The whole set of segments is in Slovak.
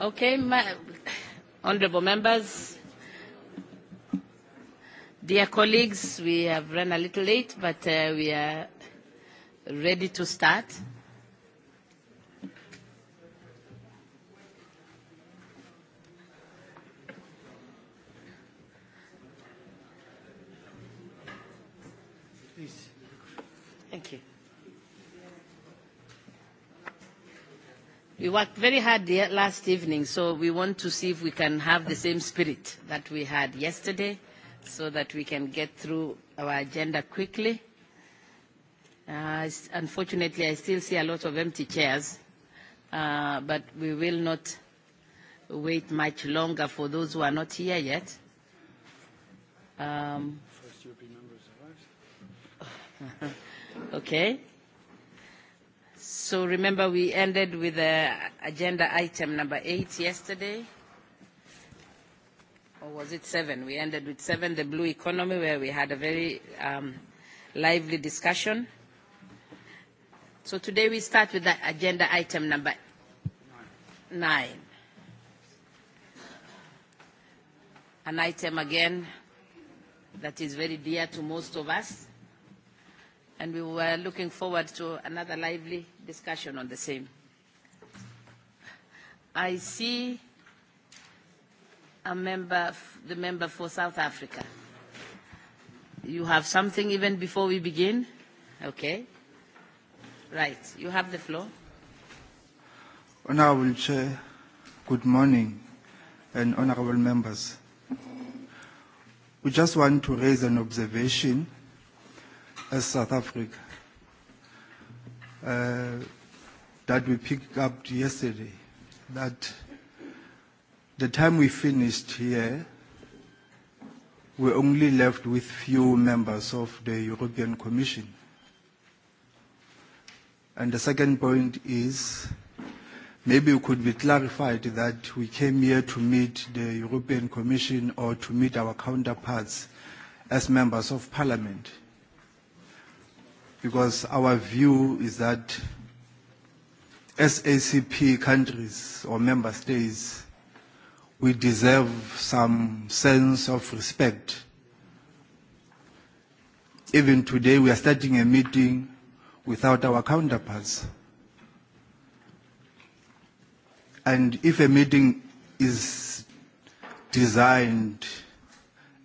Okay, my, honorable members, dear colleagues, we have run a little late, but uh, we are ready to start. We worked very hard last evening, so we want to see if we can have the same spirit that we had yesterday so that we can get through our agenda quickly. Uh, unfortunately, I still see a lot of empty chairs, uh, but we will not wait much longer for those who are not here yet. Um, First European members arrived. okay. So remember we ended with uh, agenda item number eight yesterday. Or was it seven? We ended with seven, the blue economy, where we had a very um, lively discussion. So today we start with the agenda item number nine. nine. An item again that is very dear to most of us and we were looking forward to another lively discussion on the same. I see a member, the member for South Africa. You have something even before we begin? Okay. Right. You have the floor. Honourable Chair, good morning, and honourable members. We just want to raise an observation as South Africa uh, that we picked up yesterday, that the time we finished here, we only left with few members of the European Commission. And the second point is maybe it could be clarified that we came here to meet the European Commission or to meet our counterparts as members of parliament because our view is that SACP countries or member states, we deserve some sense of respect. Even today, we are starting a meeting without our counterparts. And if a meeting is designed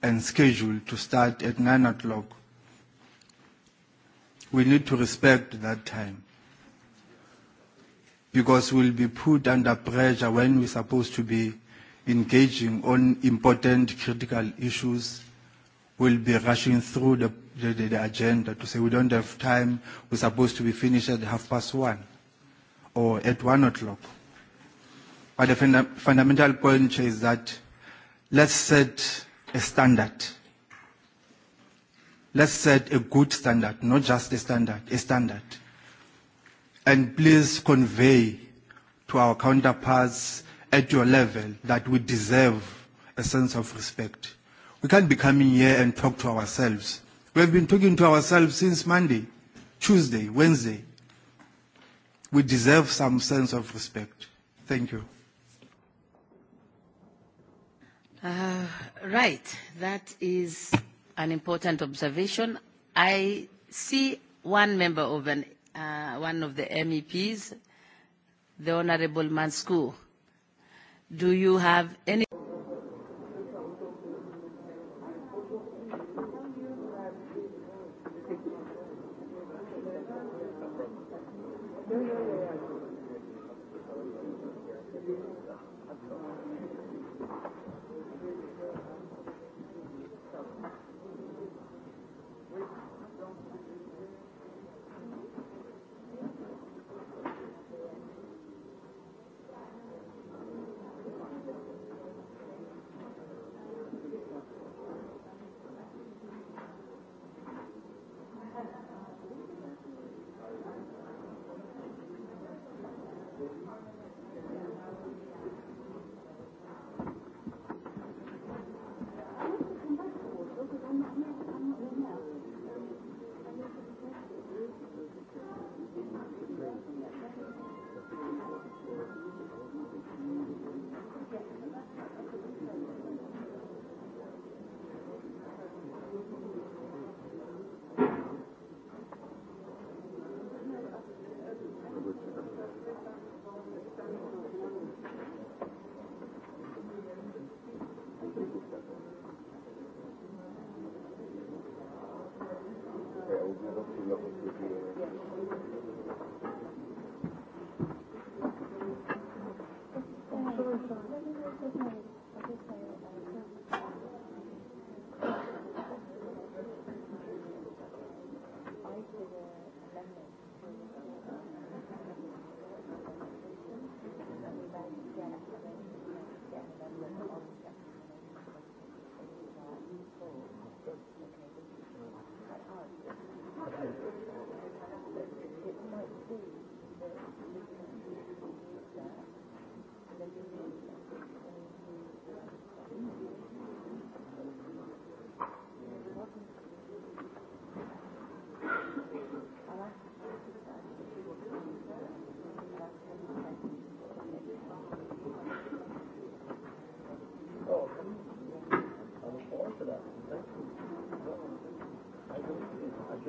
and scheduled to start at nine o'clock, we need to respect that time because we'll be put under pressure when we're supposed to be engaging on important critical issues. We'll be rushing through the, the, the agenda to say we don't have time, we're supposed to be finished at half past one or at one o'clock. But the funda fundamental point is that let's set a standard Let's set a good standard, not just a standard, a standard. And please convey to our counterparts at your level that we deserve a sense of respect. We can't be coming here and talk to ourselves. We have been talking to ourselves since Monday, Tuesday, Wednesday. We deserve some sense of respect. Thank you. Uh, right. That is an important observation. I see one member of an, uh, one of the MEPs, the Honorable Mansku. Do you have any...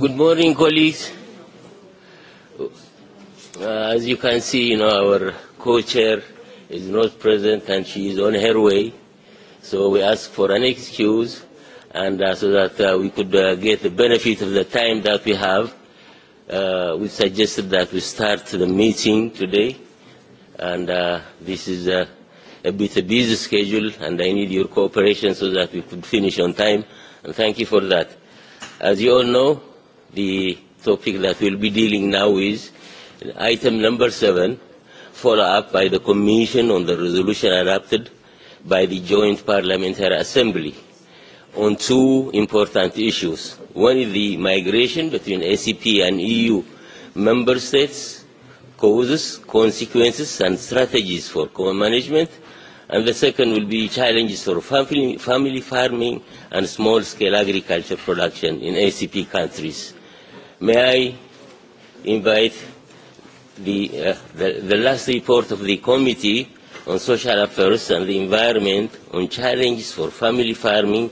Good morning, colleagues. Uh, as you can see, you know, our co-chair is not present and she is on her way. So we ask for an excuse and uh, so that uh, we could uh, get the benefit of the time that we have. Uh, we suggested that we start the meeting today and uh, this is uh, a bit a busy schedule and I need your cooperation so that we could finish on time and thank you for that. As you all know, the topic that we'll be dealing now is item number seven, follow-up by the Commission on the resolution adopted by the Joint Parliamentary Assembly on two important issues. One is the migration between ACP and EU member states, causes, consequences, and strategies for common management and the second will be challenges for family, family farming and small-scale agriculture production in ACP countries. May I invite the, uh, the, the last report of the Committee on Social Affairs and the Environment on challenges for family farming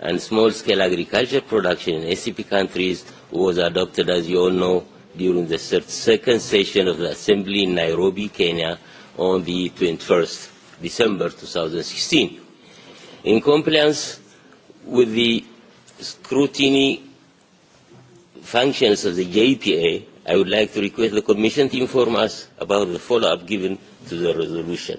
and small-scale agriculture production in SCP countries was adopted, as you all know, during the second session of the Assembly in Nairobi, Kenya, on the 21st December 2016. In compliance with the scrutiny functions of the JPA, I would like to request the Commission to inform us about the follow-up given to the resolution.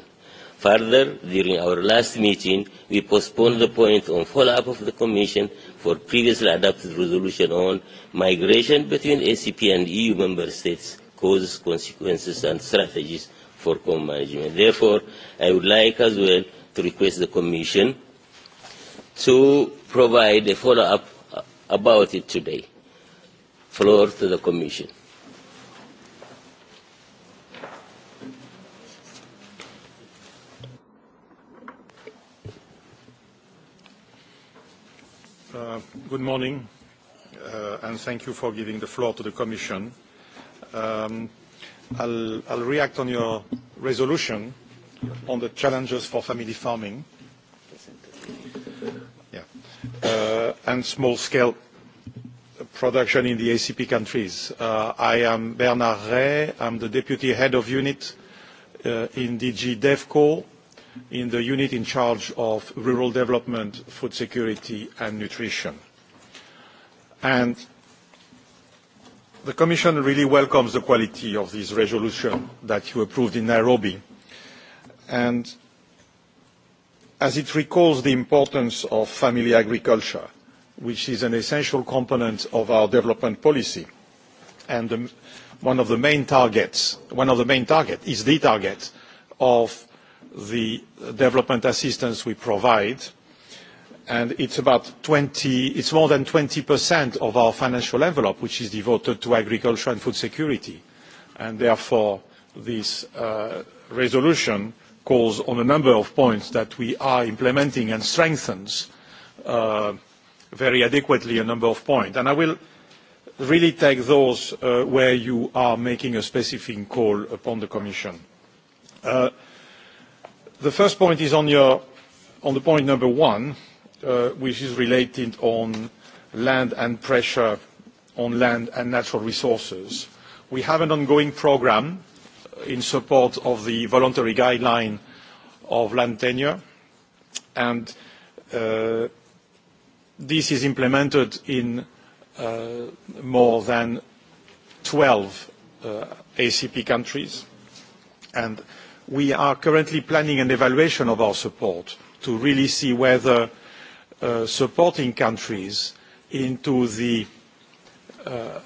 Further, during our last meeting, we postponed the point on follow-up of the Commission for previously adopted resolution on migration between ACP and EU member states, causes, consequences, and strategies for common management. Therefore, I would like as well to request the Commission to provide a follow-up about it today floor to the Commission. Uh, good morning, uh, and thank you for giving the floor to the Commission. Um, I'll, I'll react on your resolution on the challenges for family farming yeah. uh, and small-scale production in the ACP countries. Uh, I am Bernard I I'm the deputy head of unit uh, in DG DevCo, in the unit in charge of rural development, food security and nutrition. And the Commission really welcomes the quality of this resolution that you approved in Nairobi. And as it recalls the importance of family agriculture, which is an essential component of our development policy. And one of the main targets, one of the main target is the target of the development assistance we provide. And it's about 20, it's more than 20% of our financial envelope, which is devoted to agriculture and food security. And therefore, this uh, resolution calls on a number of points that we are implementing and strengthens uh, very adequately a number of points. And I will really take those uh, where you are making a specific call upon the Commission. Uh, the first point is on, your, on the point number one, uh, which is related on land and pressure on land and natural resources. We have an ongoing program in support of the voluntary guideline of land tenure, and uh, this is implemented in uh, more than 12 uh, ACP countries. And we are currently planning an evaluation of our support to really see whether uh, supporting countries into the uh,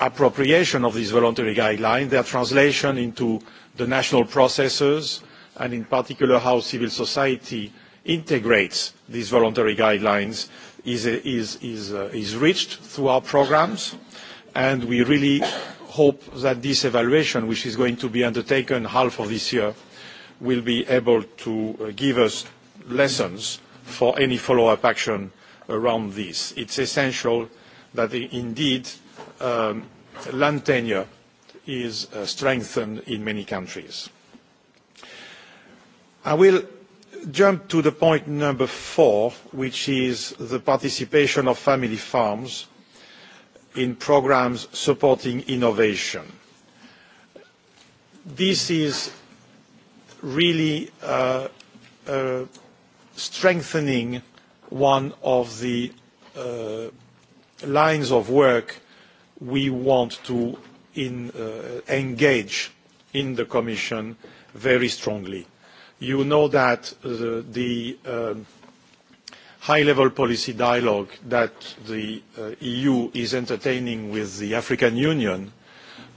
appropriation of these voluntary guidelines, their translation into the national processes, and in particular how civil society integrates these voluntary guidelines is, is, is, uh, is reached through our programs, and we really hope that this evaluation, which is going to be undertaken half of this year, will be able to uh, give us lessons for any follow-up action around this. It's essential that indeed um, land tenure is uh, strengthened in many countries. I will jump to the point number four, which is the participation of family farms in programmes supporting innovation. This is really uh, uh, strengthening one of the uh, lines of work we want to in, uh, engage in the Commission very strongly You know that uh, the, the um, high-level policy dialogue that the uh, EU is entertaining with the African Union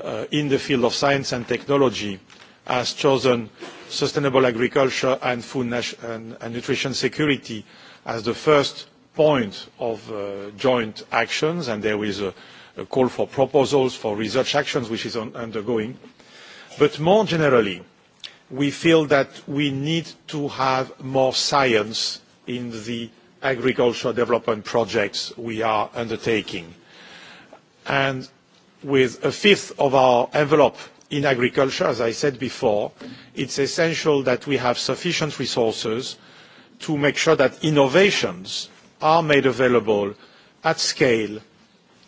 uh, in the field of science and technology has chosen sustainable agriculture and food and, and nutrition security as the first point of uh, joint actions, and there is a, a call for proposals for research actions, which is on, undergoing. But more generally, we feel that we need to have more science in the agricultural development projects we are undertaking. And with a fifth of our envelope in agriculture, as I said before, it's essential that we have sufficient resources to make sure that innovations are made available at scale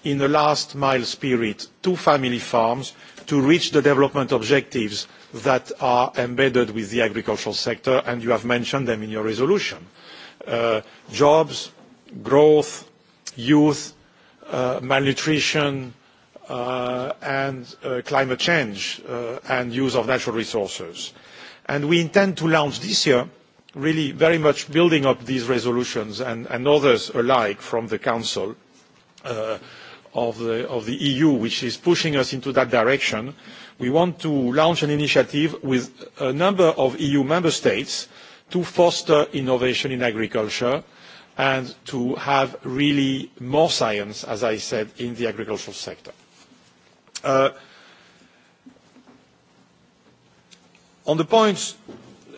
in a last mile spirit to family farms to reach the development objectives that are embedded with the agricultural sector, and you have mentioned them in your resolution. Uh, jobs, growth, youth, uh, malnutrition, uh, and uh, climate change, uh, and use of natural resources. And we intend to launch this year, really very much building up these resolutions and, and others alike from the Council, uh, of the, of the EU, which is pushing us into that direction, we want to launch an initiative with a number of EU member states to foster innovation in agriculture and to have really more science, as I said, in the agricultural sector. Uh, on the points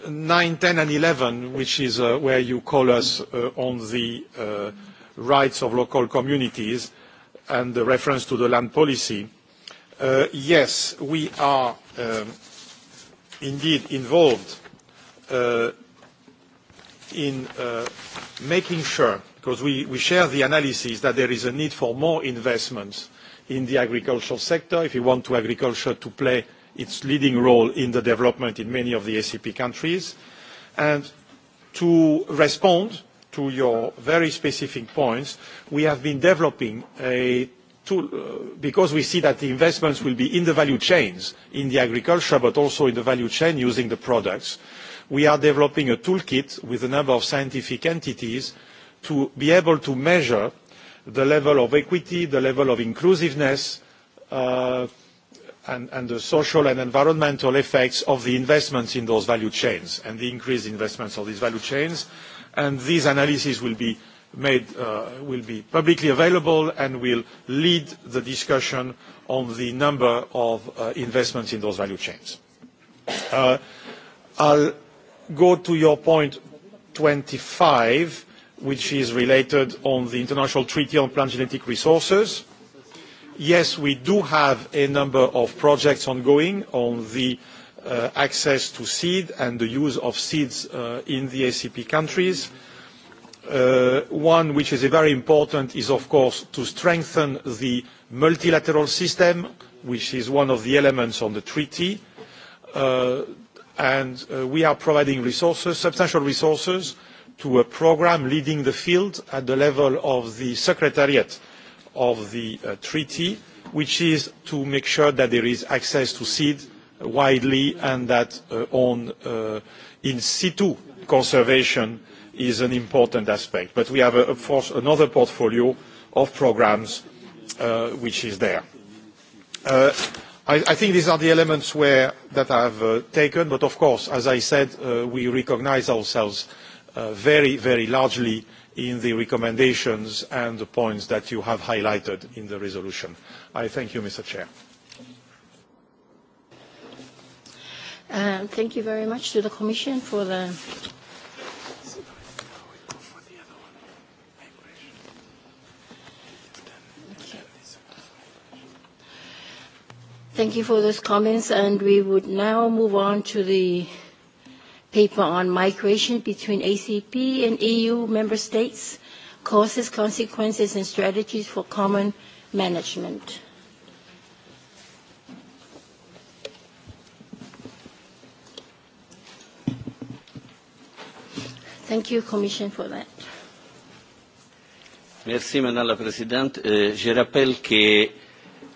nine, ten and eleven, which is uh, where you call us uh, on the uh, rights of local communities, and the reference to the land policy, uh, yes, we are um, indeed involved uh, in uh, making sure, because we, we share the analysis that there is a need for more investments in the agricultural sector if we want to agriculture to play its leading role in the development in many of the ACP countries, and to respond to your very specific points, we have been developing a tool uh, because we see that the investments will be in the value chains, in the agriculture, but also in the value chain using the products. We are developing a toolkit with a number of scientific entities to be able to measure the level of equity, the level of inclusiveness, uh, and, and the social and environmental effects of the investments in those value chains and the increased investments of these value chains and these analyses will be made uh, will be publicly available and will lead the discussion on the number of uh, investments in those value chains. Uh, I'll go to your point 25, which is related on the International Treaty on Plant Genetic Resources. Yes, we do have a number of projects ongoing on the uh, Uh, access to seed and the use of seeds uh, in the ACP countries. Uh, one which is very important is, of course, to strengthen the multilateral system, which is one of the elements on the treaty. Uh, and uh, we are providing resources, substantial resources, to a programme leading the field at the level of the Secretariat of the uh, treaty, which is to make sure that there is access to seed widely and that uh, on uh, in situ conservation is an important aspect. But we have, uh, of course, another portfolio of programs uh, which is there. Uh, I, I think these are the elements where, that I have uh, taken, but of course, as I said, uh, we recognize ourselves uh, very, very largely in the recommendations and the points that you have highlighted in the resolution. I thank you, Mr. Chair. Uh, thank you very much to the Commission for the Thank you for those comments, and we would now move on to the paper on migration between ACP and EU member states, causes, consequences, and strategies for common management. Thank you, Commission, for that. Merci, Madame la Présidente. Euh, je rappelle que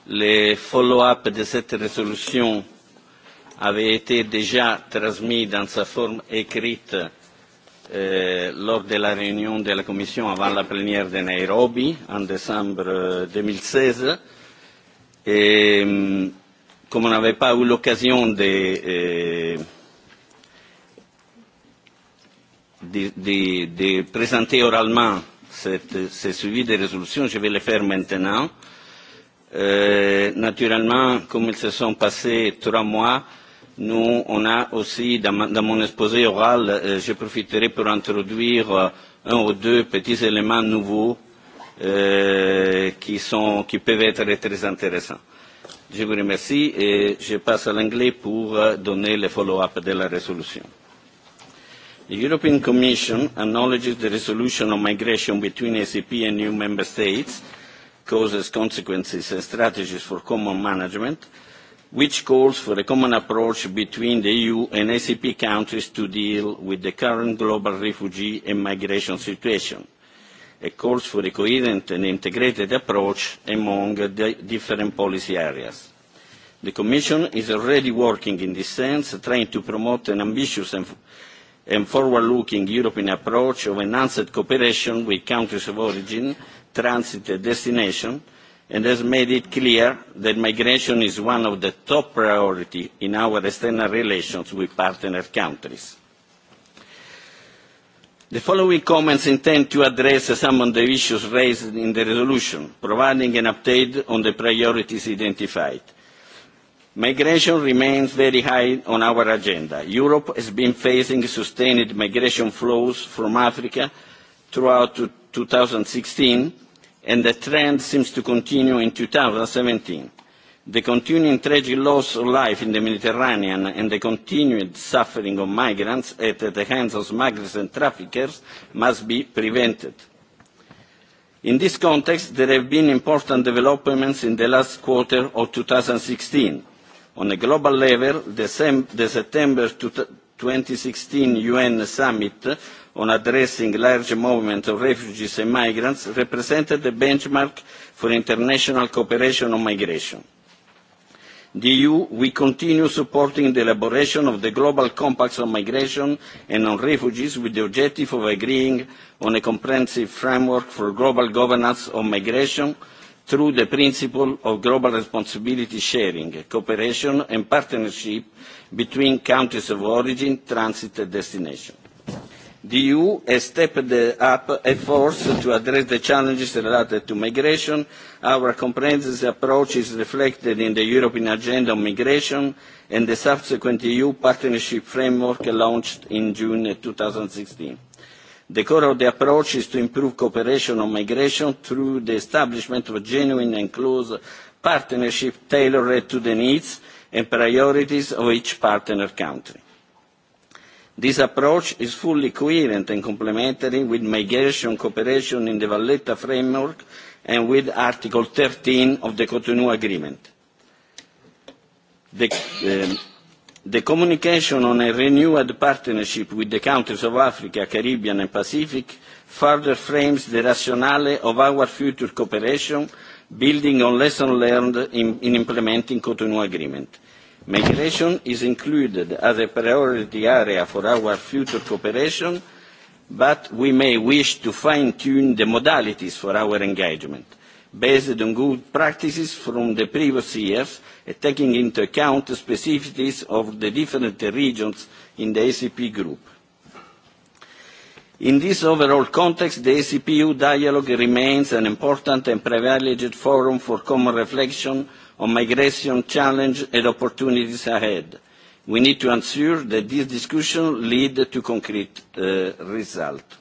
le follow-up de cette résolution avait été déjà transmis dans sa forme écrite euh, lors de la réunion de la Commission avant la plénière de Nairobi en décembre 2016. Euh, Et, comme on n'avait pas eu l'occasion de euh, de, de, de présenter oralement cette, ce suivi des résolutions. Je vais le faire maintenant. Euh, naturellement, comme ils se eh, sont passés trois mois, nous, on a aussi, dans, ma, dans mon exposé oral, euh, je profiterai pour introduire euh, un ou deux petits éléments nouveaux euh, qui, sont, qui peuvent être très intéressants. Je vous remercie et je passe à l'anglais pour donner le follow-up de la résolution. The European Commission acknowledges the resolution of migration between ACP and new member states causes, consequences and strategies for common management, which calls for a common approach between the EU and ACP countries to deal with the current global refugee and migration situation. It calls for a coherent and integrated approach among the different policy areas. The Commission is already working in this sense, trying to promote an ambitious and and forward-looking European approach of enhanced cooperation with countries of origin, transit and destination, and has made it clear that migration is one of the top priority in our external relations with partner countries. The following comments intend to address some of the issues raised in the resolution, providing an update on the priorities identified. Migration remains very high on our agenda. Europe has been facing sustained migration flows from Africa throughout and sixteen and the trend seems to continue in seventeen. The continuing tragic loss of life in the Mediterranean and the continued suffering of migrants at the hands of smugglers and traffickers must be prevented. In this context, there have been important developments in the last quarter of sixteen on a global level, the, sem the September 2016 UN summit on addressing large movements of refugees and migrants represented a benchmark for international cooperation on migration. The EU will continue supporting the elaboration of the global compacts on migration and on refugees with the objective of agreeing on a comprehensive framework for global governance on migration through the principle of global responsibility sharing, cooperation and partnership between countries of origin, transit and destination. The EU has stepped up efforts to address the challenges related to migration. Our comprehensive approach is reflected in the European Agenda on Migration and the subsequent EU Partnership Framework launched in June sixteen The core of the approach is to improve cooperation on migration through the establishment of a genuine and close partnership tailored to the needs and priorities of each partner country. This approach is fully coherent and complementary with migration cooperation in the Valletta framework and with Article 13 of the Cotonou Agreement. The, um, The communication on a renewed partnership with the countries of Africa, Caribbean and Pacific further frames the rationale of our future cooperation, building on lessons learned in, in implementing Cotonou Agreement. Migration is included as a priority area for our future cooperation, but we may wish to fine-tune the modalities for our engagement based on good practices from the previous years and taking into account the specificities of the different regions in the ACP group. In this overall context, the ACPU dialogue remains an important and privileged forum for common reflection on migration challenge and opportunities ahead. We need to ensure that this discussion leads to concrete uh, results.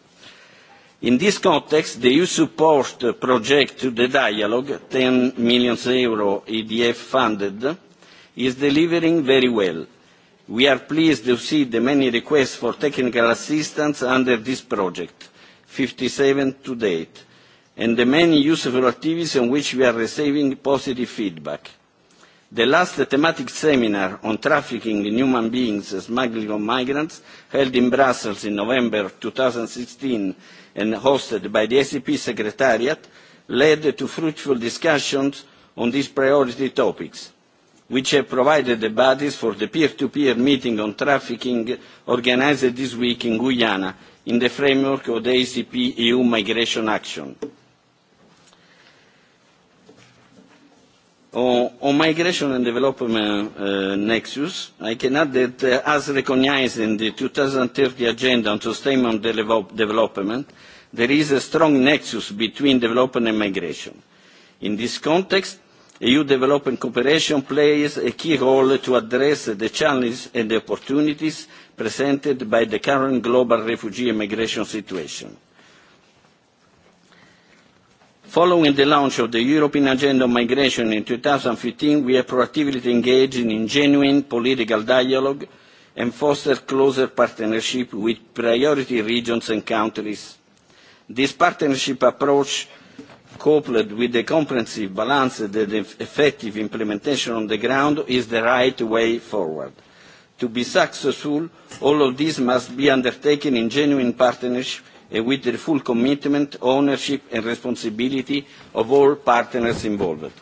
In this context, the EU support project to the dialogue, EUR ten million euro EDF funded, is delivering very well. We are pleased to see the many requests for technical assistance under this project, fifty seven to date, and the many useful activities on which we are receiving positive feedback. The last thematic seminar on trafficking in human beings and smuggling of migrants, held in Brussels in November sixteen and hosted by the ACP e Secretariat led to fruitful discussions on these priority topics, which have provided the basis for the peer-to-peer -peer meeting on trafficking organised this week in Guyana in the framework of the ACP-EU e Migration Action. On, migration and development uh, nexus, I can add that uh, as recognized in the 2030 agenda on sustainable develop development, there is a strong nexus between development and migration. In this context, EU development cooperation plays a key role to address the challenges and the opportunities presented by the current global refugee and migration situation. Following the launch of the European Agenda on Migration in fifteen, we have proactively engaged in genuine political dialogue and fostered closer partnership with priority regions and countries. This partnership approach, coupled with the comprehensive, balanced and effective implementation on the ground, is the right way forward. To be successful, all of this must be undertaken in genuine partnership with the full commitment, ownership and responsibility of all partners involved.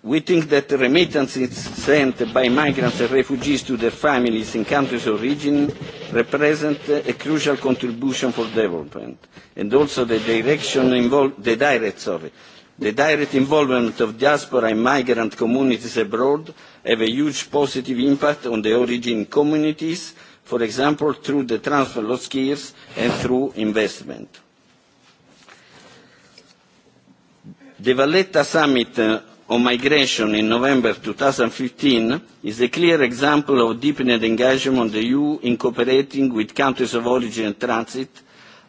We think that remittances sent by migrants and refugees to their families in countries of origin represent a crucial contribution for development, and also the, direction involved, the direct sorry, The direct involvement of diaspora and migrant communities abroad have a huge positive impact on the origin communities, for example, through the transfer of skills and through investment. The Valletta Summit uh, on Migration in November fifteen is a clear example of deepened engagement of the EU in cooperating with countries of origin and transit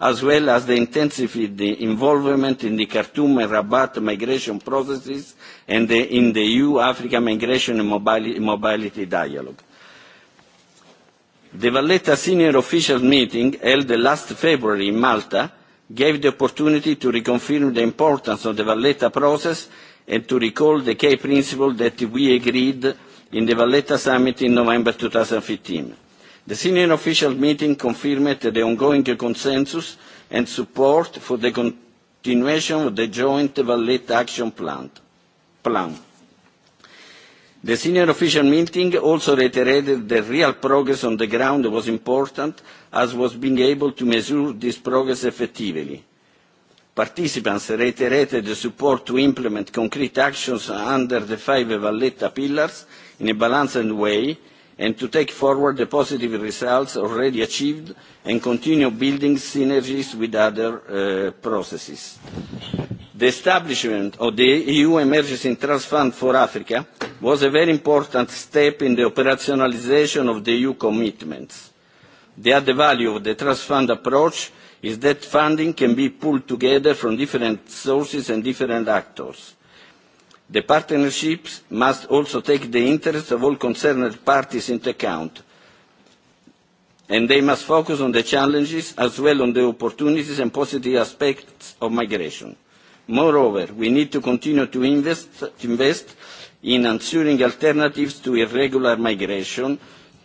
as well as the of the involvement in the Khartoum and Rabat migration processes and the, in the EU-Africa migration and mobility, mobility dialogue. The Valletta Senior Officials Meeting held last February in Malta gave the opportunity to reconfirm the importance of the Valletta process and to recall the key principle that we agreed in the Valletta Summit in November fifteen The senior official meeting confirmed the ongoing consensus and support for the continuation of the joint Valletta action plan. plan. The senior official meeting also reiterated that real progress on the ground was important, as was being able to measure this progress effectively. Participants reiterated the support to implement concrete actions under the five Valletta pillars in a balanced way, and to take forward the positive results already achieved and continue building synergies with other uh, processes. The establishment of the EU Emergency Trust Fund for Africa was a very important step in the operationalisation of the EU commitments. The added value of the trust fund approach is that funding can be pulled together from different sources and different actors The partnerships must also take the interests of all concerned parties into account, and they must focus on the challenges as well as on the opportunities and positive aspects of migration. Moreover, we need to continue to invest, to invest in ensuring alternatives to irregular migration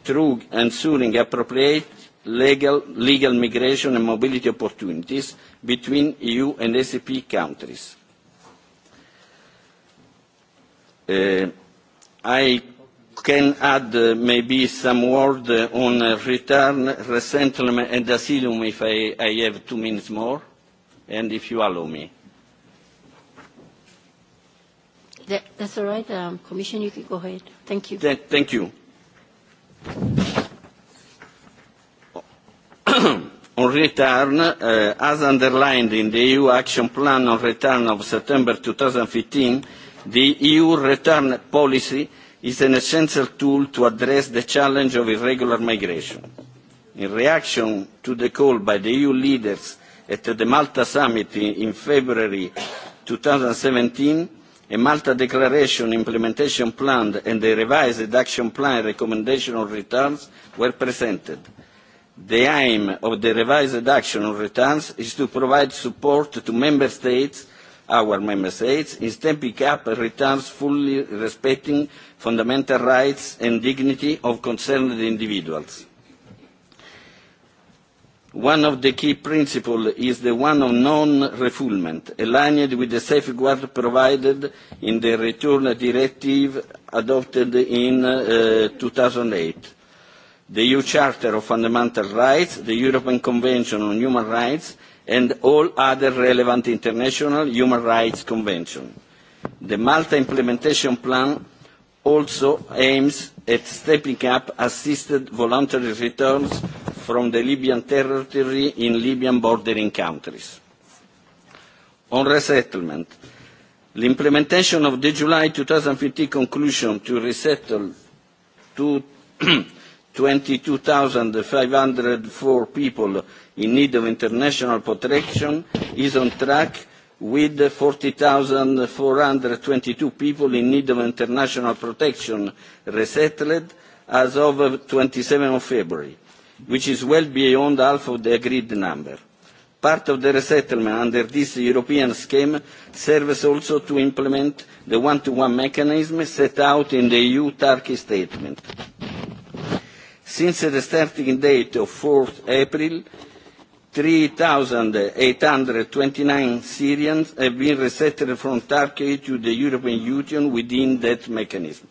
through ensuring appropriate legal, legal migration and mobility opportunities between EU and ACP countries. Uh, I can add uh, maybe some word uh, on uh, return, resettlement and asylum if I, I have two minutes more, and if you allow me. That, that's all right, um, Commission, you can go ahead. Thank you. Th thank you. on return, uh, as underlined in the EU Action Plan on Return of September 2015, the EU return policy is an essential tool to address the challenge of irregular migration. In reaction to the call by the EU leaders at the Malta summit in February seventeen, a Malta Declaration implementation plan and a revised action plan recommendation on returns were presented. The aim of the revised action on returns is to provide support to Member States our member states, in stepping up returns fully respecting fundamental rights and dignity of concerned individuals. One of the key principles is the one of non-refoulement, aligned with the safeguard provided in the Return Directive adopted in uh, 2008, the EU Charter of Fundamental Rights, the European Convention on Human Rights, and all other relevant international human rights conventions. The Malta implementation plan also aims at stepping up assisted voluntary returns from the Libyan territory in Libyan bordering countries. On resettlement, the implementation of the July fifteen conclusion to resettle two 22,504 people in need of international protection is on track with 40,422 people in need of international protection resettled as of 27 of February, which is well beyond half of the agreed number. Part of the resettlement under this European scheme serves also to implement the one-to-one -one mechanism set out in the EU-Turkey statement. Since the starting date of 4th April, 3,829 Syrians have been resettled from Turkey to the European Union within that mechanism.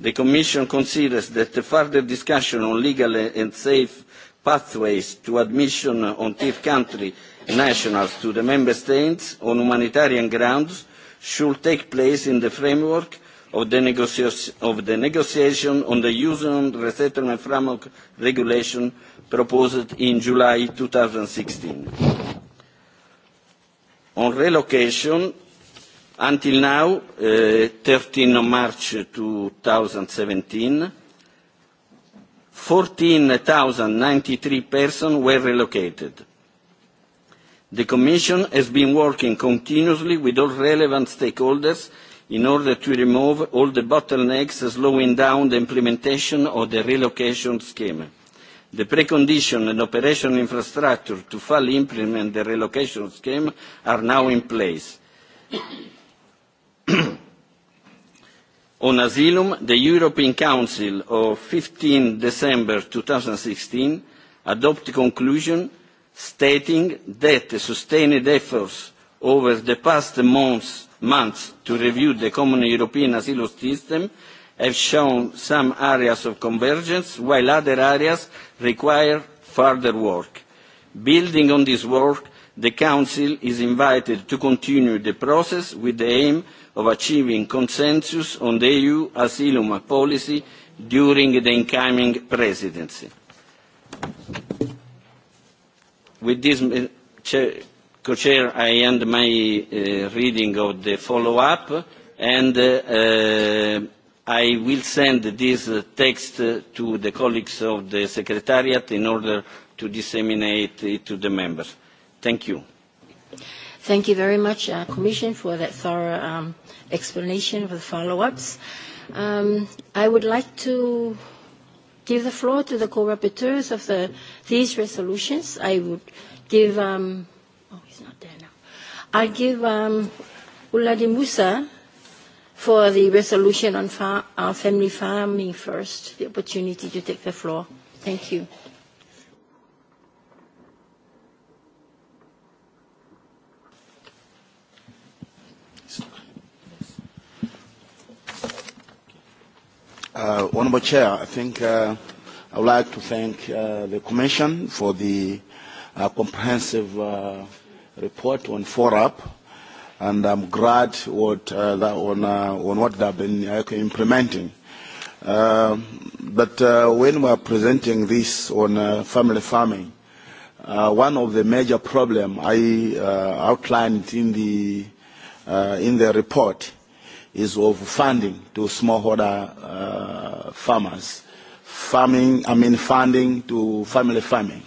The Commission considers that the further discussion on legal and safe pathways to admission on third country nationals to the Member States on humanitarian grounds should take place in the framework of the, of the negotiation on the user and resettlement framework regulation proposed in July sixteen. On relocation, until now, uh, 13 of March seventeen, fourteen ninety three persons were relocated. The Commission has been working continuously with all relevant stakeholders in order to remove all the bottlenecks slowing down the implementation of the relocation scheme. The precondition and operational infrastructure to fully implement the relocation scheme are now in place. On asylum, the European Council of 15 December 2016 adopted a conclusion stating that the sustained efforts over the past months months to review the common European asylum system have shown some areas of convergence, while other areas require further work. Building on this work, the Council is invited to continue the process with the aim of achieving consensus on the EU asylum policy during the incoming presidency. With this, Co-chair, I end my uh, reading of the follow-up, and uh, I will send this text to the colleagues of the Secretariat in order to disseminate it to the members. Thank you. Thank you very much, uh, Commission, for that thorough um, explanation of the follow-ups. Um, I would like to give the floor to the co-rapporteurs of the, these resolutions. I would give um, i give um, Uladi Musa for the resolution on far, uh, family farming first, the opportunity to take the floor. Thank you. Uh, Honorable Chair, I think uh, I would like to thank uh, the Commission for the uh, comprehensive uh, report on FORAP and I'm glad what, uh, that on, uh, on what they've been uh, implementing. Uh, but uh, when we are presenting this on uh, family farming, uh, one of the major problems I uh, outlined in the, uh, in the report is of funding to smallholder uh, farmers. Farming, I mean funding to family farming.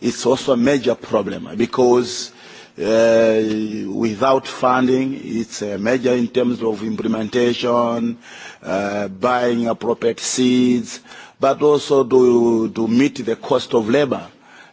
It's also a major problem because uh, without funding. It's a major in terms of implementation, uh, buying appropriate seeds, but also to, to meet the cost of labor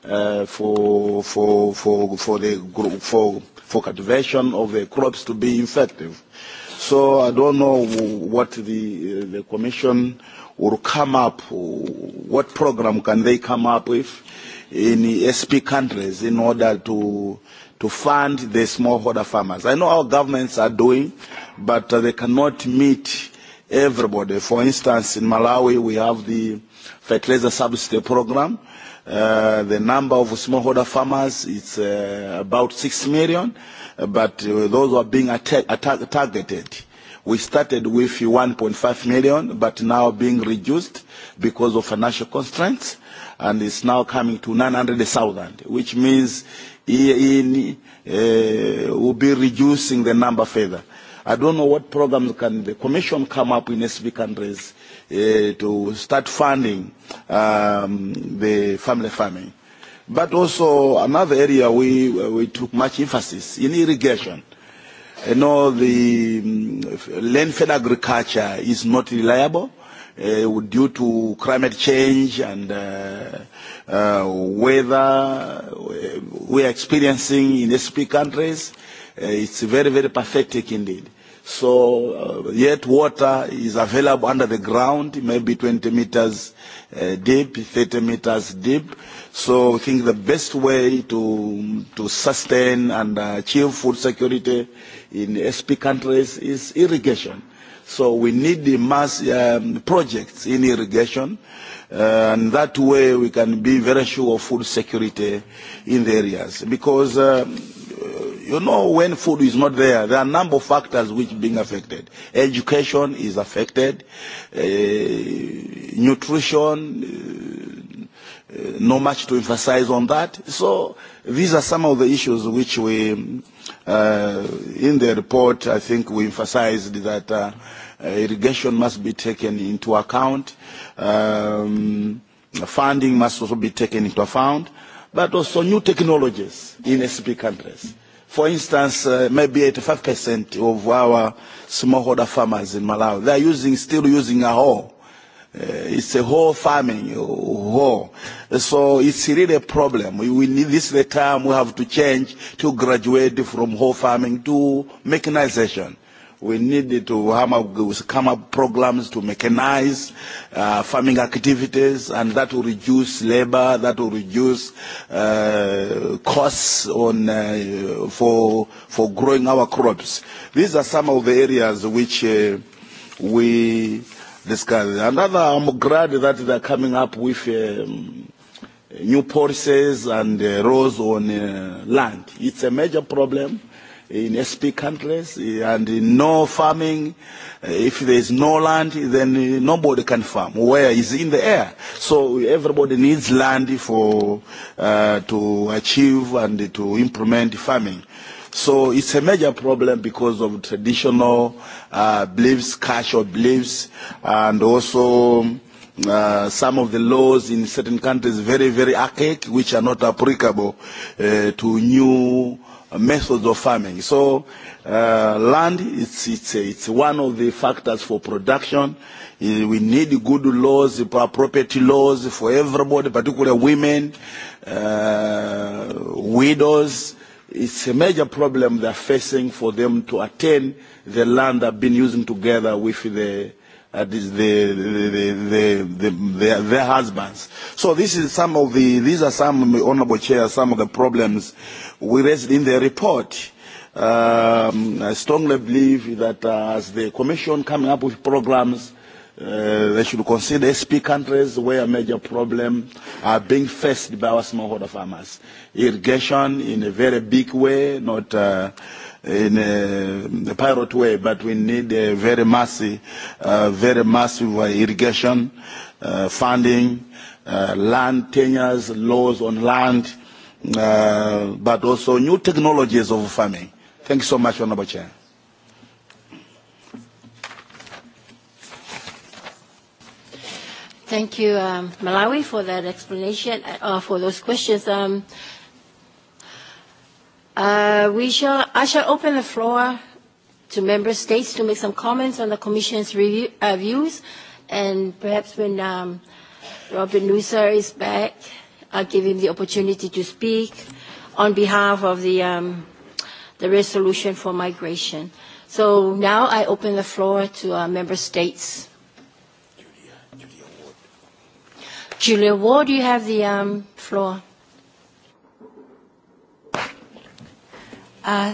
uh, for, for, for, for, the, for, for cultivation of the crops to be effective. So I don't know what the, uh, the Commission will come up, what program can they come up with in SP countries in order to to fund the smallholder farmers. I know our governments are doing, but uh, they cannot meet everybody. For instance, in Malawi, we have the fertilizer subsidy program. Uh, the number of smallholder farmers is uh, about 6 million, but uh, those are being attack targeted. We started with 1.5 million, but now being reduced because of financial constraints, and it's now coming to 900,000, which means in, uh, eh, will be reducing the number further. I don't know what programs can the Commission come up in SB countries uh, to start funding um, the family farming. But also another area we, we took much emphasis in irrigation. You know, the um, mm, land-fed agriculture is not reliable uh, due to climate change and uh, uh, weather we are experiencing in SPI countries, uh, it's very, very pathetic indeed. So uh, yet water is available under the ground, maybe 20 meters uh, deep, 30 meters deep. So I think the best way to, to sustain and achieve food security in SP countries is irrigation. So we need the mass um, projects in irrigation Uh, and that way we can be very sure of food security in the areas. Because, uh, you know, when food is not there, there are a number of factors which are being affected. Education is affected, uh, nutrition, uh, no not much to emphasize on that. So these are some of the issues which we, uh, in the report, I think we emphasized that uh, irrigation must be taken into account Um, funding must also be taken into account, but also new technologies in SP countries. For instance, uh, maybe 85% of our smallholder farmers in Malawi, they are using, still using a hoe. Uh, it's a whole farming, whole. So it's really a problem. We, we need this the time we have to change to graduate from whole farming to mechanization. We need to come up come up programs to mechanize uh, farming activities, and that will reduce labor, that will reduce uh, costs on, uh, for, for growing our crops. These are some of the areas which uh, we discuss. Another, I'm glad that they're coming up with um, new policies and uh, rules on uh, land. It's a major problem in SP countries and no farming. Uh, if there is no land, then uh, nobody can farm. Where is in the air? So everybody needs land for uh, to achieve and to implement farming. So it's a major problem because of traditional uh, beliefs, cultural beliefs, and also uh, some of the laws in certain countries very, very archaic, which are not applicable uh, to new Uh, methods of farming. So uh, land, it's, it's, it's one of the factors for production. Uh, we need good laws, property laws for everybody, particularly women, uh, widows. It's a major problem they're facing for them to attain the land they've been using together with the uh, the, the, the, the, the, their husbands. So this is some of the, these are some, Honorable Chair, some of the problems we raised in the report. Um, I strongly believe that uh, as the Commission coming up with programs, uh, they should consider SP countries where major problems are being faced by our smallholder farmers. Irrigation in a very big way, not uh, in a, a pirate way, but we need a very massive, uh, very massive irrigation, uh, funding, uh, land tenures, laws on land, uh, but also new technologies of farming. Thank you so much, Honorable Chair. Thank you, um, Malawi, for that explanation, uh, for those questions. Um, Uh, we shall, I shall open the floor to member states to make some comments on the Commission's review, uh, views, and perhaps when um, Robert Nusser is back, I'll give him the opportunity to speak on behalf of the, um, the resolution for migration. So now I open the floor to our uh, member states. Julia, Julia Ward. Julia Ward, you have the um, floor. Uh,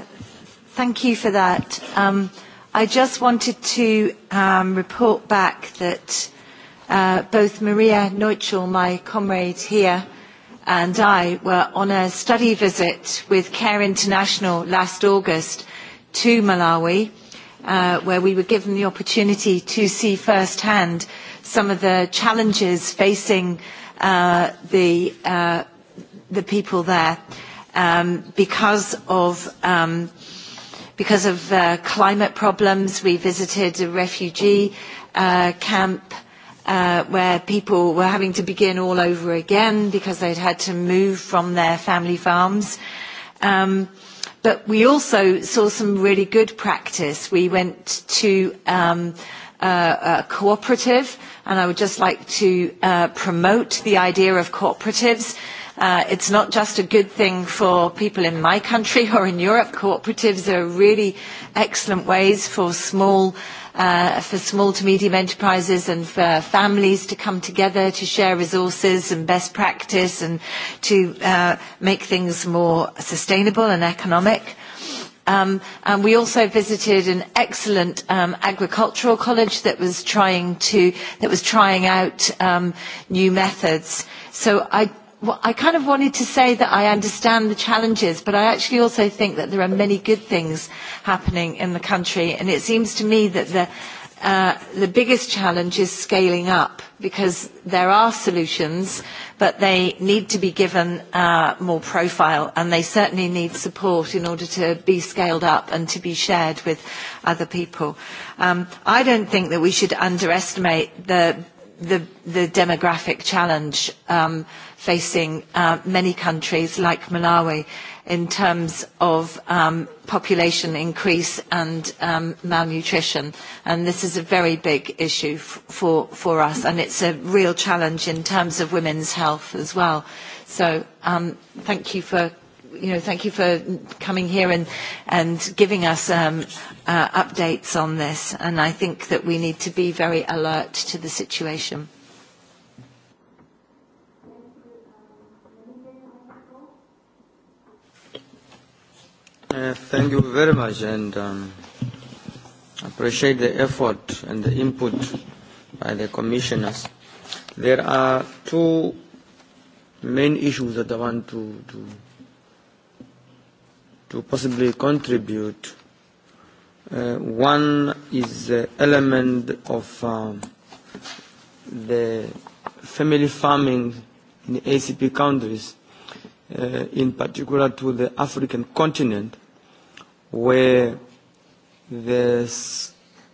thank you for that. Um, I just wanted to um, report back that uh, both Maria Neutschel, my comrade here, and I were on a study visit with Care International last August to Malawi, uh, where we were given the opportunity to see firsthand some of the challenges facing uh, the, uh, the people there um, because of um, because of uh, climate problems. We visited a refugee uh, camp uh, where people were having to begin all over again because they'd had to move from their family farms. Um, but we also saw some really good practice. We went to um, a, a cooperative, and I would just like to uh, promote the idea of cooperatives Uh, it's not just a good thing for people in my country or in Europe. Cooperatives are really excellent ways for small uh, for small to medium enterprises and for families to come together to share resources and best practice and to uh, make things more sustainable and economic. Um, and we also visited an excellent um, agricultural college that was trying to that was trying out um, new methods. So I Well I kind of wanted to say that I understand the challenges, but I actually also think that there are many good things happening in the country. And it seems to me that the, uh, the biggest challenge is scaling up because there are solutions, but they need to be given uh, more profile and they certainly need support in order to be scaled up and to be shared with other people. Um, I don't think that we should underestimate the, the, the demographic challenge. Um, facing uh, many countries like Malawi in terms of um, population increase and um, malnutrition. And this is a very big issue for, for us, and it's a real challenge in terms of women's health as well. So um, thank you for you know, thank you for coming here and, and giving us um, uh, updates on this. And I think that we need to be very alert to the situation. Uh, thank you very much and um, appreciate the effort and the input by the commissioners. There are two main issues that I want to, to, to possibly contribute. Uh, one is the element of um, the family farming in ACP countries, uh, in particular to the African continent, where the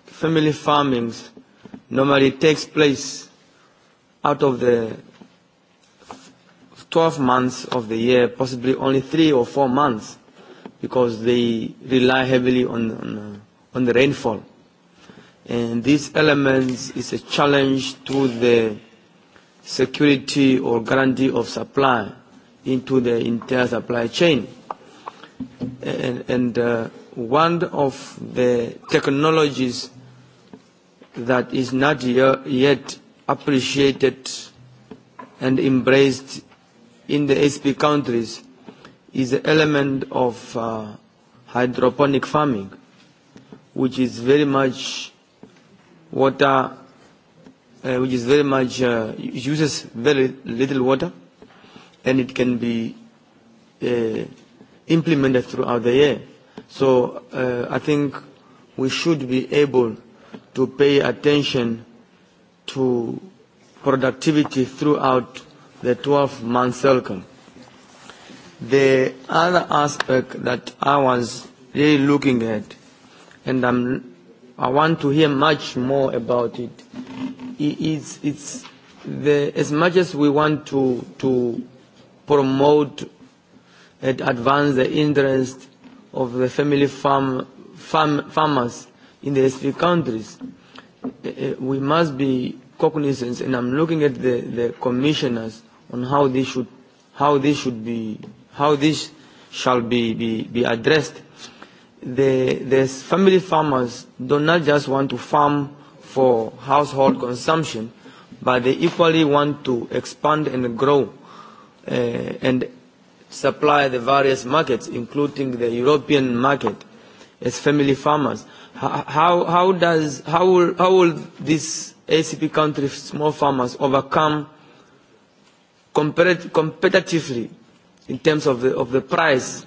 family farming normally takes place out of the 12 months of the year, possibly only three or four months, because they rely heavily on, on, uh, on the rainfall. And these elements is a challenge to the security or guarantee of supply into the entire supply chain and, and uh, one of the technologies that is not yet appreciated and embraced in the SP countries is the element of uh, hydroponic farming, which is very much water, uh, uh, which is very much uh, uses very little water, and it can be uh, implemented throughout the year. So uh, I think we should be able to pay attention to productivity throughout the 12-month cycle. The other aspect that I was really looking at, and I'm, I want to hear much more about it, is it's the, as much as we want to, to promote and advance the interest of the family farm, farm, farmers in the SV countries. Uh, we must be cognizant, and I'm looking at the, the commissioners on how this should, how this should be, how this shall be, be, be addressed. The, the family farmers do not just want to farm for household consumption, but they equally want to expand and grow. Uh, and supply the various markets, including the European market, as family farmers. How, how, does, how, will, how will these ACP country small farmers overcome compared, competitively in terms of the, of the price,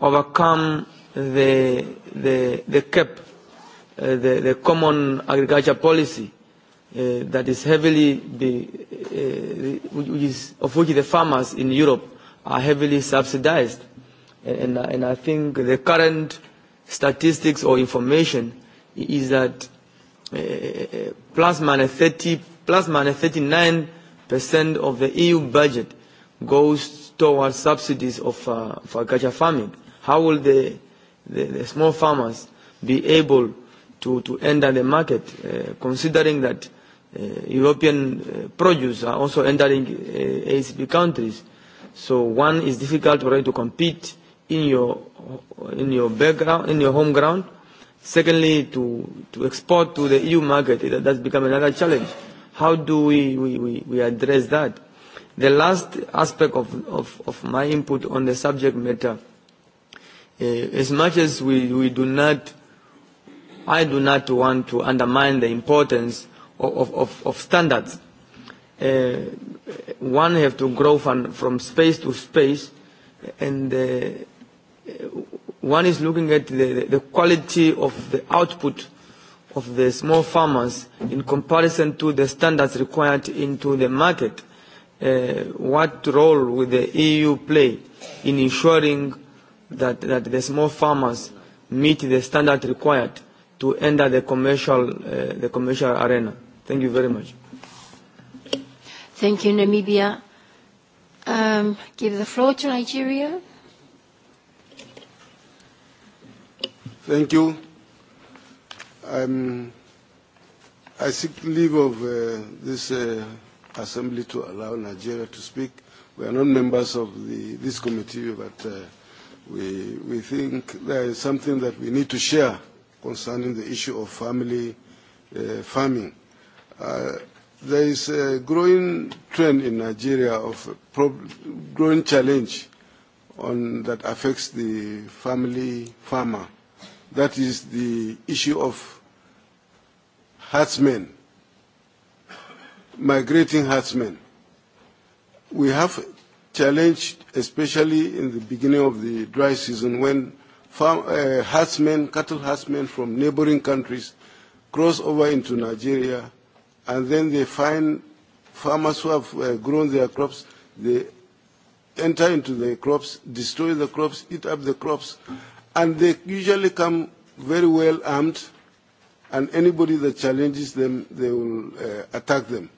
overcome the, the, the cap, uh, the, the common agriculture policy uh, that is heavily, be, uh, which is, of which the farmers in Europe are heavily subsidized. And, and, and I think the current statistics or information is that uh, plus minus 30, plus minus 39 percent of the EU budget goes towards subsidies of, uh, for agriculture farming. How will the, the, the small farmers be able to, to enter the market, uh, considering that uh, European uh, produce are also entering uh, ACP countries? So one is difficult already to compete in your in your background in your home ground. Secondly, to to export to the EU market that, that's become another challenge. How do we, we, we, we address that? The last aspect of, of, of my input on the subject matter, uh, as much as we, we do not, I do not want to undermine the importance of, of, of standards uh, one have to grow from, from space to space, and uh, one is looking at the, the quality of the output of the small farmers in comparison to the standards required into the market. Uh, what role will the EU play in ensuring that, that the small farmers meet the standard required to enter the commercial, uh, the commercial arena? Thank you very much. Thank you, Namibia. Um, give the floor to Nigeria. Thank you. Um, I seek leave of uh, this uh, assembly to allow Nigeria to speak. We are not members of the, this committee, but uh, we, we think there is something that we need to share concerning the issue of family uh, farming. Uh, there is a growing trend in Nigeria of a growing challenge on, that affects the family farmer. That is the issue of herdsmen, migrating herdsmen. We have challenge, especially in the beginning of the dry season, when farm, uh, herdsmen, cattle herdsmen from neighboring countries cross over into Nigeria and then they find farmers who have uh, grown their crops, they enter into the crops, destroy the crops, eat up the crops, and they usually come very well armed, and anybody that challenges them, they will uh, attack them.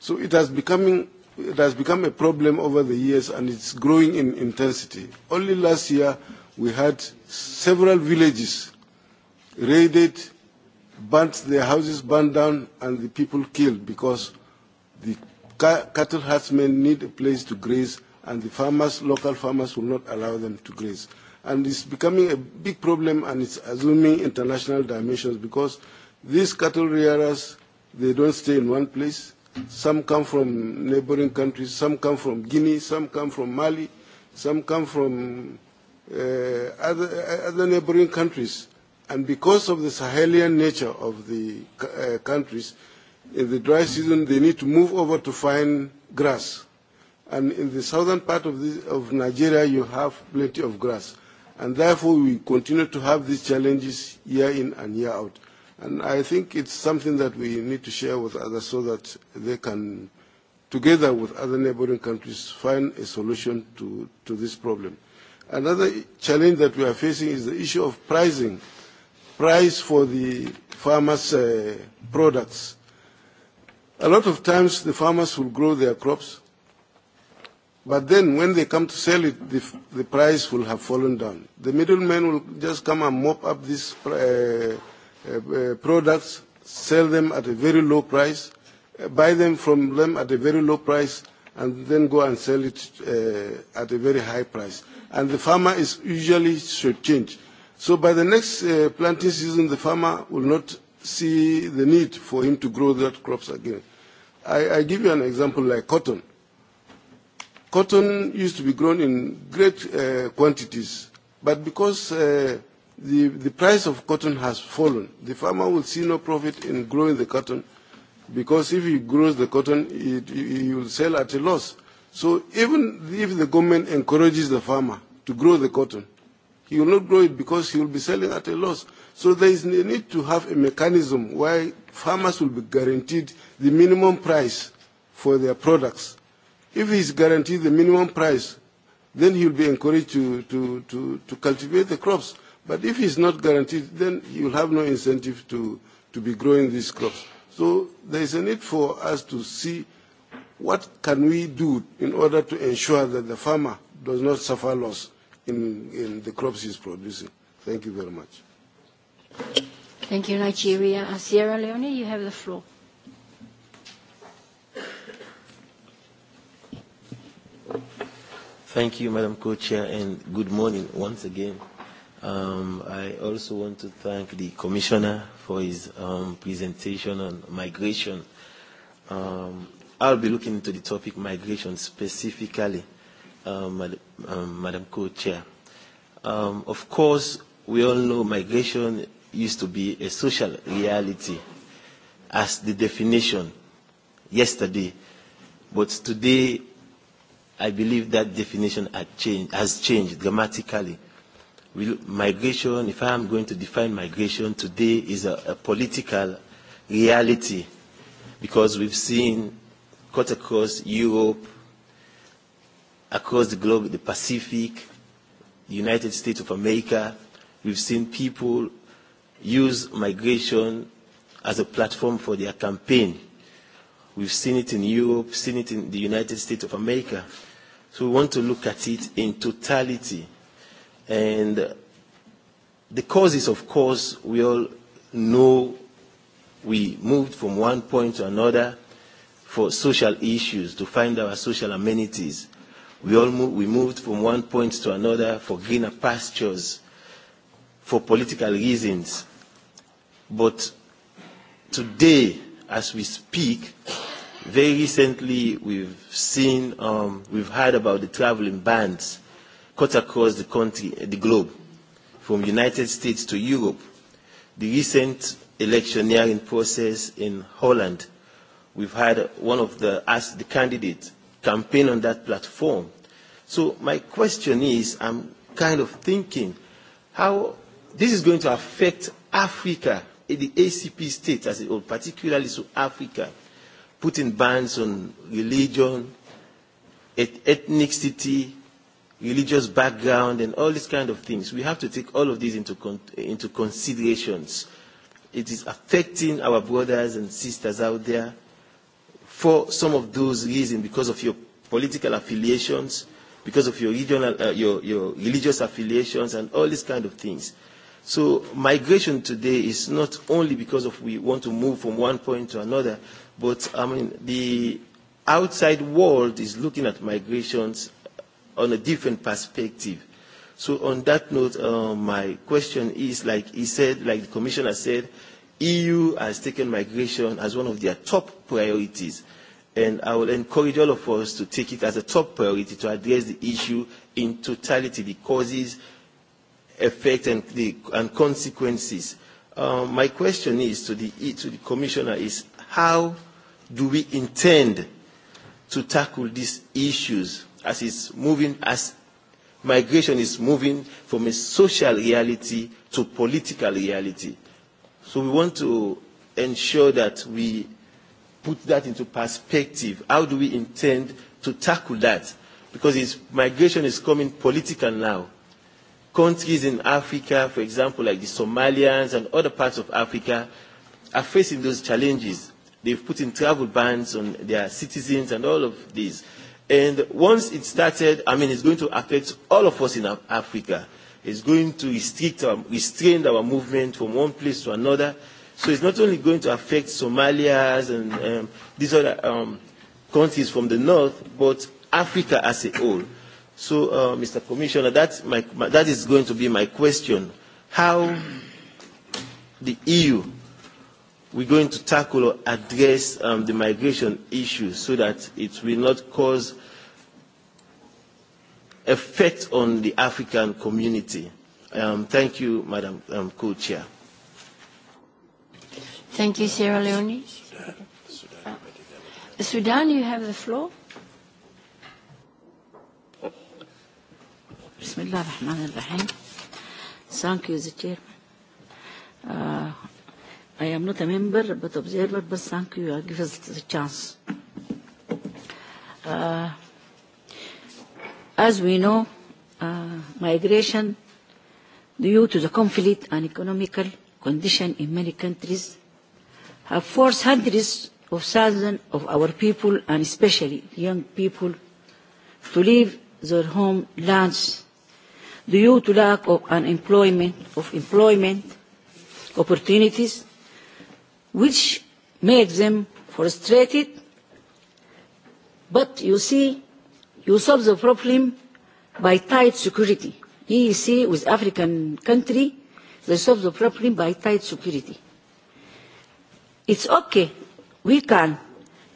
So it has, becoming, it has become a problem over the years, and it's growing in intensity. Only last year, we had several villages raided burnt, their houses burned down, and the people killed because the ca cattle herdsmen need a place to graze, and the farmers, local farmers, will not allow them to graze. And it's becoming a big problem, and it's assuming international dimensions because these cattle rearers, they don't stay in one place. Some come from neighboring countries, some come from Guinea, some come from Mali, some come from uh, other, other neighboring countries And because of the Sahelian nature of the uh, countries, in the dry season they need to move over to find grass. And in the southern part of, this, of Nigeria, you have plenty of grass. And therefore, we continue to have these challenges year in and year out. And I think it's something that we need to share with others so that they can, together with other neighboring countries, find a solution to, to this problem. Another challenge that we are facing is the issue of pricing price for the farmers' uh, products. A lot of times the farmers will grow their crops, but then when they come to sell it, the, the price will have fallen down. The middlemen will just come and mop up these uh, uh, uh products, sell them at a very low price, uh, buy them from them at a very low price, and then go and sell it uh, at a very high price. And the farmer is usually shortchanged so by the next uh, planting season, the farmer will not see the need for him to grow that crops again. I, I give you an example like cotton. Cotton used to be grown in great uh, quantities, but because uh, the, the price of cotton has fallen, the farmer will see no profit in growing the cotton because if he grows the cotton, it, he will sell at a loss. So even if the government encourages the farmer to grow the cotton, He will not grow it because he will be selling at a loss. So there is a need to have a mechanism where farmers will be guaranteed the minimum price for their products. If he is guaranteed the minimum price, then he will be encouraged to, to, to, to cultivate the crops. But if he is not guaranteed, then he will have no incentive to, to be growing these crops. So there is a need for us to see what can we do in order to ensure that the farmer does not suffer loss in, in the crops he's producing. Thank you very much. Thank you, Nigeria. Uh, Sierra Leone, you have the floor. Thank you, Madam Co-Chair, and good morning once again. Um, I also want to thank the Commissioner for his um, presentation on migration. Um, I'll be looking into the topic migration specifically. Uh, Madam, um, uh, Madam Co-Chair. Um, of course, we all know migration used to be a social reality as the definition yesterday. But today, I believe that definition has changed, has changed dramatically. migration, if I am going to define migration today, is a, a political reality because we've seen cut across Europe, across the globe, the Pacific, the United States of America, we've seen people use migration as a platform for their campaign. We've seen it in Europe, seen it in the United States of America. So we want to look at it in totality. And the causes, of course, we all know we moved from one point to another for social issues, to find our social amenities We, all mo- we moved from one point to another for greener pastures, for political reasons. But today, as we speak, very recently we've seen, um, we've heard about the traveling bans cut across the country, the globe, from United States to Europe. The recent electioneering process in Holland, we've had one of the, as the candidates campaign on that platform. So my question is, I'm kind of thinking how this is going to affect Africa, the ACP state as a whole, particularly so Africa, putting bans on religion, et ethnicity, religious background, and all these kind of things. We have to take all of these into, con into considerations. It is affecting our brothers and sisters out there for some of those reasons, because of your political affiliations, because of your, regional, uh, your, your religious affiliations, and all these kind of things. So migration today is not only because of we want to move from one point to another, but I mean the outside world is looking at migrations on a different perspective. So on that note, uh, my question is like he said, like the commissioner said, EU has taken migration as one of their top priorities, and I will encourage all of us to take it as a top priority to address the issue in totality, the causes, effects, and, the, and consequences. Um, my question is to the, to the Commissioner is how do we intend to tackle these issues as it's moving, as migration is moving from a social reality to political reality? So we want to ensure that we put that into perspective. How do we intend to tackle that? Because it's, migration is coming political now. Countries in Africa, for example, like the Somalians and other parts of Africa, are facing those challenges. They've put in travel bans on their citizens and all of this. And once it started, I mean, it's going to affect all of us in Africa is going to restrict our, restrain our movement from one place to another. So it's not only going to affect Somalias and um, these other um, countries from the north, but Africa as a whole. So, uh, Mr. Commissioner, that's my, my, that is going to be my question. How the EU we're going to tackle or address um, the migration issues so that it will not cause effect on the African community. Um, thank you, Madam um, Co-Chair. Thank you, Sierra Leone. Sudan, Sudan, uh, Sudan you have the floor. Thank you, the chairman. Uh, I am not a member, but observer, but thank you. I give us the chance. Uh, As we know, uh, migration due to the conflict and economical condition in many countries have forced hundreds of thousands of our people and especially young people to leave their homelands due to lack of unemployment of employment opportunities which makes them frustrated but you see you solve the problem by tight security. EEC with African country, they solve the problem by tight security. It's okay, we can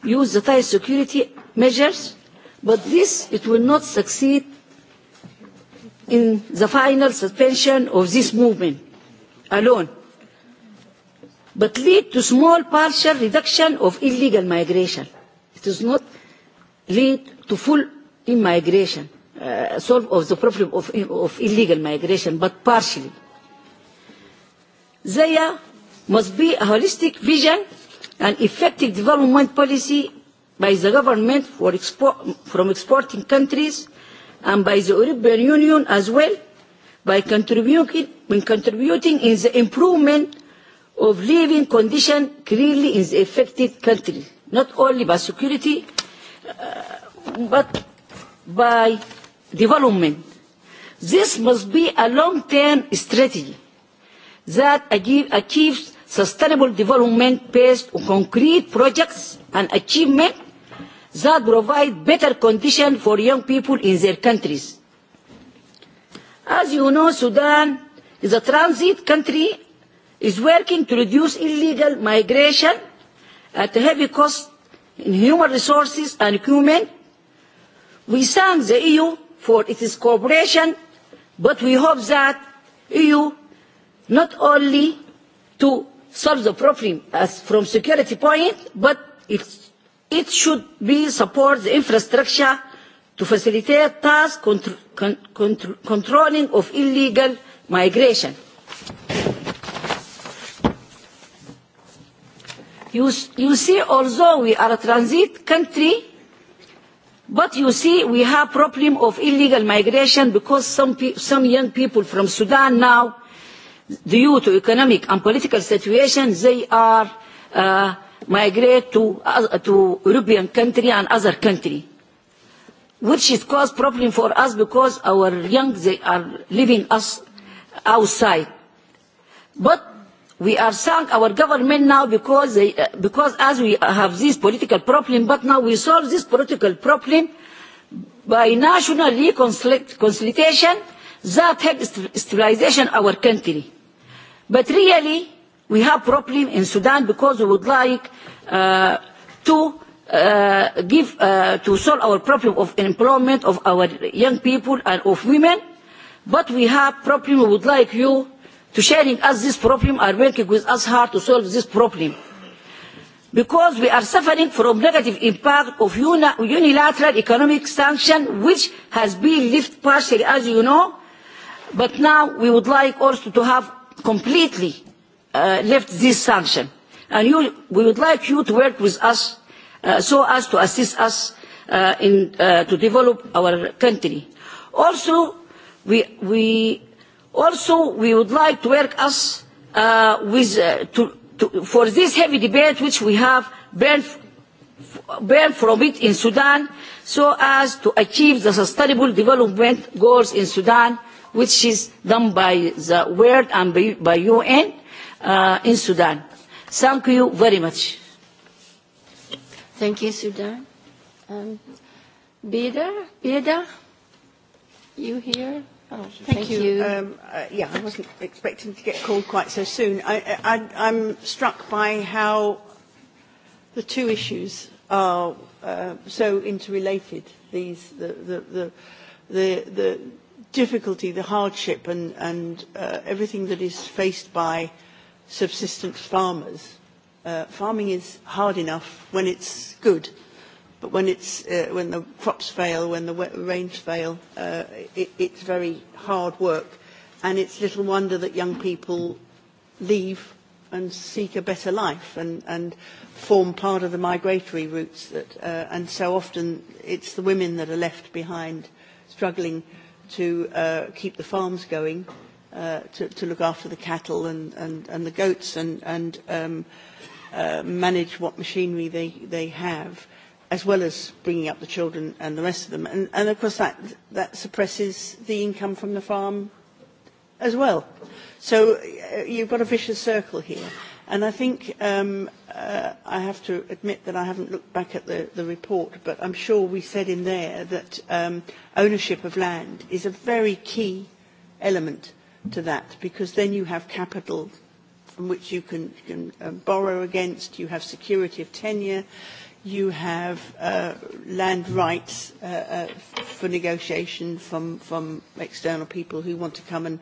use the tight security measures, but this, it will not succeed in the final suspension of this movement alone, but lead to small partial reduction of illegal migration. It does not lead to full in migration, uh, solve of the problem of, of illegal migration, but partially. There must be a holistic vision and effective development policy by the government for expo from exporting countries and by the European Union as well by contributing, contributing in the improvement of living conditions clearly in the affected countries, not only by security, uh, but by development. This must be a long-term strategy that achieves sustainable development based on concrete projects and achievement that provide better conditions for young people in their countries. As you know, Sudan is a transit country, is working to reduce illegal migration at a heavy cost in human resources and equipment We thank the EU for its cooperation, but we hope that EU not only to solve the problem as from security point, but it, it should be support the infrastructure to facilitate task contr con contr controlling of illegal migration. You, you see, although we are a transit country, But you see, we have problem of illegal migration because some, pe some young people from Sudan now, due to economic and political situation, they are uh, migrate to, uh, to European country and other country, which is cause problem for us because our young, they are leaving us outside. But we are sunk our government now because, they, uh, because as we have this political problem, but now we solve this political problem by national reconciliation that helps stabilization our country. But really, we have problem in Sudan because we would like uh, to uh, give uh, to solve our problem of employment of our young people and of women. But we have problem we would like you to sharing us this problem are working with us hard to solve this problem. Because we are suffering from negative impact of unilateral economic sanction which has been lifted partially as you know, but now we would like also to have completely uh, left this sanction. And you, we would like you to work with us uh, so as to assist us uh, in, uh, to develop our country. Also, we, we Also, we would like to work us uh, with, uh, to, to, for this heavy debate which we have burned, burned from it in Sudan so as to achieve the sustainable development goals in Sudan which is done by the world and by, by UN uh, in Sudan. Thank you very much. Thank you, Sudan. Um, Beda, Beda, you here? Oh, thank, thank you. you. Um, uh, yeah, I wasn't expecting to get called quite so soon. I, I, I'm struck by how the two issues are uh, so interrelated. These the the the the, the difficulty, the hardship, and and uh, everything that is faced by subsistence farmers. Uh, farming is hard enough when it's good but when, it's, uh, when the crops fail, when the rains fail, uh, it, it's very hard work. And it's little wonder that young people leave and seek a better life and, and form part of the migratory routes. That, uh, and so often it's the women that are left behind struggling to uh, keep the farms going, uh, to, to look after the cattle and, and, and the goats and, and um, uh, manage what machinery they, they have as well as bringing up the children and the rest of them. And, and of course, that, that suppresses the income from the farm as well. So uh, you've got a vicious circle here. And I think um, uh, I have to admit that I haven't looked back at the, the report, but I'm sure we said in there that um, ownership of land is a very key element to that because then you have capital from which you can, can um, borrow against, you have security of tenure you have uh, land rights uh, uh, for negotiation from, from external people who want to come and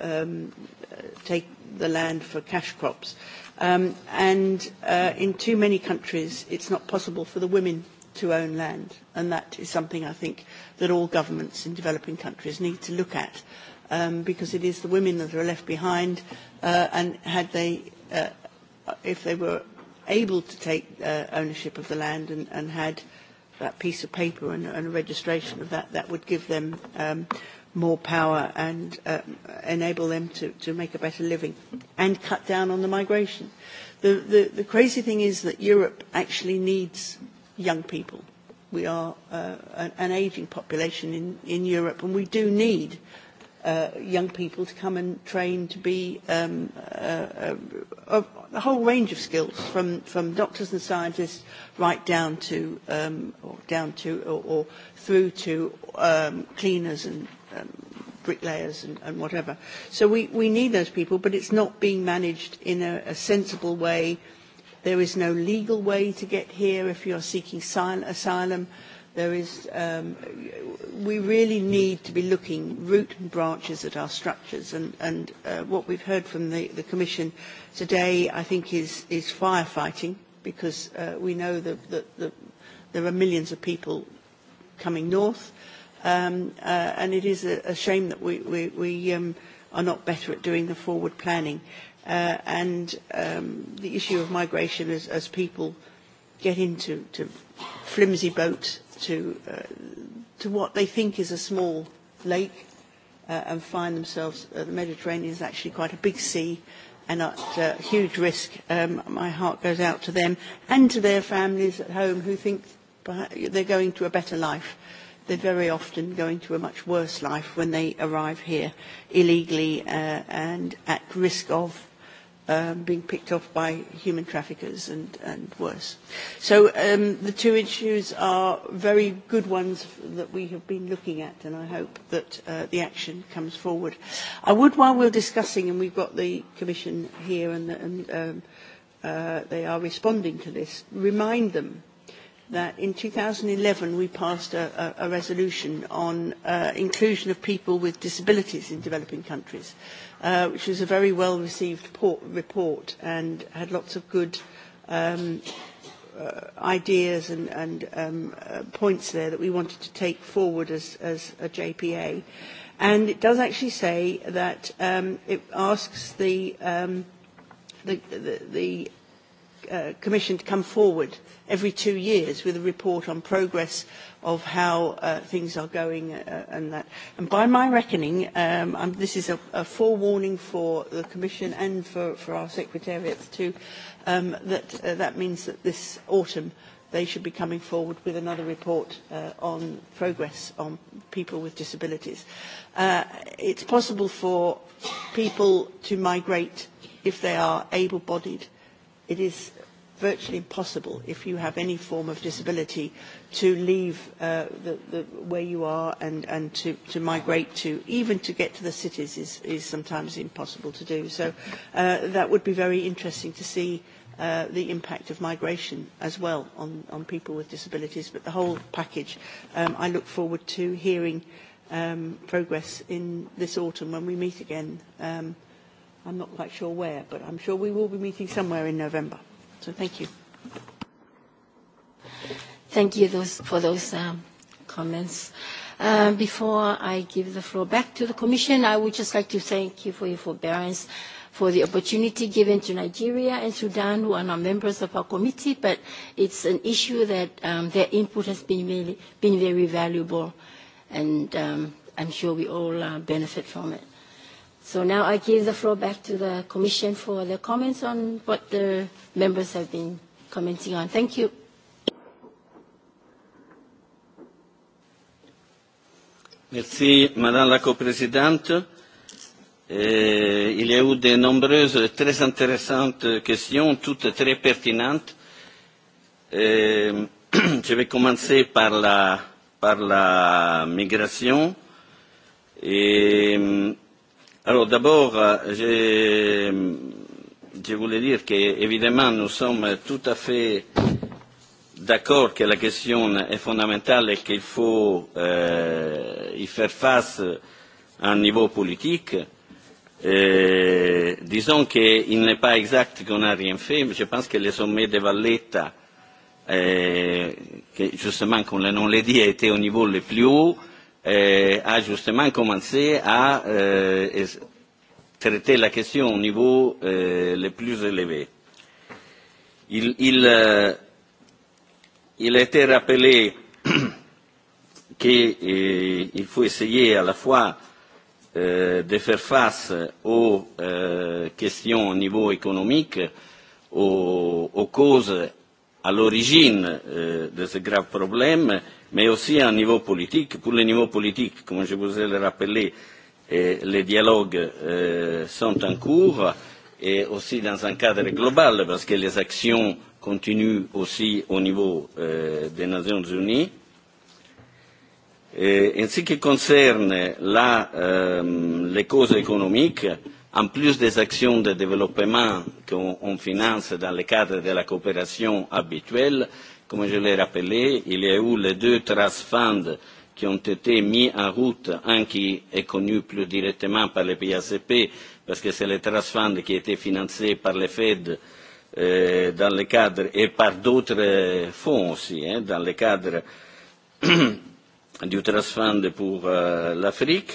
um, take the land for cash crops. Um, and uh, in too many countries, it's not possible for the women to own land. And that is something I think that all governments in developing countries need to look at um, because it is the women that are left behind uh, and had they, uh, if they were able to take uh, ownership of the land and, and had that piece of paper and, and a registration of that, that would give them um, more power and uh, enable them to, to make a better living and cut down on the migration. The, the, the crazy thing is that Europe actually needs young people. We are uh, an, an aging population in, in Europe and we do need uh, young people to come and train to be um, uh, uh, a whole range of skills, from, from doctors and scientists right down to um, or down to or, or through to um, cleaners and um, bricklayers and, and whatever. So we, we need those people, but it's not being managed in a, a sensible way. There is no legal way to get here if you're seeking asylum. There is, um, we really need to be looking root and branches at our structures, and, and uh, what we've heard from the, the Commission today, I think, is, is firefighting, because uh, we know that, that, the, there are millions of people coming north, um, uh, and it is a, a shame that we, we, we um, are not better at doing the forward planning. Uh, and um, the issue of migration as, as people get into to flimsy boats to, uh, to what they think is a small lake uh, and find themselves, uh, the Mediterranean is actually quite a big sea and at uh, huge risk. Um, my heart goes out to them and to their families at home who think they're going to a better life. They're very often going to a much worse life when they arrive here illegally uh, and at risk of um, being picked off by human traffickers and, and worse. So um, the two issues are very good ones that we have been looking at, and I hope that uh, the action comes forward. I would, while we're discussing, and we've got the Commission here and, and um, uh, they are responding to this, remind them that in 2011 we passed a, a, a resolution on uh, inclusion of people with disabilities in developing countries Uh, which was a very well received port, report and had lots of good um, uh, ideas and, and um, uh, points there that we wanted to take forward as, as a JPA. And it does actually say that um, it asks the, um, the, the, the uh, Commission to come forward every two years with a report on progress of how uh, things are going uh, and that. And by my reckoning, um, um, this is a, a forewarning for the Commission and for, for our secretariats too, um, that uh, that means that this autumn they should be coming forward with another report uh, on progress on people with disabilities. Uh, it's possible for people to migrate if they are able-bodied. It is virtually impossible if you have any form of disability to leave uh, the, the, where you are and, and to, to migrate to. Even to get to the cities is, is sometimes impossible to do. So uh, that would be very interesting to see uh, the impact of migration as well on, on people with disabilities. But the whole package, um, I look forward to hearing um, progress in this autumn when we meet again. Um, I'm not quite sure where, but I'm sure we will be meeting somewhere in November. So thank you. Thank you those, for those um, comments. Um, before I give the floor back to the Commission, I would just like to thank you for your forbearance for the opportunity given to Nigeria and Sudan, who are not members of our committee, but it's an issue that um, their input has been, really, been very valuable, and um, I'm sure we all uh, benefit from it. So now I give the floor back to the Commission for the comments on what the members have been commenting on. Thank you. Merci, Madame la Coprésidente. Euh, il y a eu de nombreuses très intéressantes questions, toutes très pertinentes. Euh, je vais commencer par la, par la migration. Et Alors d'abord, euh, je, je voulais dire qu'évidemment, nous sommes tout à fait d'accord que la question est fondamentale et qu'il faut euh, y faire face à un niveau politique. Euh, disons qu'il n'est pas exact qu'on n'a rien fait, mais je pense que le sommet de Valletta, euh, que justement, comme le nom l'a dit, a été au niveau le plus haut, euh, euh, a justement eh, commencé à euh, traiter la question au niveau euh, le plus élevé. Il, il, euh, il a été rappelé qu'il eh, faut essayer à la fois euh, de faire face aux euh, questions au niveau économique, aux, aux causes à l'origine euh, de ce grave problème, mais aussi à un niveau politique. Pour le niveau politique, comme je vous ai le rappelé, et euh, les dialogues euh, sont en cours et aussi dans un cadre global parce que les actions continuent aussi au niveau euh, des Nations Unies. Et, euh, en ce qui concerne la, euh, les causes économiques, en plus des actions de développement qu'on finance dans le cadre de la coopération habituelle, Comme je l'ai rappelé, il y a eu les deux trust funds qui ont été mis en route, un qui est connu plus directement par les pays ACP, parce que c'est le trust fund qui a été financé par le Fed euh, dans le cadre, et par d'autres euh, fonds aussi, hein, dans le cadre du trust fund pour euh, l'Afrique.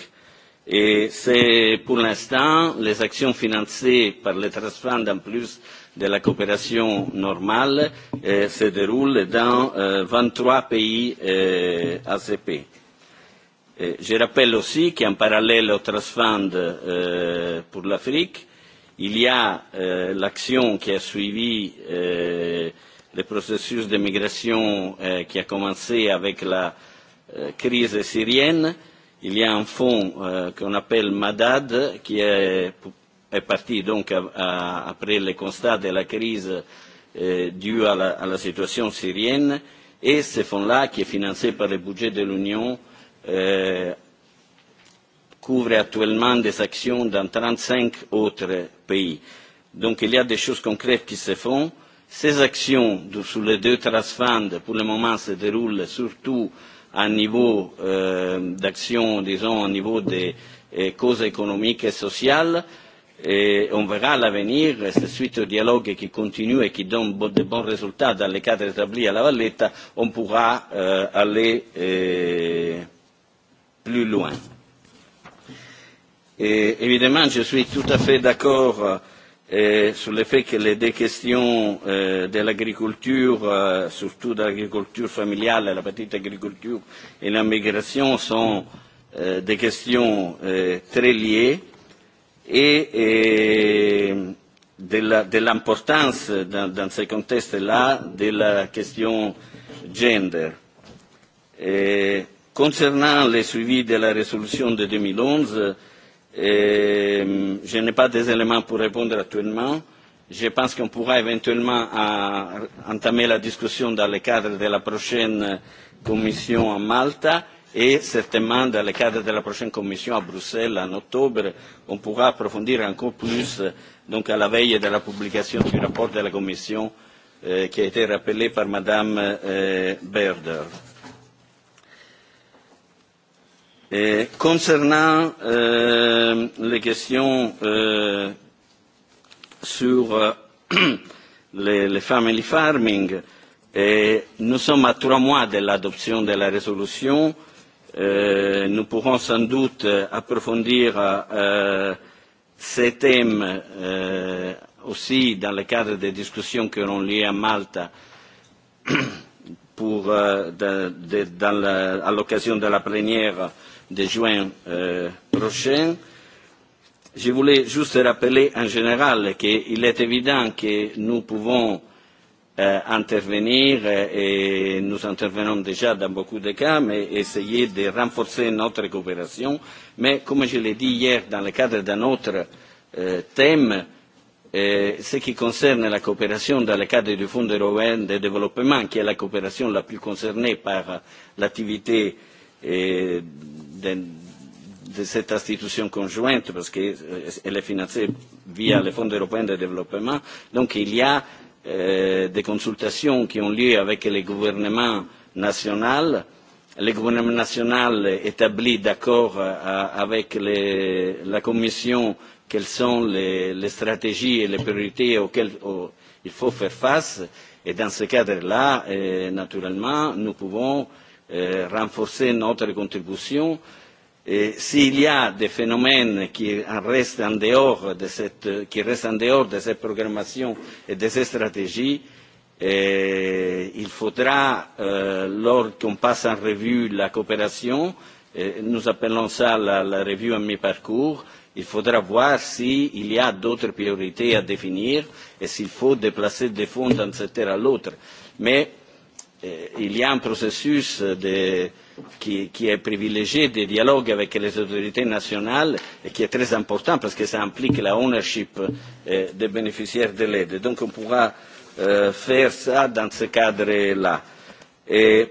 Et c'est pour l'instant les actions financées par le trust fund en plus de la coopération normale euh, se déroule dans vingt euh, trois pays euh, ACP. Et euh, je rappelle aussi qu'en parallèle au Trust Fund euh, pour l'Afrique, il y a euh, l'action qui a suivi le processus de migration qui a commencé avec la crise syrienne. Il y a un fonds qu'on appelle MADAD qui est est parti donc à, à, après le constat eh, de la eh, crise euh, due à la, à la situation syrienne et ce fonds-là, qui est financé par le budget de l'Union, euh, couvre actuellement des actions dans 35 autres pays. Donc il y a des choses concrètes qui se font. Ces actions de, sur les deux trust funds, pour le moment, se déroulent surtout à un niveau euh, d'action, disons, au niveau des euh, causes économiques et sociales. Et on verra à l'avenir, eh, suite au dialogue qui continue et qui donne de bons résultats dans les cadres établis à la Valletta, on pourra euh, aller euh, plus loin. Et évidemment, je suis tout à fait d'accord euh, sur le fait que les deux questions euh, de l'agriculture, euh, surtout de l'agriculture familiale, la petite agriculture et la migration sont euh, des questions euh, très liées e eh, dell'importance dell dans, dans ce contexte-là de la question gender. Eh, concernant le suivi de la résolution de 2011, eh, je n'ai pas des éléments pour répondre actuellement. Je pense qu'on pourra éventuellement à, entamer la discussion dans le cadre de la prochaine commission à Malta et certainement dans le cadre de la prochaine commission à Bruxelles en octobre, on pourra approfondir encore plus, donc à la veille de la publication du rapport de la commission euh, qui a été rappelé par Madame euh, Berder. Et concernant euh, les questions euh, sur euh, le, family farming, et nous sommes à trois mois de l'adoption de la résolution. Euh, Euh, nous pourrons sans doute euh, approfondir euh, euh, ces thèmes euh, aussi dans le cadre des discussions qui auront lieu à Malte pour, euh, de, de, dans la, à l'occasion de la plénière de juin euh, prochain. Je voulais juste rappeler en général qu'il est évident que nous pouvons euh, euh, intervenir euh, et nous intervenons déjà dans beaucoup de cas, mais essayer de renforcer notre coopération. Mais comme je l'ai dit hier dans le cadre d'un autre euh, thème, euh, ce qui concerne la coopération dans le cadre du Fonds européen de développement, qui est la coopération la plus concernée par l'activité euh, de, de cette institution conjointe, parce qu'elle euh, est financée via le Fonds européen de développement, donc il y a Euh, des consultations qui ont lieu avec les gouvernements nationaux. Le gouvernement national établit d'accord euh, avec les, la Commission quelles sont les, les stratégies et les priorités auxquelles aux, il faut faire face. Et dans ce cadre-là, euh, naturellement, nous pouvons euh, renforcer notre contribution euh, Eh, s'il y a des phénomènes qui restent en dehors de cette, qui restent en dehors de cette programmation et de ces stratégies, eh, il faudra, euh, lorsqu'on passe en revue la coopération, eh, nous appelons ça la, la revue à mi-parcours, il faudra voir s'il y a d'autres priorités à définir et s'il faut déplacer des fonds d'un secteur à l'autre. Mais il y a un processus de, qui, qui est privilégié des dialogues avec les autorités nationales et qui est très important parce que cela implique la ownership euh, des bénéficiaires de l'aide. Donc on pourra euh, faire cela dans ce cadre-là.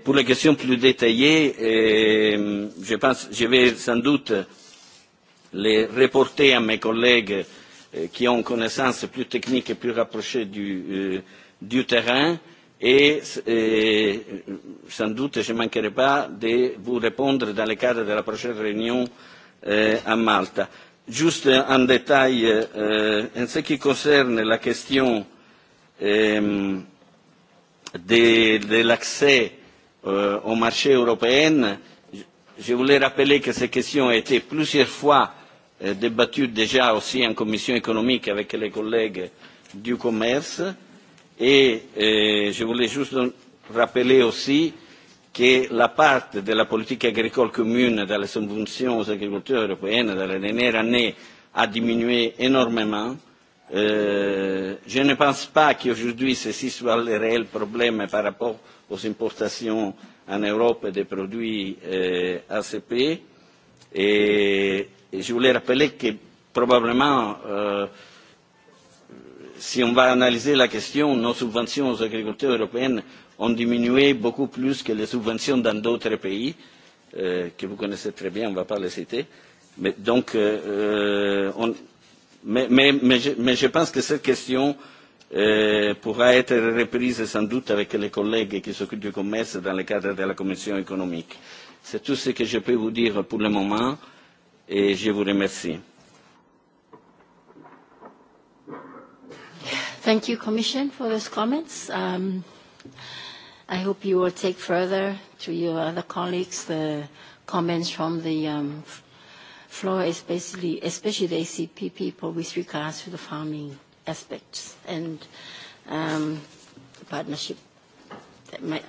pour les questions plus détaillées, euh, je pense, je vais sans doute les reporter à mes collègues euh, qui ont une connaissance plus technique et plus rapprochée du, euh, du terrain. Euh, et eh, sans doute je ne manquerai pas de vous répondre dans le cadre de la prochaine réunion eh, à Malte. Juste en détail, eh, en ce qui concerne la question de, de l'accès au marché européen, je voulais rappeler que ces questions ont été plusieurs fois débattue déjà aussi en commission économique avec les collègues du commerce. Euh, Et euh, je voulais juste rappeler aussi que la part de la politique agricole commune dans les subventions aux agriculteurs européennes dans les dernières années a diminué énormément. Euh, je ne pense pas qu'aujourd'hui ceci soit le réel problème par rapport aux importations en Europe des produits euh, ACP. Et, et je voulais rappeler que probablement euh, si on va analyser la question, nos subventions aux agriculteurs européennes ont diminué beaucoup plus que les subventions dans d'autres pays, euh, que vous connaissez très bien, on ne va pas les citer. Mais, donc, euh, euh, on, mais, mais, mais, je, mais je pense que cette question euh, pourra être reprise sans doute avec les collègues qui s'occupent du commerce dans le cadre de la commission économique. C'est tout ce que je peux vous dire pour le moment et je vous remercie. Thank you, Commission, for those comments. Um, I hope you will take further to your other colleagues the comments from the um, floor, especially, especially the ACP people with regards to the farming aspects and um, the partnership that might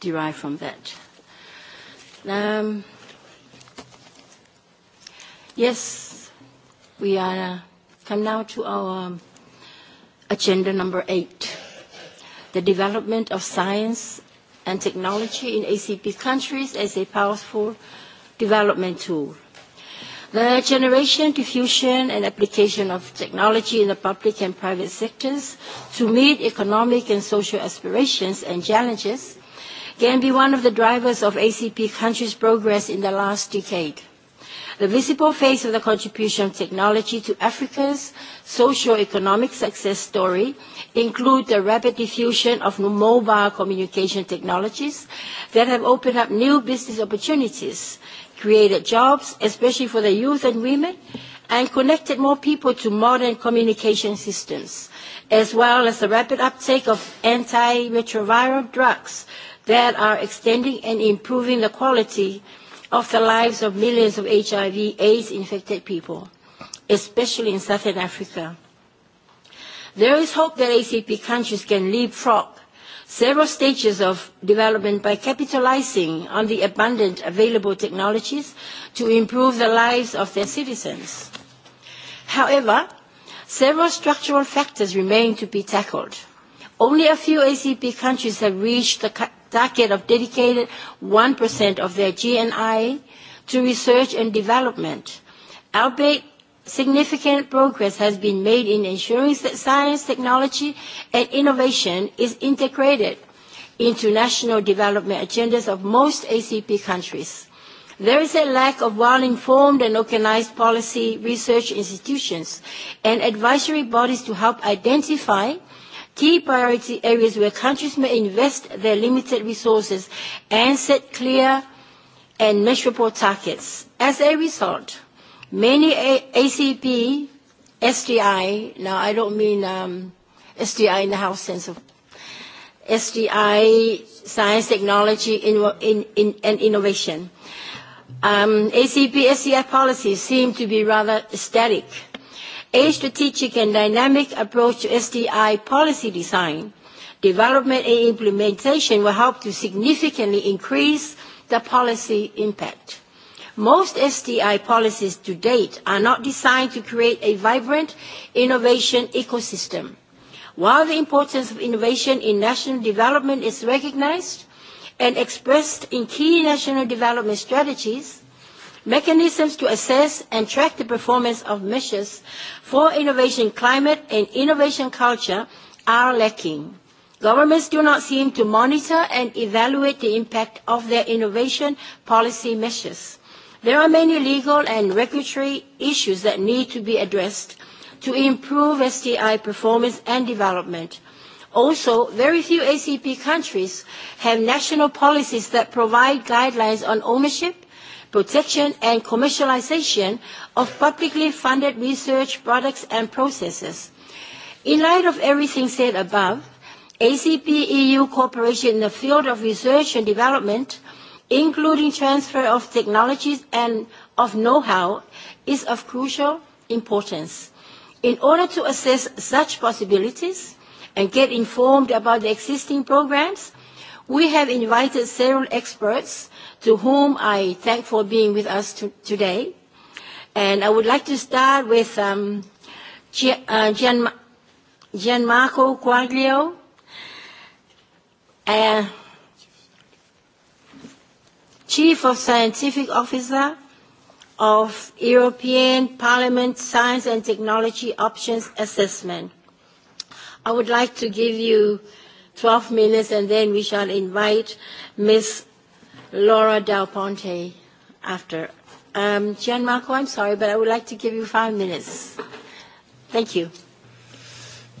derive from that. Um, yes, we are come now to our Agenda number eight, the development of science and technology in ACP countries as a powerful development tool. The generation, diffusion, and application of technology in the public and private sectors to meet economic and social aspirations and challenges can be one of the drivers of ACP countries' progress in the last decade the visible face of the contribution of technology to Africa's socio-economic success story include the rapid diffusion of new mobile communication technologies that have opened up new business opportunities, created jobs, especially for the youth and women, and connected more people to modern communication systems, as well as the rapid uptake of antiretroviral drugs that are extending and improving the quality of the lives of millions of HIV AIDS infected people, especially in Southern Africa. There is hope that ACP countries can leapfrog several stages of development by capitalizing on the abundant available technologies to improve the lives of their citizens. However, several structural factors remain to be tackled. Only a few ACP countries have reached the target of dedicated 1% of their GNI to research and development. Albeit significant progress has been made in ensuring that science, technology, and innovation is integrated into national development agendas of most ACP countries. There is a lack of well-informed and organized policy research institutions and advisory bodies to help identify key priority areas where countries may invest their limited resources and set clear and measurable targets. As a result, many a ACP, SDI, now I don't mean um, SDI in the house sense of SDI, science, technology, in, in, in, and innovation. Um, ACP, SDI policies seem to be rather static a strategic and dynamic approach to SDI policy design, development and implementation will help to significantly increase the policy impact. Most SDI policies to date are not designed to create a vibrant innovation ecosystem. While the importance of innovation in national development is recognized and expressed in key national development strategies, mechanisms to assess and track the performance of measures for innovation climate and innovation culture are lacking. Governments do not seem to monitor and evaluate the impact of their innovation policy measures. There are many legal and regulatory issues that need to be addressed to improve STI performance and development. Also, very few ACP countries have national policies that provide guidelines on ownership, protection and commercialization of publicly funded research products and processes. In light of everything said above, ACP-EU cooperation in the field of research and development, including transfer of technologies and of know-how, is of crucial importance. In order to assess such possibilities and get informed about the existing programs, we have invited several experts to whom I thank for being with us to, today. And I would like to start with um, Gian, uh, Gian, Gianmarco Quaglio. Uh, Chief of Scientific Officer of European Parliament Science and Technology Options Assessment. I would like to give you 12 minutes and then we shall invite Ms. Laura Del Ponte after. Um, Gianmarco, I'm sorry, but I would like to give you five minutes. Thank you.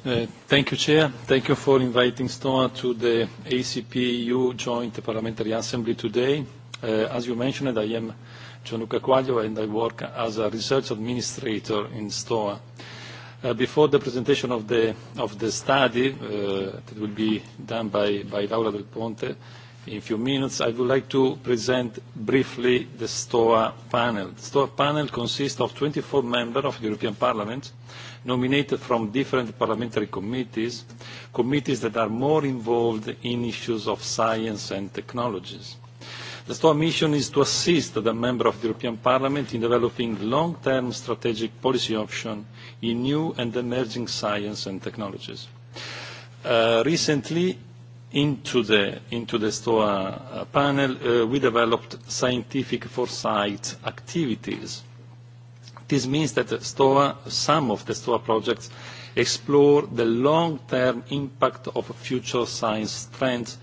Uh, thank you, Chair. Thank you for inviting STOA to the ACP-EU Joint Parliamentary Assembly today. Uh, as you mentioned, I am Gianluca Quaglio, and I work as a research administrator in STOA. Uh, before the presentation of the, of the study uh, that will be done by, by Laura Del Ponte, in a few minutes, I would like to present briefly the STOA panel. The STOA panel consists of 24 members of the European Parliament, nominated from different parliamentary committees, committees that are more involved in issues of science and technologies. The STOA mission is to assist the member of the European Parliament in developing long-term strategic policy options in new and emerging science and technologies. Uh, recently, into the, into the STOA uh, panel, uh, we developed scientific foresight activities. This means that STOA, some of the STOA projects explore the long-term impact of future science trends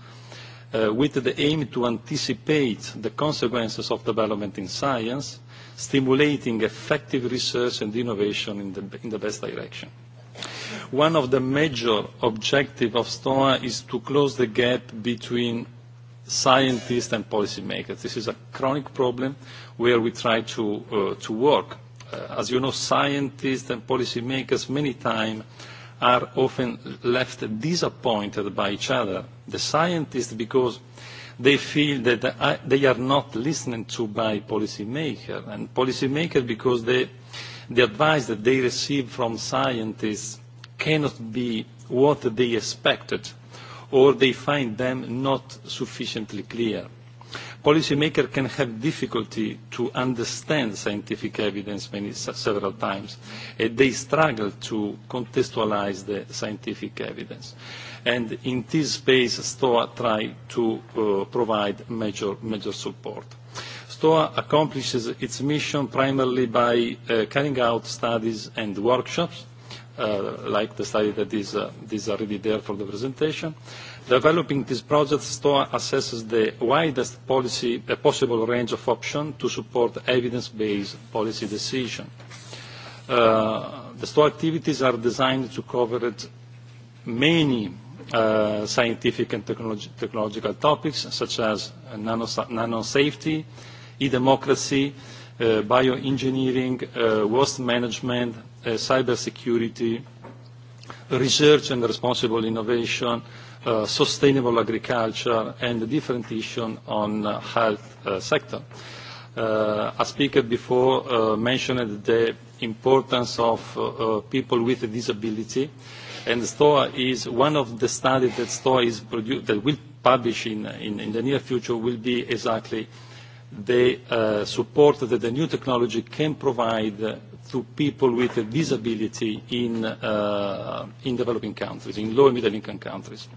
uh, with the aim to anticipate the consequences of development in science, stimulating effective research and innovation in the, in the best direction. One of the major objectives of STOA is to close the gap between scientists and policymakers. This is a chronic problem where we try to, uh, to work. Uh, as you know, scientists and policymakers many times are often left disappointed by each other. The scientists, because they feel that uh, they are not listened to by policymakers, and policymakers because they, the advice that they receive from scientists cannot be what they expected or they find them not sufficiently clear. Policymakers can have difficulty to understand scientific evidence many, several times, and they struggle to contextualize the scientific evidence. And in this space, STOA tries to uh, provide major, major support. STOA accomplishes its mission primarily by uh, carrying out studies and workshops uh, like the study that is, uh, is already there for the presentation. Developing this project, STOA assesses the widest policy, a possible range of options to support evidence-based policy decision. Uh, the STOA activities are designed to cover many uh, scientific and technolog technological topics, such as uh, nanosafety, nano e-democracy, Uh, bioengineering, uh, waste management, uh, cybersecurity, research and responsible innovation, uh, sustainable agriculture, and the different issues on the uh, health uh, sector. Uh, a speaker before uh, mentioned the importance of uh, uh, people with a disability, and STOA is one of the studies that STOA is produ that will publish in, in, in the near future will be exactly uh, the uh, support that the new technology can provide to people with a disability in, uh, in developing countries, in low and middle income countries.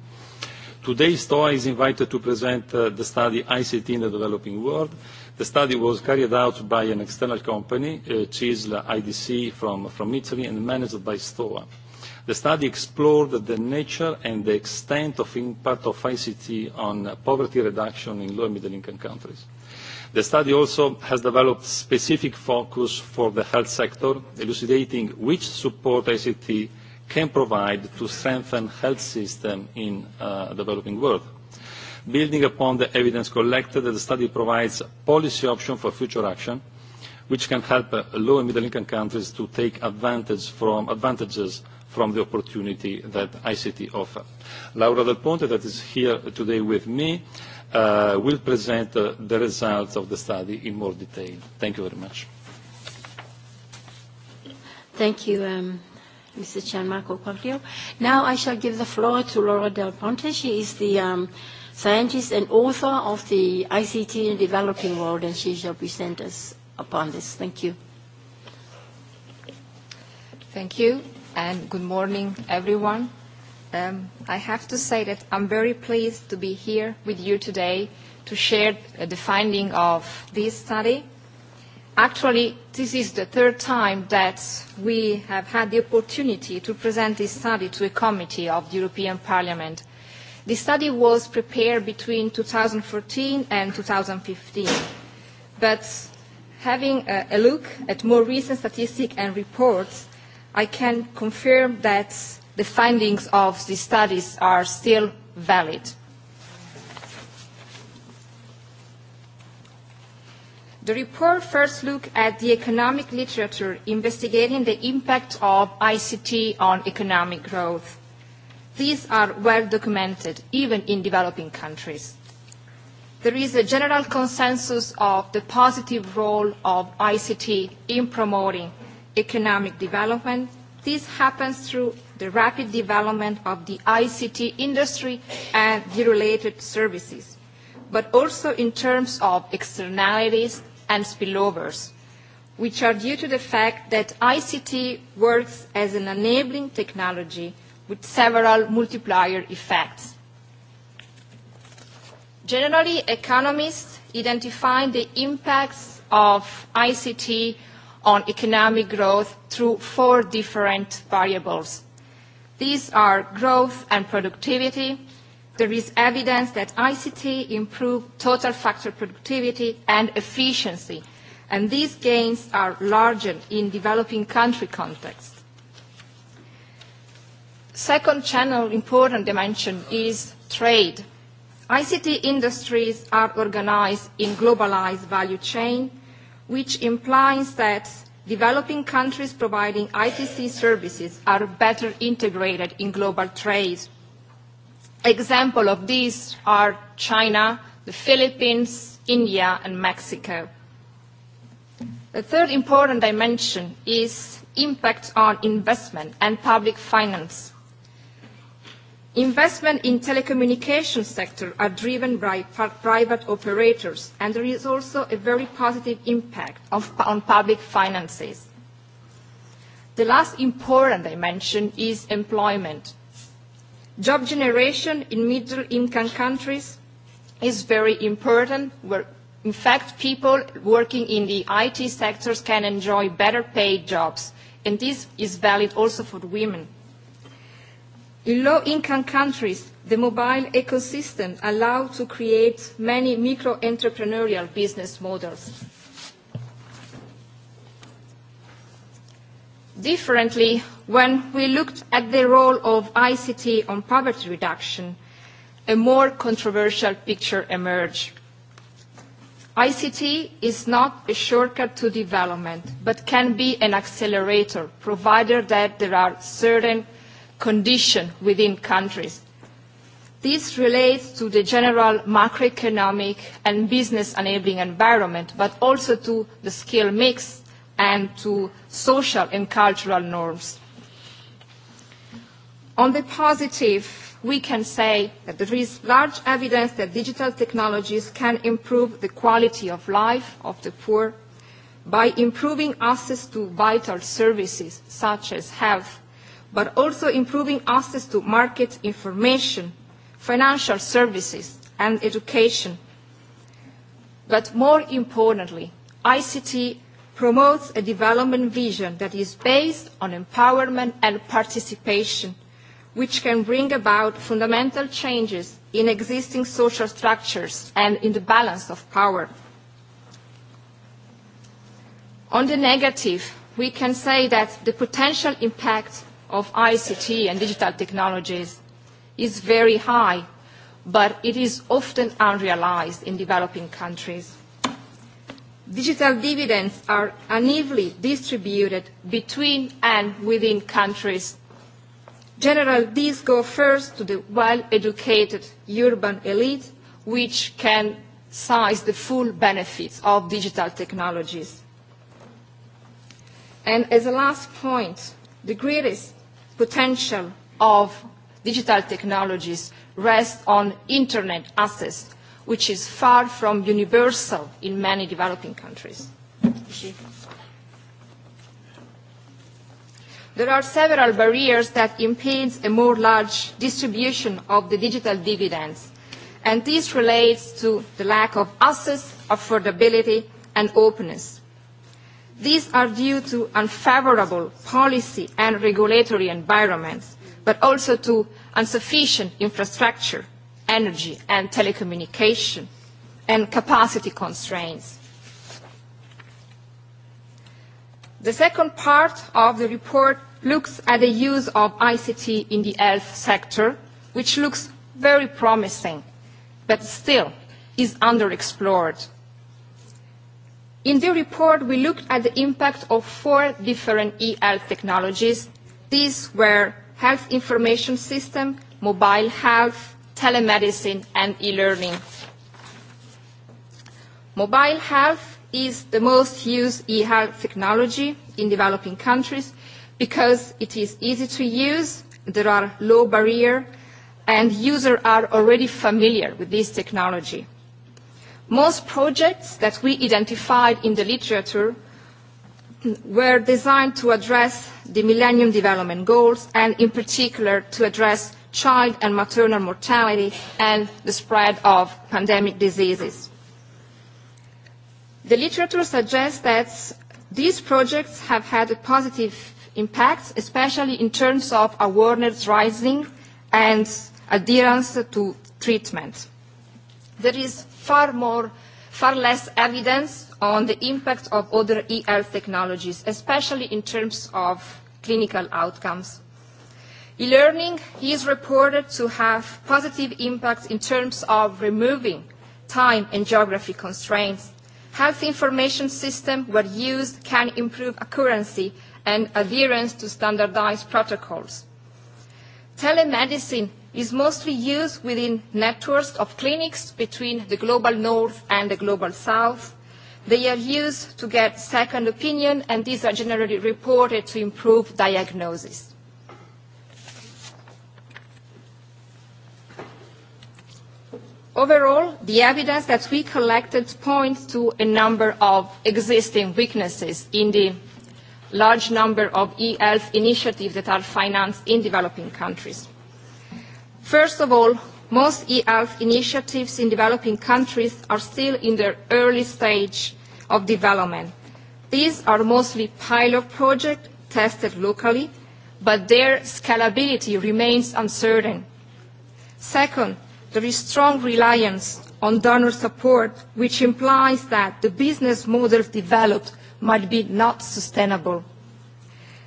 Today, STOA is invited to present uh, the study ICT in the Developing World. The study was carried out by an external company, uh, CISL IDC from, from Italy, and managed by STOA. The study explored the nature and the extent of impact of ICT on poverty reduction in low and middle income countries The study also has developed specific focus for the health sector, elucidating which support ICT can provide to strengthen health system in the uh, developing world. Building upon the evidence collected, the study provides policy option for future action, which can help uh, low and middle income countries to take advantage from, advantages from the opportunity that ICT offers. Laura Del Ponte, who is here today with me, uh, will present uh, the results of the study in more detail. Thank you very much. Thank you, um, Mr. Gianmarco Quaglio. Now I shall give the floor to Laura Del Ponte. She is the um, scientist and author of the ICT in the Developing World, and she shall present us upon this. Thank you. Thank you, and good morning, everyone. Um, I have to say that I'm very pleased to be here with you today to share uh, the finding of this study. Actually, this is the third time that we have had the opportunity to present this study to a committee of the European Parliament. The study was prepared between 2014 and 2015, but having a, a look at more recent statistics and reports, I can confirm that the findings of the studies are still valid. The report first looked at the economic literature investigating the impact of ICT on economic growth. These are well documented, even in developing countries. There is a general consensus of the positive role of ICT in promoting economic development. This happens through the rapid development of the ICT industry and the related services, but also in terms of externalities and spillovers, which are due to the fact that ICT works as an enabling technology with several multiplier effects. Generally, economists identify the impacts of ICT on economic growth through four different variables. These are growth and productivity. There is evidence that ICT improved total factor productivity and efficiency, and these gains are larger in developing country contexts. Second channel important dimension is trade. ICT industries are organized in globalized value chain, which implies that developing countries providing ITC services are better integrated in global trade. Examples of these are China, the Philippines, India and Mexico. The third important dimension is impact on investment and public finance. Investment in telecommunications sector are driven by private operators, and there is also a very positive impact of, on public finances. The last important dimension is employment. Job generation in middle-income countries is very important, where in fact people working in the IT sectors can enjoy better paid jobs, and this is valid also for women. In low-income countries, the mobile ecosystem allows to create many micro-entrepreneurial business models. Differently, when we looked at the role of ICT on poverty reduction, a more controversial picture emerged. ICT is not a shortcut to development, but can be an accelerator, provided that there are certain condition within countries. This relates to the general macroeconomic and business enabling environment, but also to the skill mix and to social and cultural norms. On the positive, we can say that there is large evidence that digital technologies can improve the quality of life of the poor by improving access to vital services such as health, but also improving access to market information, financial services and education. But more importantly, ICT promotes a development vision that is based on empowerment and participation, which can bring about fundamental changes in existing social structures and in the balance of power. On the negative, we can say that the potential impact of ICT and digital technologies is very high, but it is often unrealized in developing countries. Digital dividends are unevenly distributed between and within countries. Generally, these go first to the well-educated urban elite, which can size the full benefits of digital technologies. And as a last point, the greatest potential of digital technologies rests on internet access, which is far from universal in many developing countries. There are several barriers that impede a more large distribution of the digital dividends, and this relates to the lack of access, affordability, and openness. These are due to unfavourable policy and regulatory environments, but also to insufficient infrastructure, energy and telecommunication, and capacity constraints. The second part of the report looks at the use of ICT in the health sector, which looks very promising, but still is underexplored In the report, we looked at the impact of four different e-health technologies. These were health information system, mobile health, telemedicine, and e-learning. Mobile health is the most used e-health technology in developing countries because it is easy to use, there are low barrier, and users are already familiar with this technology. Most projects that we identified in the literature were designed to address the Millennium Development Goals and in particular to address child and maternal mortality and the spread of pandemic diseases. The literature suggests that these projects have had a positive impact, especially in terms of awareness rising and adherence to treatment there is far more far less evidence on the impact of other e-health technologies, especially in terms of clinical outcomes. E-learning is reported to have positive impacts in terms of removing time and geography constraints. Health information systems, where used, can improve accuracy and adherence to standardized protocols. Telemedicine is mostly used within networks of clinics between the global north and the global south. They are used to get second opinion, and these are generally reported to improve diagnosis. Overall, the evidence that we collected points to a number of existing weaknesses in the large number of e-health initiatives that are financed in developing countries. First of all, most e-health initiatives in developing countries are still in their early stage of development. These are mostly pilot projects tested locally, but their scalability remains uncertain. Second, there is strong reliance on donor support, which implies that the business models developed might be not sustainable.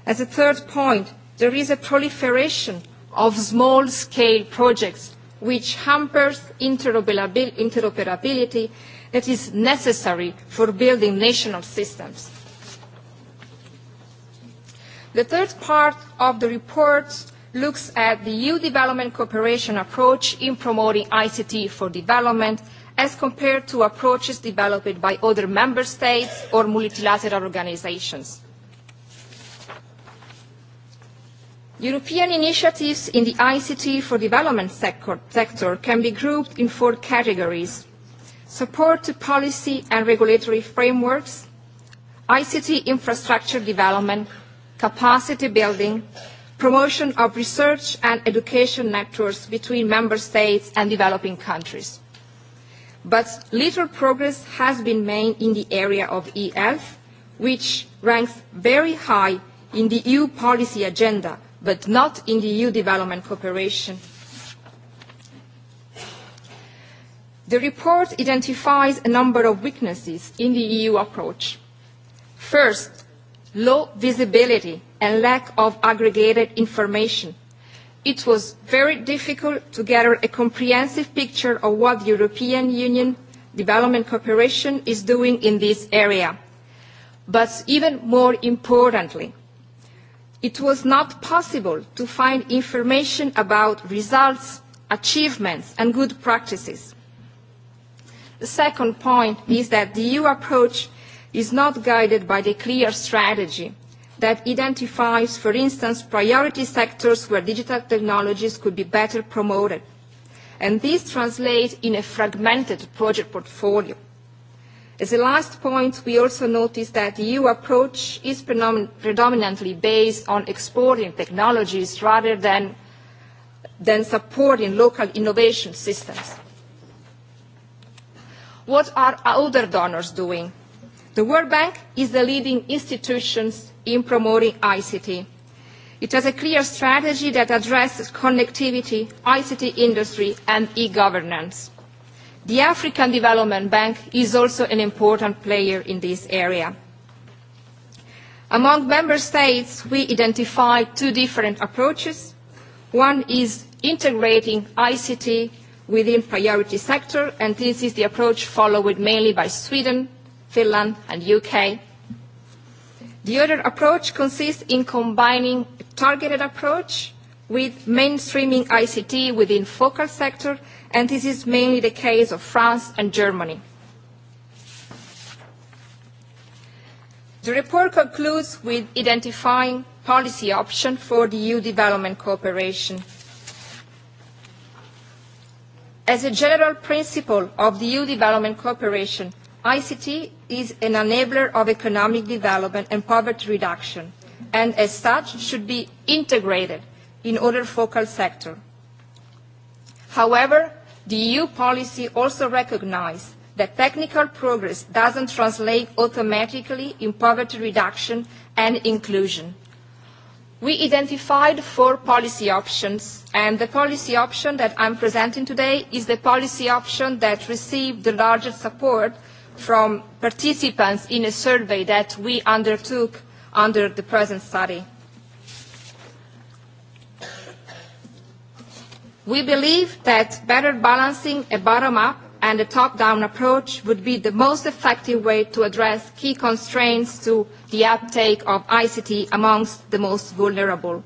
As a third point, there is a proliferation of small-scale projects which hampers interoperability that is necessary for building national systems. The third part of the report looks at the EU development cooperation approach in promoting ICT for development as compared to approaches developed by other member states or multilateral organizations. European initiatives in the ICT for development sector, sector can be grouped in four categories. Support to policy and regulatory frameworks, ICT infrastructure development, capacity building, promotion of research and education networks between member states and developing countries. But little progress has been made in the area of e health, which ranks very high in the EU policy agenda but not in the EU development cooperation. The report identifies a number of weaknesses in the EU approach. First, low visibility and lack of aggregated information. It was very difficult to gather a comprehensive picture of what the European Union development cooperation is doing in this area. But even more importantly, it was not possible to find information about results, achievements and good practices. The second point is that the EU approach is not guided by the clear strategy that identifies, for instance, priority sectors where digital technologies could be better promoted. And this translates in a fragmented project portfolio. As a last point, we also noticed that the EU approach is predominantly based on exporting technologies rather than, than supporting local innovation systems. What are other donors doing? The World Bank is the leading institution in promoting ICT. It has a clear strategy that addresses connectivity, ICT industry, and e-governance. The African Development Bank is also an important player in this area. Among member states, we identify two different approaches. One is integrating ICT within priority sector, and this is the approach followed mainly by Sweden, Finland, and UK. The other approach consists in combining a targeted approach with mainstreaming ICT within focal sector and this is mainly the case of France and Germany. The report concludes with identifying policy options for the EU development cooperation. As a general principle of the EU development cooperation, ICT is an enabler of economic development and poverty reduction, and as such should be integrated in other focal sectors. However, The EU policy also recognises that technical progress doesn't translate automatically in poverty reduction and inclusion. We identified four policy options, and the policy option that I'm presenting today is the policy option that received the largest support from participants in a survey that we undertook under the present study. We believe that better balancing a bottom-up and a top-down approach would be the most effective way to address key constraints to the uptake of ICT amongst the most vulnerable.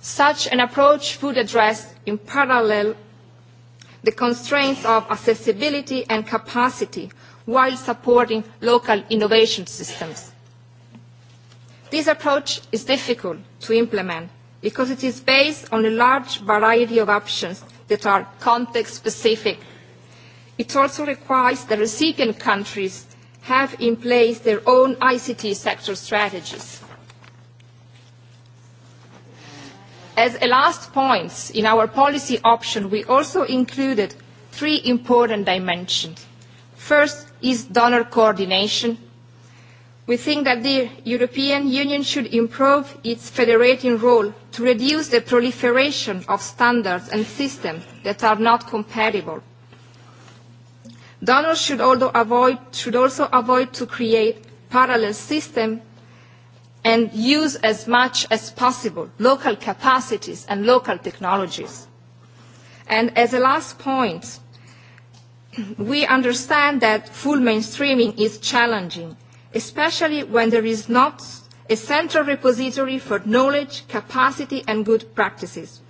Such an approach would address in parallel the constraints of accessibility and capacity while supporting local innovation systems. This approach is difficult to implement because it is based on a large variety of options that are context-specific. It also requires the recipient countries have in place their own ICT sector strategies. As a last point, in our policy option, we also included three important dimensions. First is donor coordination, We think that the European Union should improve its federating role to reduce the proliferation of standards and systems that are not compatible. Donors should also avoid, should also avoid to create parallel systems and use as much as possible local capacities and local technologies. And as a last point, we understand that full mainstreaming is challenging especially when there is not a central repository for knowledge, capacity and good practices.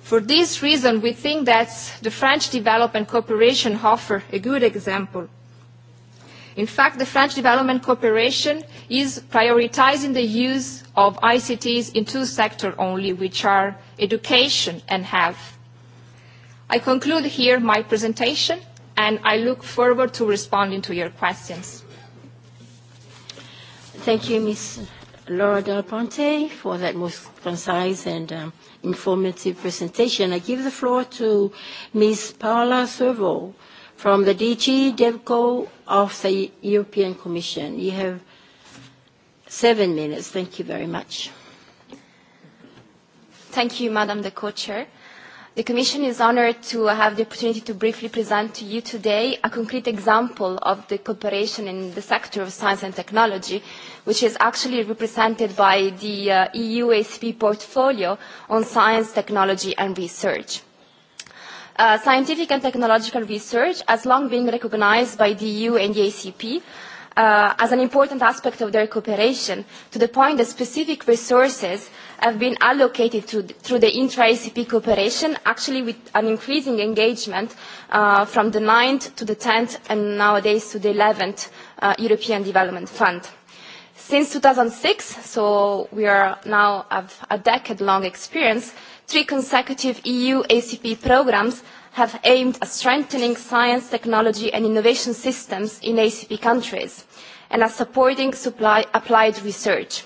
For this reason, we think that the French Development Cooperation offer a good example. In fact, the French Development Cooperation is prioritizing the use of ICTs in two sectors only, which are education and health. I conclude here my presentation, and I look forward to responding to your questions. Thank you, Ms. Laura Del Ponte, for that most concise and um, informative presentation. I give the floor to Ms. Paola Servo from the DG DevCo of the European Commission. You have seven minutes. Thank you very much. Thank you, Madam the Co-Chair. The Commission is honored to have the opportunity to briefly present to you today a concrete example of the cooperation in the sector of science and technology which is actually represented by the uh, EU ACP portfolio on science, technology and research. Uh, scientific and technological research has long been recognized by the EU and the ACP uh, as an important aspect of their cooperation to the point that specific resources have been allocated to, through the intra-ACP cooperation, actually with an increasing engagement uh, from the 9th to the 10th and nowadays to the 11th uh, European Development Fund. Since 2006, so we are now have a decade-long experience, three consecutive EU ACP programs have aimed at strengthening science, technology and innovation systems in ACP countries and at supporting supply applied research.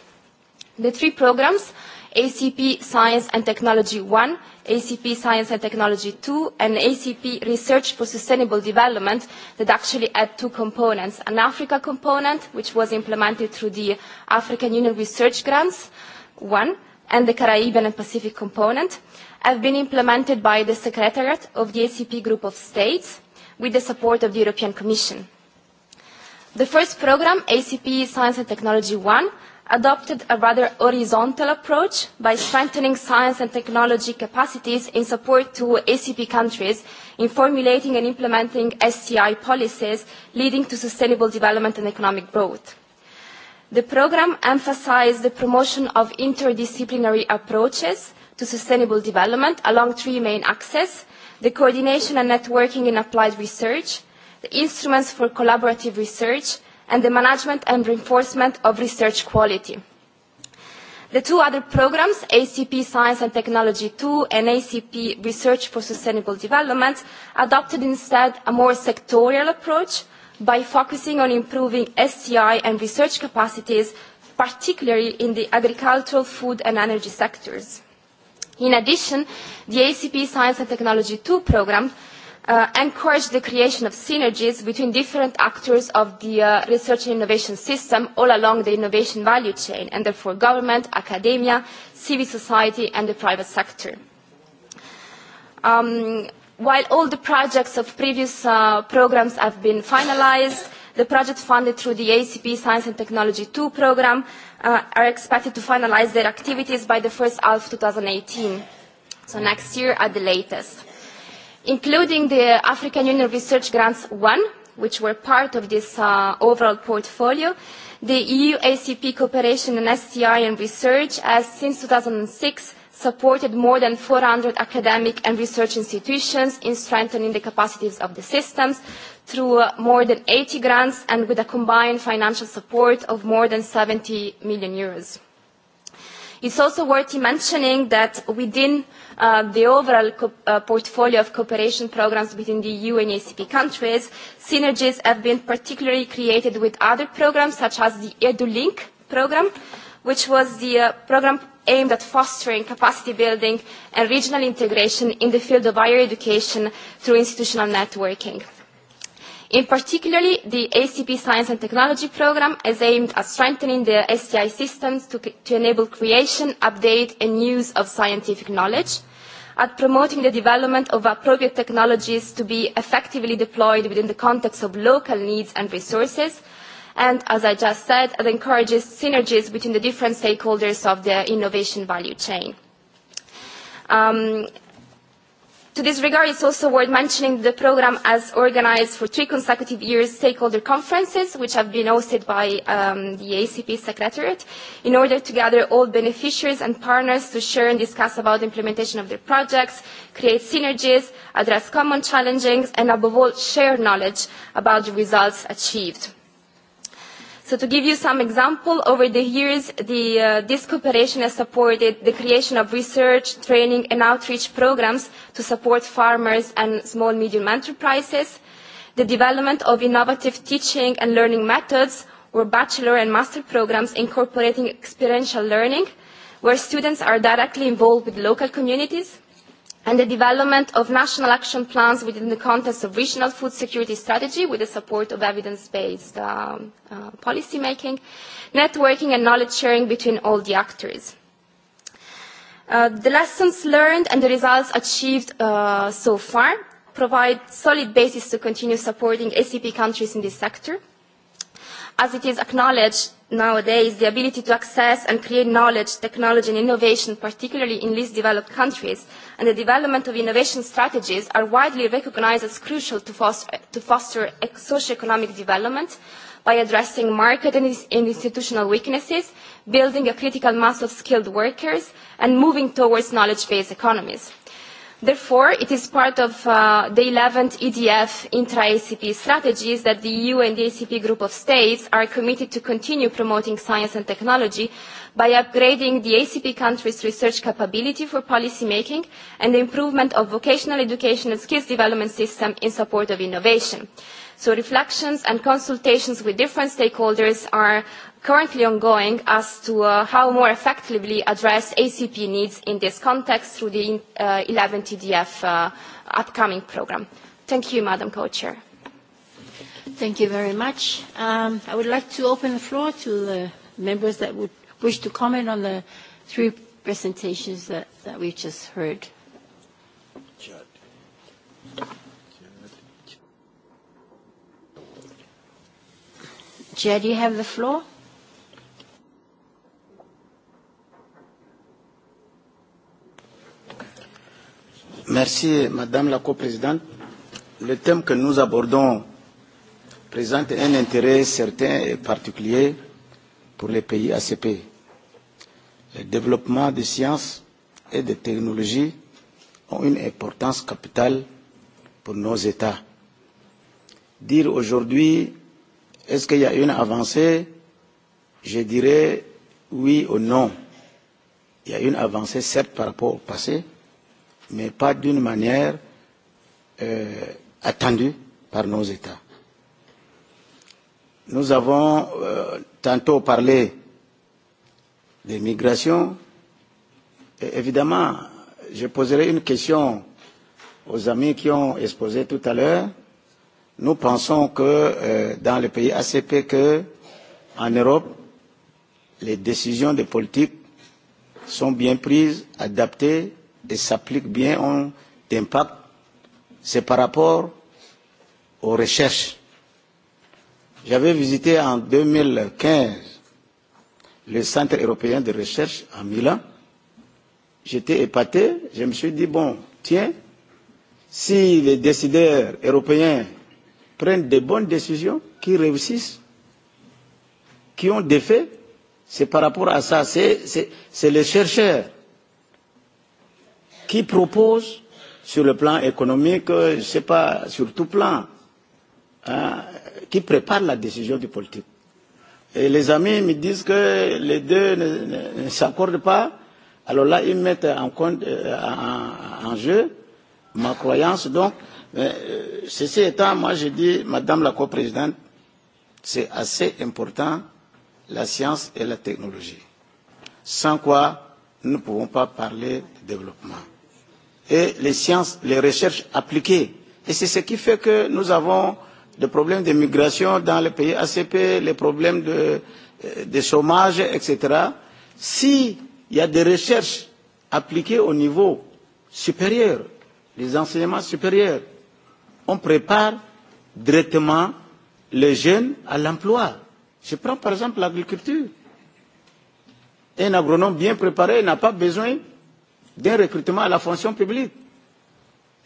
The three programs ACP Science and Technology 1, ACP Science and Technology 2, and ACP Research for Sustainable Development that actually had two components, an Africa component, which was implemented through the African Union Research Grants 1, and the Caribbean and Pacific component, have been implemented by the Secretariat of the ACP Group of States with the support of the European Commission. The first program, ACP Science and Technology 1, adopted a rather horizontal approach by strengthening science and technology capacities in support to ACP countries in formulating and implementing SCI policies leading to sustainable development and economic growth. The programme emphasised the promotion of interdisciplinary approaches to sustainable development along three main axes, the coordination and networking in applied research, the instruments for collaborative research, and the management and reinforcement of research quality. The two other programmes, ACP Science and Technology 2 and ACP Research for Sustainable Development, adopted instead a more sectorial approach by focusing on improving STI and research capacities, particularly in the agricultural, food and energy sectors. In addition, the ACP Science and Technology 2 programme uh, encourage the creation of synergies between different actors of the uh, research and innovation system all along the innovation value chain, and therefore government, academia, civil society, and the private sector. Um, while all the projects of previous uh, programs have been finalized, the projects funded through the ACP Science and Technology 2 program uh, are expected to finalize their activities by the first half of 2018, so next year at the latest including the African Union Research Grants i which were part of this uh, overall portfolio, the EU ACP cooperation in STI and research has since 2006 supported more than 400 academic and research institutions in strengthening the capacities of the systems through uh, more than 80 grants and with a combined financial support of more than 70 million euros. It's also worth mentioning that within uh, the overall co uh, portfolio of cooperation programs between the EU and ACP countries. Synergies have been particularly created with other programs such as the EduLink program, which was the uh, program aimed at fostering capacity building and regional integration in the field of higher education through institutional networking. In particular, the ACP Science and Technology Programme is aimed at strengthening the STI systems to, to enable creation, update and use of scientific knowledge, at promoting the development of appropriate technologies to be effectively deployed within the context of local needs and resources, and as I just said, it encourages synergies between the different stakeholders of the innovation value chain. Um, to this regard, it's also worth mentioning the program has organized for three consecutive years stakeholder conferences, which have been hosted by um, the ACP Secretariat, in order to gather all beneficiaries and partners to share and discuss about the implementation of their projects, create synergies, address common challenges, and above all, share knowledge about the results achieved. So to give you some example, over the years, the, uh, this cooperation has supported the creation of research, training and outreach programs to support farmers and small and medium enterprises, the development of innovative teaching and learning methods or bachelor and master programs incorporating experiential learning, where students are directly involved with local communities, and the development of national action plans within the context of regional food security strategy with the support of evidence-based um, uh, policy making, networking and knowledge sharing between all the actors. Uh, the lessons learned and the results achieved uh, so far provide solid basis to continue supporting ACP countries in this sector as it is acknowledged nowadays, the ability to access and create knowledge, technology and innovation, particularly in least developed countries, and the development of innovation strategies are widely recognised as crucial to foster, to foster e-, socio-economic development by addressing market and institutional weaknesses, building a critical mass of skilled workers, and moving towards knowledge-based economies. Therefore, it is part of uh, the 11th EDF intra-ACP strategies that the EU and the ACP group of states are committed to continue promoting science and technology by upgrading the ACP countries' research capability for policy making and the improvement of vocational education and skills development system in support of innovation. So reflections and consultations with different stakeholders are currently ongoing as to uh, how more effectively address ACP needs in this context through the uh, 11 TDF uh, upcoming program. Thank you, Madam Co-Chair. Thank you very much. Um, I would like to open the floor to the members that would wish to comment on the three presentations that, that we just heard. Chair, do you have the floor? Merci, Madame la Coprésidente. Le thème que nous abordons présente un intérêt certain et particulier pour les pays ACP. Le développement des sciences et des technologies ont une importance capitale pour nos États. Dire aujourd'hui, est-ce qu'il y a une avancée Je dirais oui ou non. Il y a une avancée, certes, par rapport au passé, mais pas d'une manière euh, attendue par nos États. Nous avons euh, tantôt parlé des migrations. Et évidemment, je poserai une question aux amis qui ont exposé tout à l'heure. Nous pensons que euh, dans les pays ACP, que en Europe, les décisions des politiques sont bien prises, adaptées et s'applique bien ont d'impact, c'est par rapport aux recherches. J'avais visité en 2015 le Centre européen de recherche à Milan. J'étais épaté. Je me suis dit, bon, tiens, si les décideurs européens prennent de bonnes décisions, qui réussissent, qui ont des faits, c'est par rapport à ça. C'est les chercheurs qui propose sur le plan économique, je ne sais pas, sur tout plan, hein, qui prépare la décision du politique. Et les amis me disent que les deux ne, ne, ne s'accordent pas. Alors là, ils mettent en, compte, euh, en, en jeu ma croyance. Donc, euh, ceci étant, moi je dis, Madame la coprésidente, c'est assez important la science et la technologie, sans quoi nous ne pouvons pas parler de développement et les sciences, les recherches appliquées. Et c'est ce qui fait que nous avons des problèmes de migration dans les pays ACP, les problèmes de, euh, de chômage, etc. S'il y a des recherches appliquées au niveau supérieur, les enseignements supérieurs, on prépare directement les jeunes à l'emploi. Je prends par exemple l'agriculture. Un agronome bien préparé n'a pas besoin d'un recrutement à la fonction publique,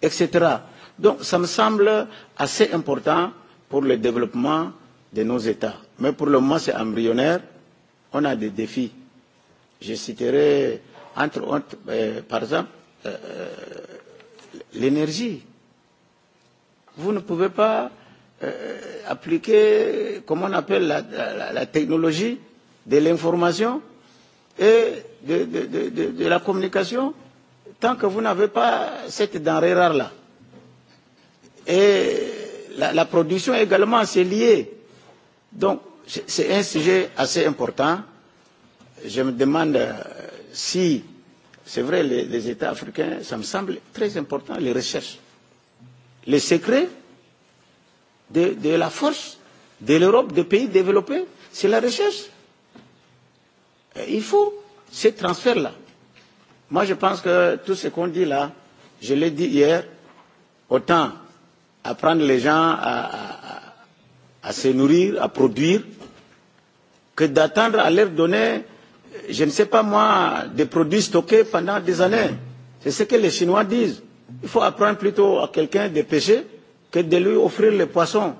etc. Donc, ça me semble assez important pour le développement de nos États. Mais pour le moment, c'est embryonnaire. On a des défis. Je citerai, entre autres, euh, par exemple, euh, euh l'énergie. Vous ne pouvez pas euh, appliquer, comment on appelle, la, la, la technologie de l'information et de, de, de, de la communication tant que vous n'avez pas cette denrée rare-là. Et la, la production également, c'est lié. Donc, c'est un sujet assez important. Je me demande euh, si, c'est vrai, les, les États africains, ça me semble très important, les recherches. Les secrets de, de la force de l'Europe, des pays développés, c'est la recherche. Il faut ces transferts-là. Moi, je pense que tout ce qu'on dit là, je l'ai dit hier, autant apprendre les gens à, à, à se nourrir, à produire, que d'attendre à leur donner, je ne sais pas moi, des produits stockés pendant des années. C'est ce que les Chinois disent. Il faut apprendre plutôt à quelqu'un de pêcher que de lui offrir les poissons.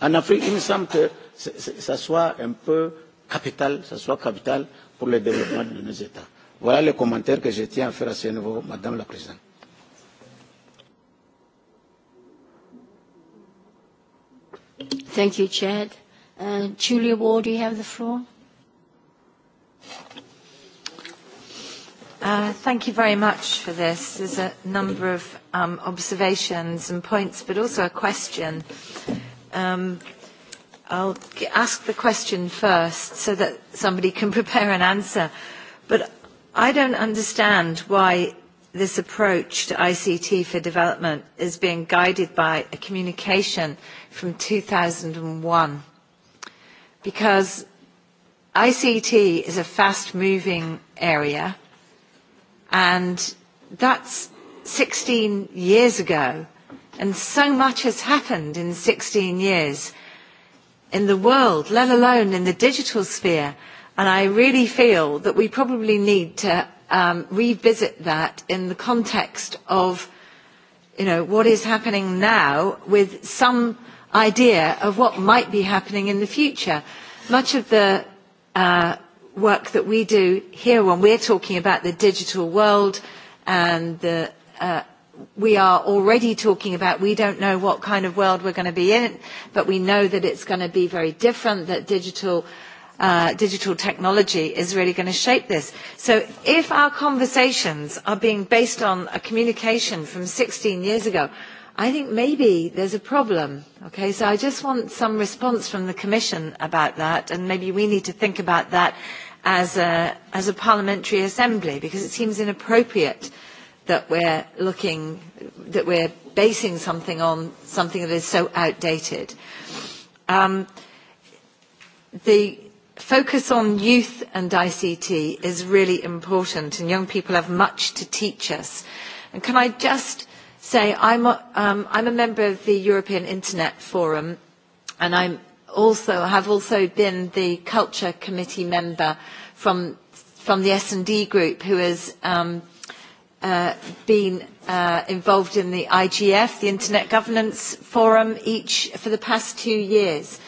En Afrique, il me semble que ça soit un peu capital, ça soit capital pour le développement de nos États. Voilà les commentaires que je tiens à faire à ce niveau, Madame la Présidente. Thank you, Chad. Uh, Julia Ward, do you have the floor. Uh, thank you very much for this. There's a number of um, observations and points, but also a question. Um, I'll ask the question first so that somebody can prepare an answer. But I don't understand why this approach to ICT for development is being guided by a communication from 2001 because ICT is a fast-moving area and that's 16 years ago and so much has happened in 16 years – in the world, let alone in the digital sphere. And I really feel that we probably need to um, revisit that in the context of you know, what is happening now with some idea of what might be happening in the future. Much of the uh, work that we do here when we're talking about the digital world and the uh, we are already talking about we don't know what kind of world we're going to be in, but we know that it's going to be very different, that digital, uh, digital technology is really going to shape this. So if our conversations are being based on a communication from 16 years ago, I think maybe there's a problem. Okay, so I just want some response from the Commission about that, and maybe we need to think about that as a, as a parliamentary assembly because it seems inappropriate uh, that we're looking, that we're basing something on something that is so outdated. Um, the focus on youth and ICT is really important, and young people have much to teach us. And can I just say, I'm a, um, I'm a member of the European Internet Forum, and I'm also have also been the Culture Committee member from from the S&D group, who is um, Uh, been uh, involved in the IGF, the Internet Governance Forum, each for the past two years.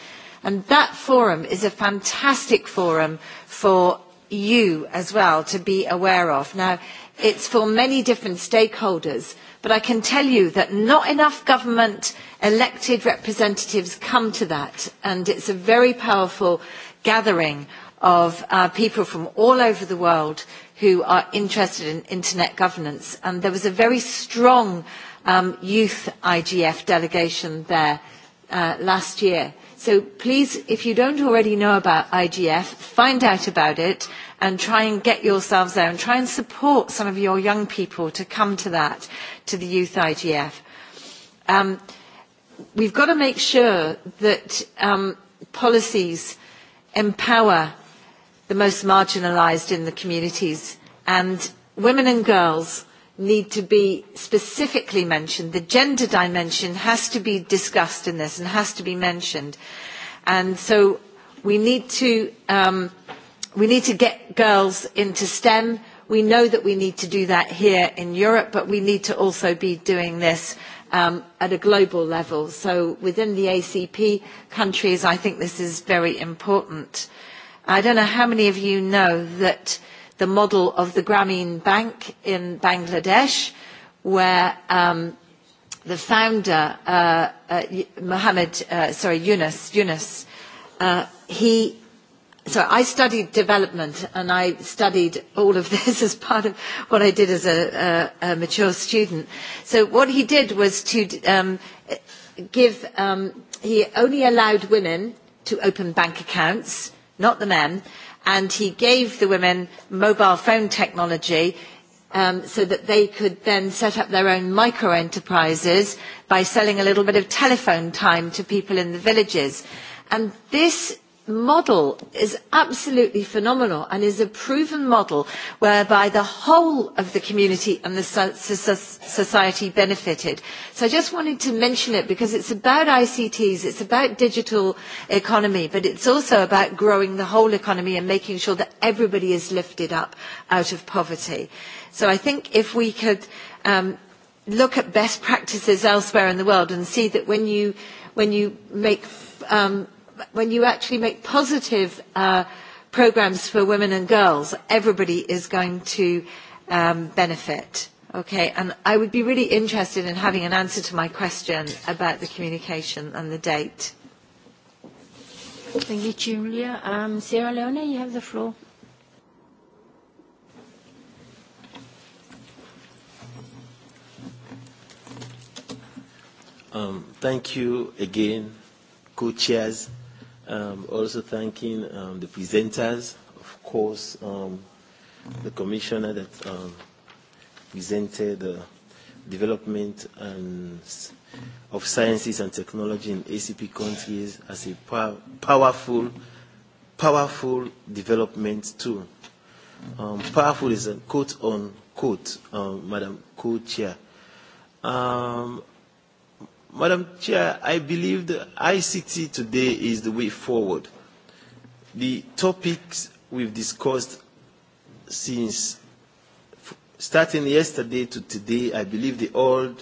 And that forum is a fantastic forum for you as well to be aware of. Now, it's for many different stakeholders, but I can tell you that not enough government elected representatives come to that, and it's a very powerful gathering of uh, people from all over the world who are interested in internet governance. And there was a very strong um, youth IGF delegation there uh, last year. So please, if you don't already know about IGF, find out about it and try and get yourselves there and try and support some of your young people to come to that, to the youth IGF. Um, we've got to make sure that um, policies empower the most marginalised in the communities. And women and girls need to be specifically mentioned. The gender dimension has to be discussed in this and has to be mentioned. And so we need to, um, we need to get girls into STEM. We know that we need to do that here in Europe, but we need to also be doing this um, at a global level. So within the ACP countries, I think this is very important. I don't know how many of you know that the model of the Grameen Bank in Bangladesh, where um, the founder, uh, uh, Mohammed, uh, sorry, Yunus, Yunus, uh, he, so I studied development and I studied all of this as part of what I did as a, a, a mature student. So what he did was to um, give, um, he only allowed women to open bank accounts not the men, and he gave the women mobile phone technology um, so that they could then set up their own micro enterprises by selling a little bit of telephone time to people in the villages. And this model is absolutely phenomenal and is a proven model whereby the whole of the community and the society benefited. So I just wanted to mention it because it's about ICTs, it's about digital economy, but it's also about growing the whole economy and making sure that everybody is lifted up out of poverty. So I think if we could um, look at best practices elsewhere in the world and see that when you, when you make um, when you actually make positive uh, programs for women and girls, everybody is going to um, benefit. Okay, and I would be really interested in having an answer to my question about the communication and the date. Thank you, Julia. Um, Sierra Leone, you have the floor. Um, thank you again, co-chairs Um, also thanking um, the presenters, of course, um, the commissioner that um, presented the development and of sciences and technology in ACP countries as a pow powerful, powerful development tool. Um, powerful is a quote on quote, um, Madam Co-Chair. Um, Madam Chair, I believe the ICT today is the way forward. The topics we've discussed since starting yesterday to today, I believe they all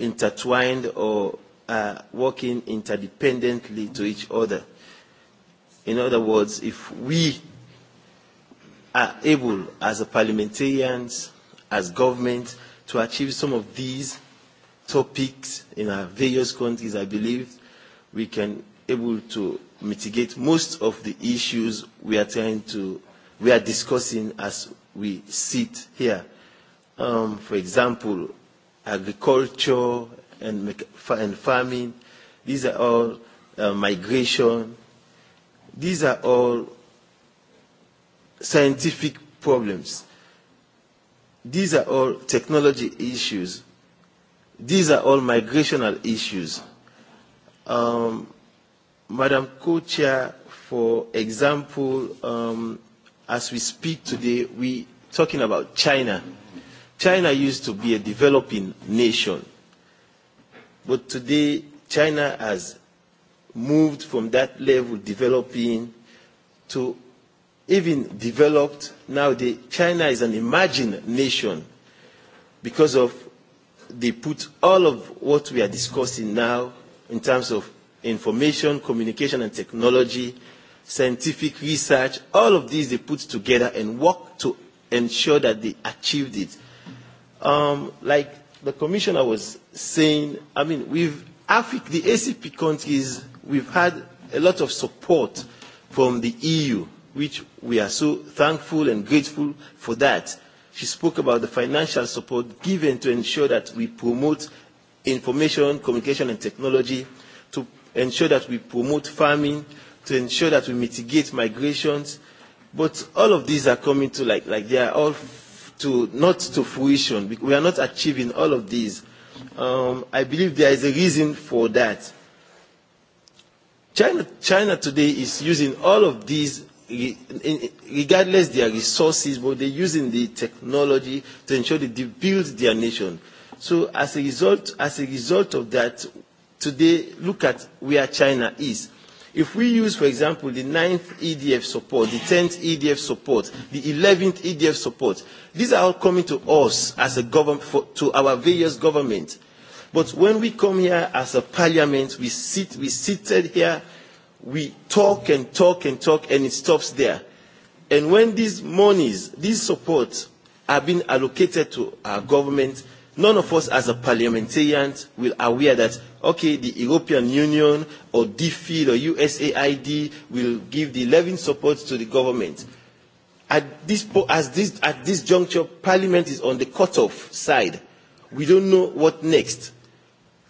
intertwined or are working interdependently to each other. In other words, if we are able as a parliamentarians, as government, to achieve some of these topics in our various countries, I believe we can able to mitigate most of the issues we are trying to, we are discussing as we sit here. Um, for example, agriculture and, and farming, these are all uh, migration, these are all scientific problems. These are all technology issues These are all migrational issues. Um, Madam Co-Chair, for example, um, as we speak today, we talking about China. China used to be a developing nation, but today China has moved from that level developing to even developed. Now China is an emerging nation because of they put all of what we are discussing now in terms of information, communication and technology, scientific research, all of these they put together and work to ensure that they achieved it. Um, like the commissioner was saying, I mean, we've Africa, the ACP countries, we've had a lot of support from the EU, which we are so thankful and grateful for that. She spoke about the financial support given to ensure that we promote information, communication and technology, to ensure that we promote farming, to ensure that we mitigate migrations. But all of these are coming to like, like they are all to, not to fruition. We are not achieving all of these. Um, I believe there is a reason for that. China, China today is using all of these regardless their resources, but they're using the technology to ensure that they build their nation. So as a result, as a result of that, today look at where China is. If we use, for example, the ninth EDF support, the tenth EDF support, the eleventh EDF support, these are all coming to us as a government, for, to our various governments. But when we come here as a parliament, we sit, we seated here we talk and talk and talk and it stops there. And when these monies, these supports are being allocated to our government, none of us as a parliamentarian will aware that, okay, the European Union or DFID or USAID will give the levin support to the government. At this, as this, at this juncture, parliament is on the cut-off side. We don't know what next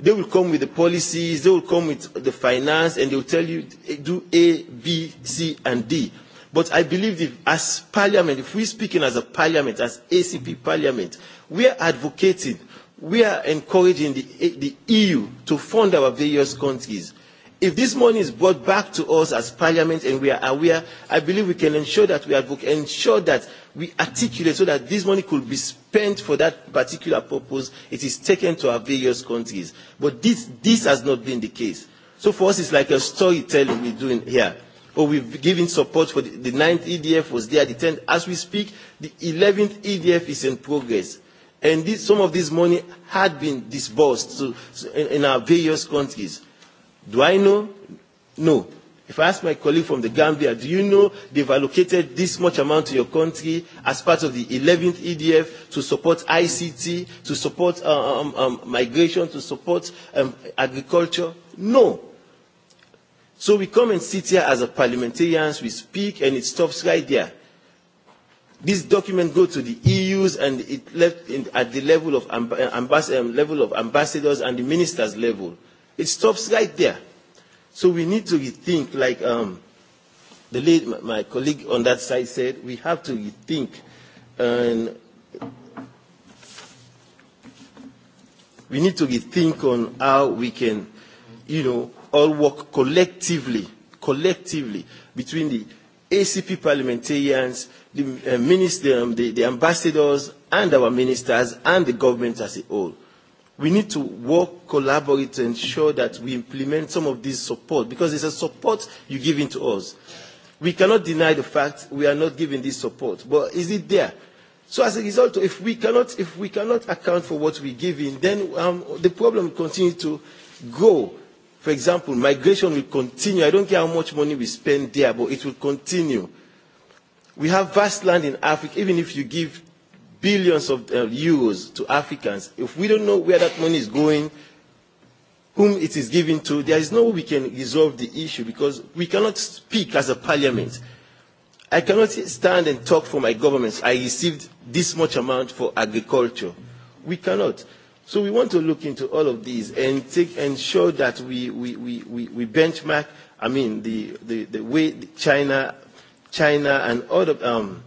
They will come with the policies, they will come with the finance, and they will tell you do A, B, C, and D. But I believe if, as parliament, if we're speaking as a parliament, as ACP parliament, we are advocating, we are encouraging the, the EU to fund our various countries If this money is brought back to us as Parliament and we are aware, I believe we can ensure that we advocate, ensure that we articulate so that this money could be spent for that particular purpose. It is taken to our various countries. But this, this has not been the case. So for us, it's like a storytelling we're doing here. Or we've given support for the, the ninth EDF was there, the tenth. As we speak, the eleventh EDF is in progress and this, some of this money had been disbursed to, in, in our various countries. Do I know? No. If I ask my colleague from the Gambia, do you know they've allocated this much amount to your country as part of the 11th EDF to support ICT, to support uh, um, um, migration, to support um, agriculture? No. So we come and sit here as a parliamentarians, we speak, and it stops right there. This document goes to the EU's and it left in, at the level of, amb- amb- um, level of ambassadors and the ministers' level. It stops right there. So we need to rethink, like um, the late, my colleague on that side said, we have to rethink and we need to rethink on how we can, you know, all work collectively, collectively between the ACP parliamentarians, the uh, minister, um, the, the ambassadors, and our ministers, and the government as a whole we need to work, collaborate, and ensure that we implement some of this support because it's a support you're giving to us. We cannot deny the fact we are not giving this support, but is it there? So as a result, if we cannot, if we cannot account for what we're giving, then um, the problem will continue to grow. For example, migration will continue. I don't care how much money we spend there, but it will continue. We have vast land in Africa. Even if you give billions of uh, euros to Africans, if we don't know where that money is going, whom it is given to, there is no way we can resolve the issue because we cannot speak as a parliament. I cannot stand and talk for my government. I received this much amount for agriculture. We cannot. So we want to look into all of these and take ensure that we, we, we, we, we benchmark, I mean, the, the, the way China, China and other um,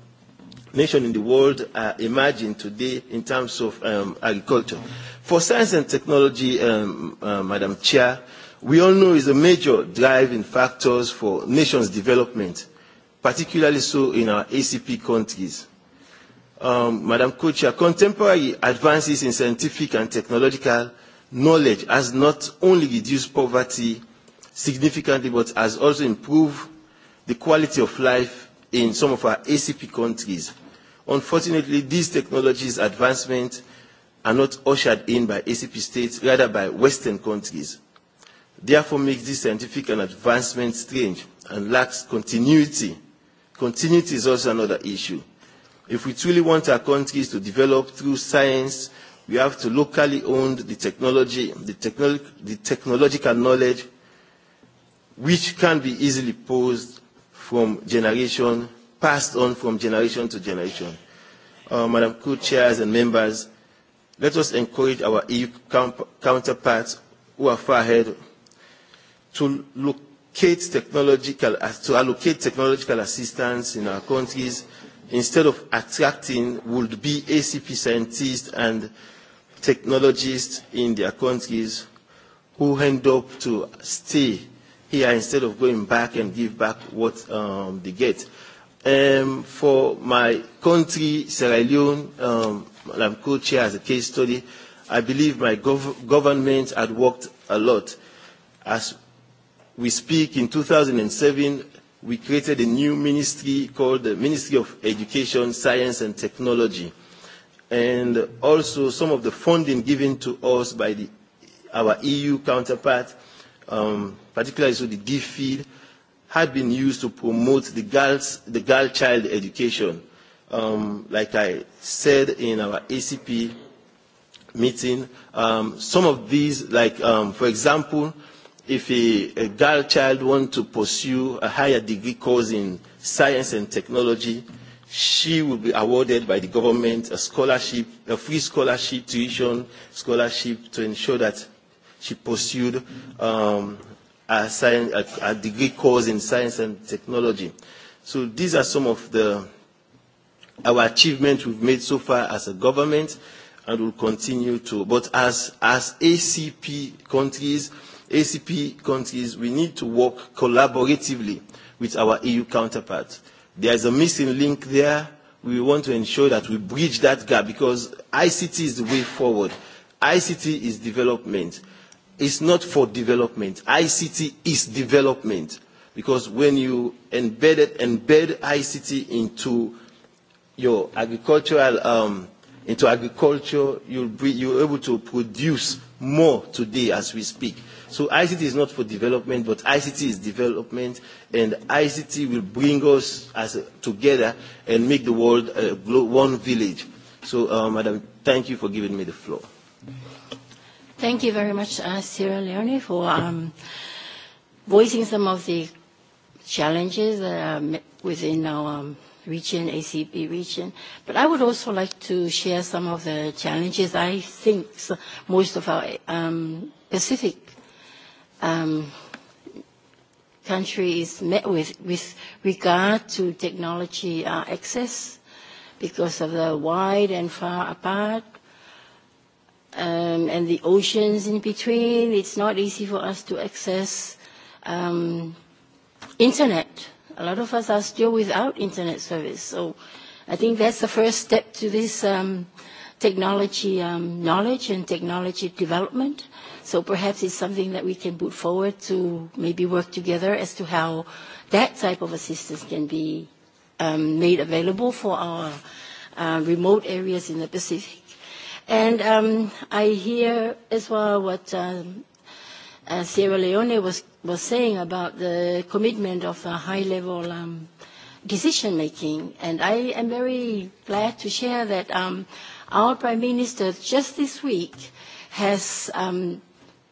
nation in the world are emerging today in terms of um, agriculture. For science and technology, um, uh, Madam Chair, we all know is a major driving factors for nations' development, particularly so in our ACP countries. Um, Madam Co-Chair, contemporary advances in scientific and technological knowledge has not only reduced poverty significantly, but has also improved the quality of life in some of our ACP countries. Unfortunately, these technologies' advancements are not ushered in by ACP states, rather by Western countries. Therefore, makes this scientific and advancement strange and lacks continuity. Continuity is also another issue. If we truly want our countries to develop through science, we have to locally own the technology, the, technolo the technological knowledge, which can be easily posed from generation passed on from generation to generation. Uh, Madam Co-Chairs and members, let us encourage our EU counterparts who are far ahead to locate technological, to allocate technological assistance in our countries instead of attracting would-be ACP scientists and technologists in their countries who end up to stay here instead of going back and give back what um, they get um, for my country, Sierra Leone, um, I'm co-chair as a case study. I believe my gov government had worked a lot. As we speak, in 2007, we created a new ministry called the Ministry of Education, Science and Technology. And also some of the funding given to us by the, our EU counterpart, um, particularly so the DFID, had been used to promote the, girls, the girl child education. Um, like I said in our ACP meeting, um, some of these, like um, for example, if a, a girl child wants to pursue a higher degree course in science and technology, she will be awarded by the government a scholarship, a free scholarship, tuition scholarship to ensure that she pursued um, a, science, a, a degree course in science and technology. So these are some of the, our achievements we've made so far as a government and will continue to. But as, as ACP countries, ACP countries, we need to work collaboratively with our EU counterparts. There is a missing link there. We want to ensure that we bridge that gap because ICT is the way forward. ICT is development is not for development. ICT is development because when you embed it embed ICT into your agricultural um, into agriculture, you'll be, you're able to produce more today as we speak. So ICT is not for development, but ICT is development, and ICT will bring us as a, together and make the world a, one village. So, uh, Madam, thank you for giving me the floor. Thank you very much, uh, Sierra Leone, for um, voicing some of the challenges that are within our um, region, ACP region. But I would also like to share some of the challenges I think most of our um, Pacific um, country is met with with regard to technology uh, access because of the wide and far apart um, and the oceans in between, it's not easy for us to access um, internet. A lot of us are still without internet service. So I think that's the first step to this um, technology um, knowledge and technology development. So perhaps it's something that we can put forward to maybe work together as to how that type of assistance can be um, made available for our uh, remote areas in the Pacific And um, I hear as well what um, uh, Sierra Leone was, was saying about the commitment of a high-level um, decision-making. And I am very glad to share that um, our Prime Minister just this week has um,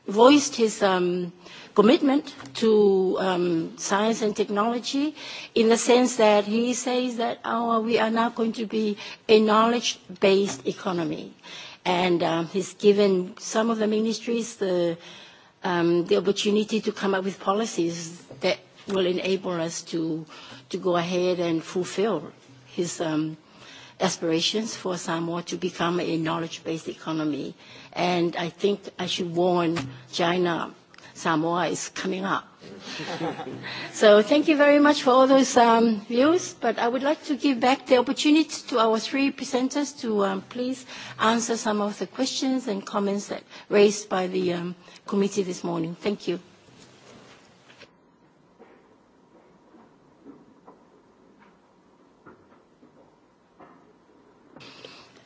voiced his um, commitment to um, science and technology in the sense that he says that our, oh, we are now going to be a knowledge-based economy. And um, he's given some of the ministries the, um, the opportunity to come up with policies that will enable us to, to go ahead and fulfill his um, aspirations for Samoa to become a knowledge-based economy. And I think I should warn China Samoa is coming up. so thank you very much for all those um, views. But I would like to give back the opportunity to our three presenters to um, please answer some of the questions and comments that raised by the um, committee this morning. Thank you.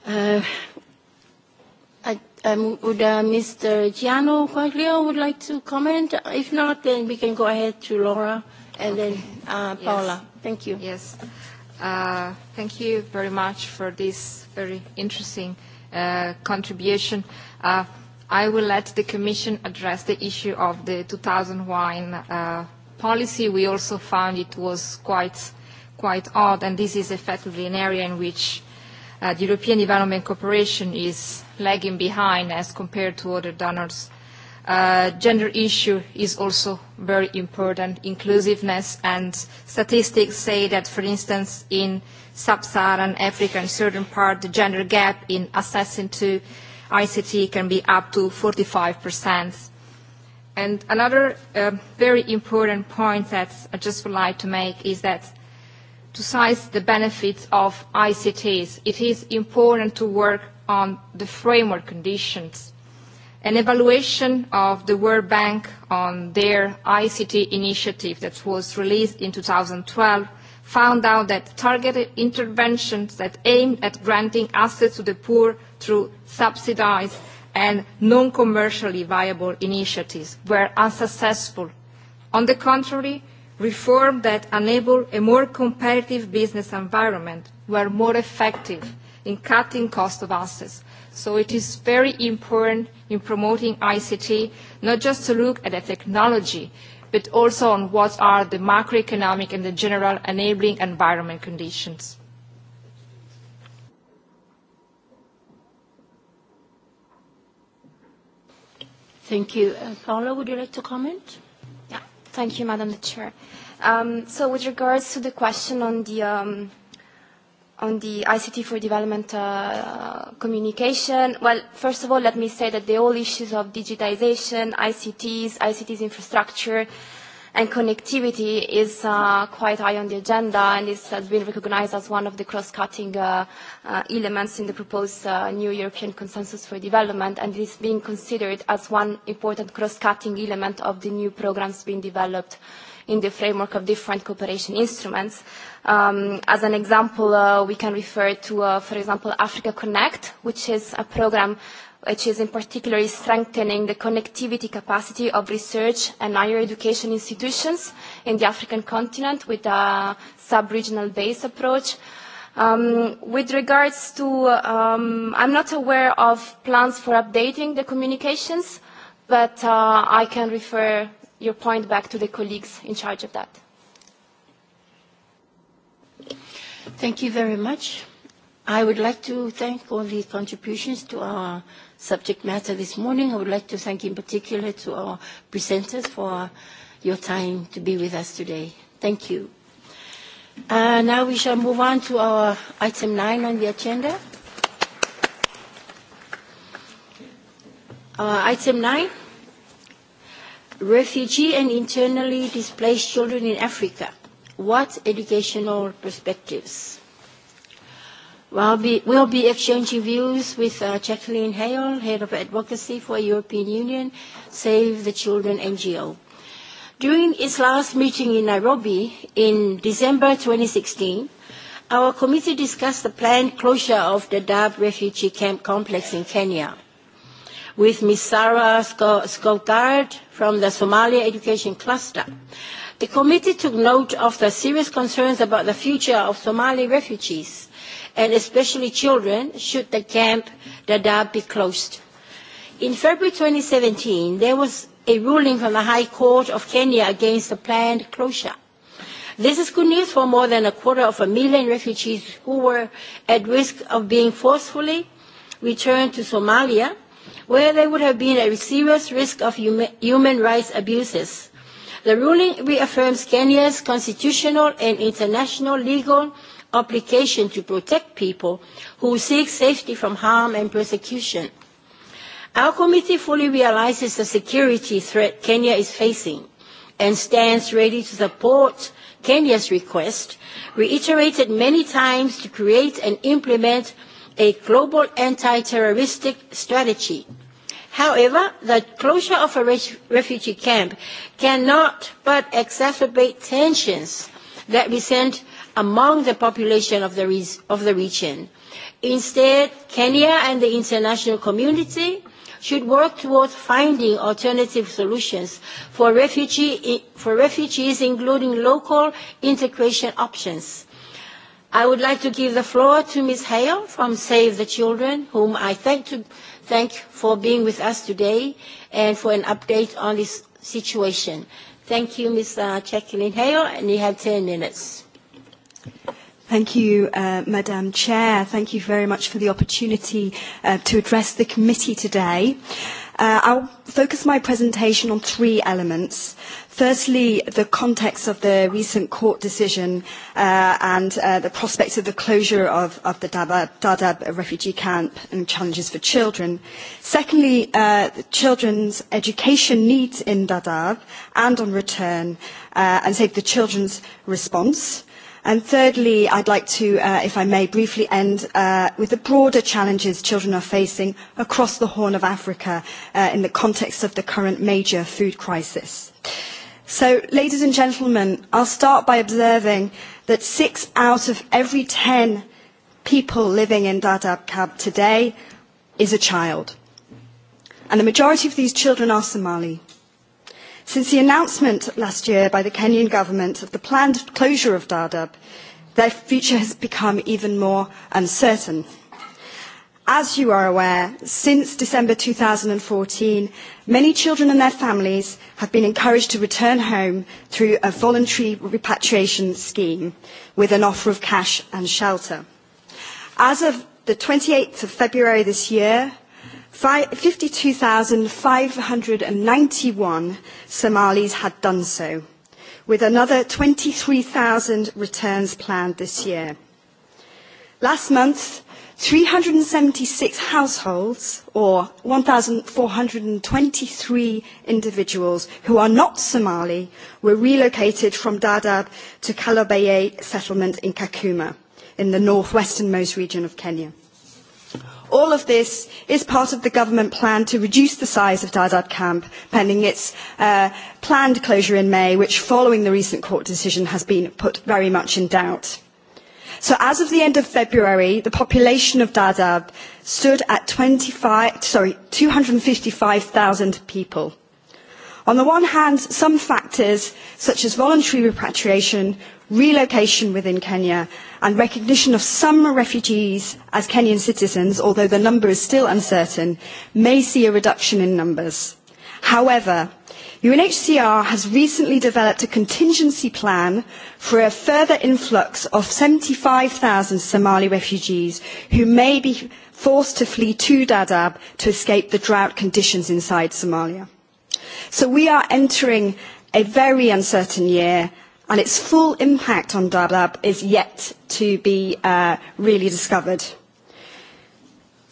Uh, Um, would uh, Mr. Giano Quaglio would like to comment? If not, then we can go ahead to Laura and then uh, Paola. Thank you. Yes. Uh, thank you very much for this very interesting uh, contribution. Uh, I will let the Commission address the issue of the 2001 uh, policy. We also found it was quite, quite odd, and this is effectively an area in which uh, the European Development Cooperation is lagging behind as compared to other donors. Uh, gender issue is also very important, inclusiveness, and statistics say that, for instance, in sub-Saharan Africa, and certain part, the gender gap in assessing to ICT can be up to 45%. And another uh, very important point that I just would like to make is that to size the benefits of ICTs, it is important to work on the framework conditions, an evaluation of the World Bank on their ICT initiative that was released in 2012 found out that targeted interventions that aimed at granting assets to the poor through subsidized and non-commercially viable initiatives were unsuccessful. On the contrary, reforms that enable a more competitive business environment were more effective in cutting cost of assets. So it is very important in promoting ICT, not just to look at the technology, but also on what are the macroeconomic and the general enabling environment conditions. Thank you. Uh, Paola, would you like to comment? Yeah. Thank you, Madam Chair. Um, so with regards to the question on the um, on the ICT for development uh, communication. Well, first of all, let me say that the whole issues of digitization, ICTs, ICTs infrastructure, and connectivity is uh, quite high on the agenda and this has been recognized as one of the cross-cutting uh, uh, elements in the proposed uh, new European Consensus for Development and is being considered as one important cross-cutting element of the new programs being developed uh, in the framework of different cooperation instruments. Um, as an example, uh, we can refer to, uh, for example, Africa Connect, which is a program which is in particular strengthening the connectivity capacity of research and higher education institutions in the African continent with a sub-regional based approach. Um, with regards to, um, I'm not aware of plans for updating the communications, but uh, I can refer your point back to the colleagues in charge of that. Thank you very much. I would like to thank all the contributions to our subject matter this morning. I would like to thank in particular to our presenters for your time to be with us today. Thank you. Uh, now we shall move on to our item nine on the agenda. Uh, item nine refugee and internally displaced children in Africa. What educational perspectives? We'll be, we'll be exchanging views with uh, Jacqueline Hale, Head of Advocacy for European Union, Save the Children NGO. During its last meeting in Nairobi in December 2016, our committee discussed the planned closure of the Dab refugee camp complex in Kenya with Ms. Sarah Skolkard from the Somalia Education Cluster. The committee took note of the serious concerns about the future of Somali refugees and especially children should the camp Dadaab be closed. In February seventeen there was a ruling from the High Court of Kenya against the planned closure. This is good news for more than a quarter of a million refugees who were at risk of being forcefully returned to Somalia where there would have been a serious risk of human rights abuses. The ruling reaffirms Kenya's constitutional and international legal obligation to protect people who seek safety from harm and persecution. Our committee fully realises the security threat Kenya is facing and stands ready to support Kenya's request, reiterated many times, to create and implement a global anti-terroristic strategy. However, the closure of a refugee camp cannot but exacerbate tensions that resent among the population of the, re of the region. Instead, Kenya and the international community should work towards finding alternative solutions for, refugee, for refugees, including local integration options i would like to give the floor to Ms. Hale from Save the Children, whom I thank, to, thank for being with us today and for an update on this situation. Thank you, Ms. Uh, Jacqueline Hale, and you have 10 minutes. Thank you, uh, Madam Chair. Thank you very much for the opportunity uh, to address the committee today. Uh, I'll focus my presentation on three elements. Firstly, the context of the recent court decision uh, and uh, the prospects of the closure of, of the Dadaab, refugee camp and challenges for children. Secondly, uh, the children's education needs in Dadaab and on return, uh, and take the children's response. And thirdly, I'd like to, uh, if I may, briefly end uh, with the broader challenges children are facing across the Horn of Africa uh, in the context of the current major food crisis. Uh, so, ladies and gentlemen, I'll start by observing that six out of every ten people living in Dadaab Cab today is a child. And the majority of these children are Somali. Since the announcement last year by the Kenyan government of the planned closure of Dadaab, their future has become even more uncertain. As you are aware, since December fourteen, many children and their families have been encouraged to return home through a voluntary repatriation scheme with an offer of cash and shelter. As of the 28th of February this year, fifty two five hundred and ninety one Somalis had done so, with another twenty three 23,000 returns planned this year. Last month, 376 households, or 1,423 individuals who are not Somali, were relocated from Dadaab to Kalabaye settlement in Kakuma, in the northwesternmost region of Kenya. All of this is part of the government plan to reduce the size of Dadaab camp, pending its uh, planned closure in May, which, following the recent court decision, has been put very much in doubt. So as of the end of February, the population of Dadaab stood at 25, sorry, 255,000 people. On the one hand, some factors such as voluntary repatriation, relocation within Kenya, and recognition of some refugees as Kenyan citizens, although the number is still uncertain, may see a reduction in numbers. However, UNHCR has recently developed a contingency plan for a further influx of seventy 75,000 Somali refugees who may be forced to flee to Dadaab to escape the drought conditions inside Somalia. So we are entering a very uncertain year and its full impact on Dadaab is yet to be uh, really discovered.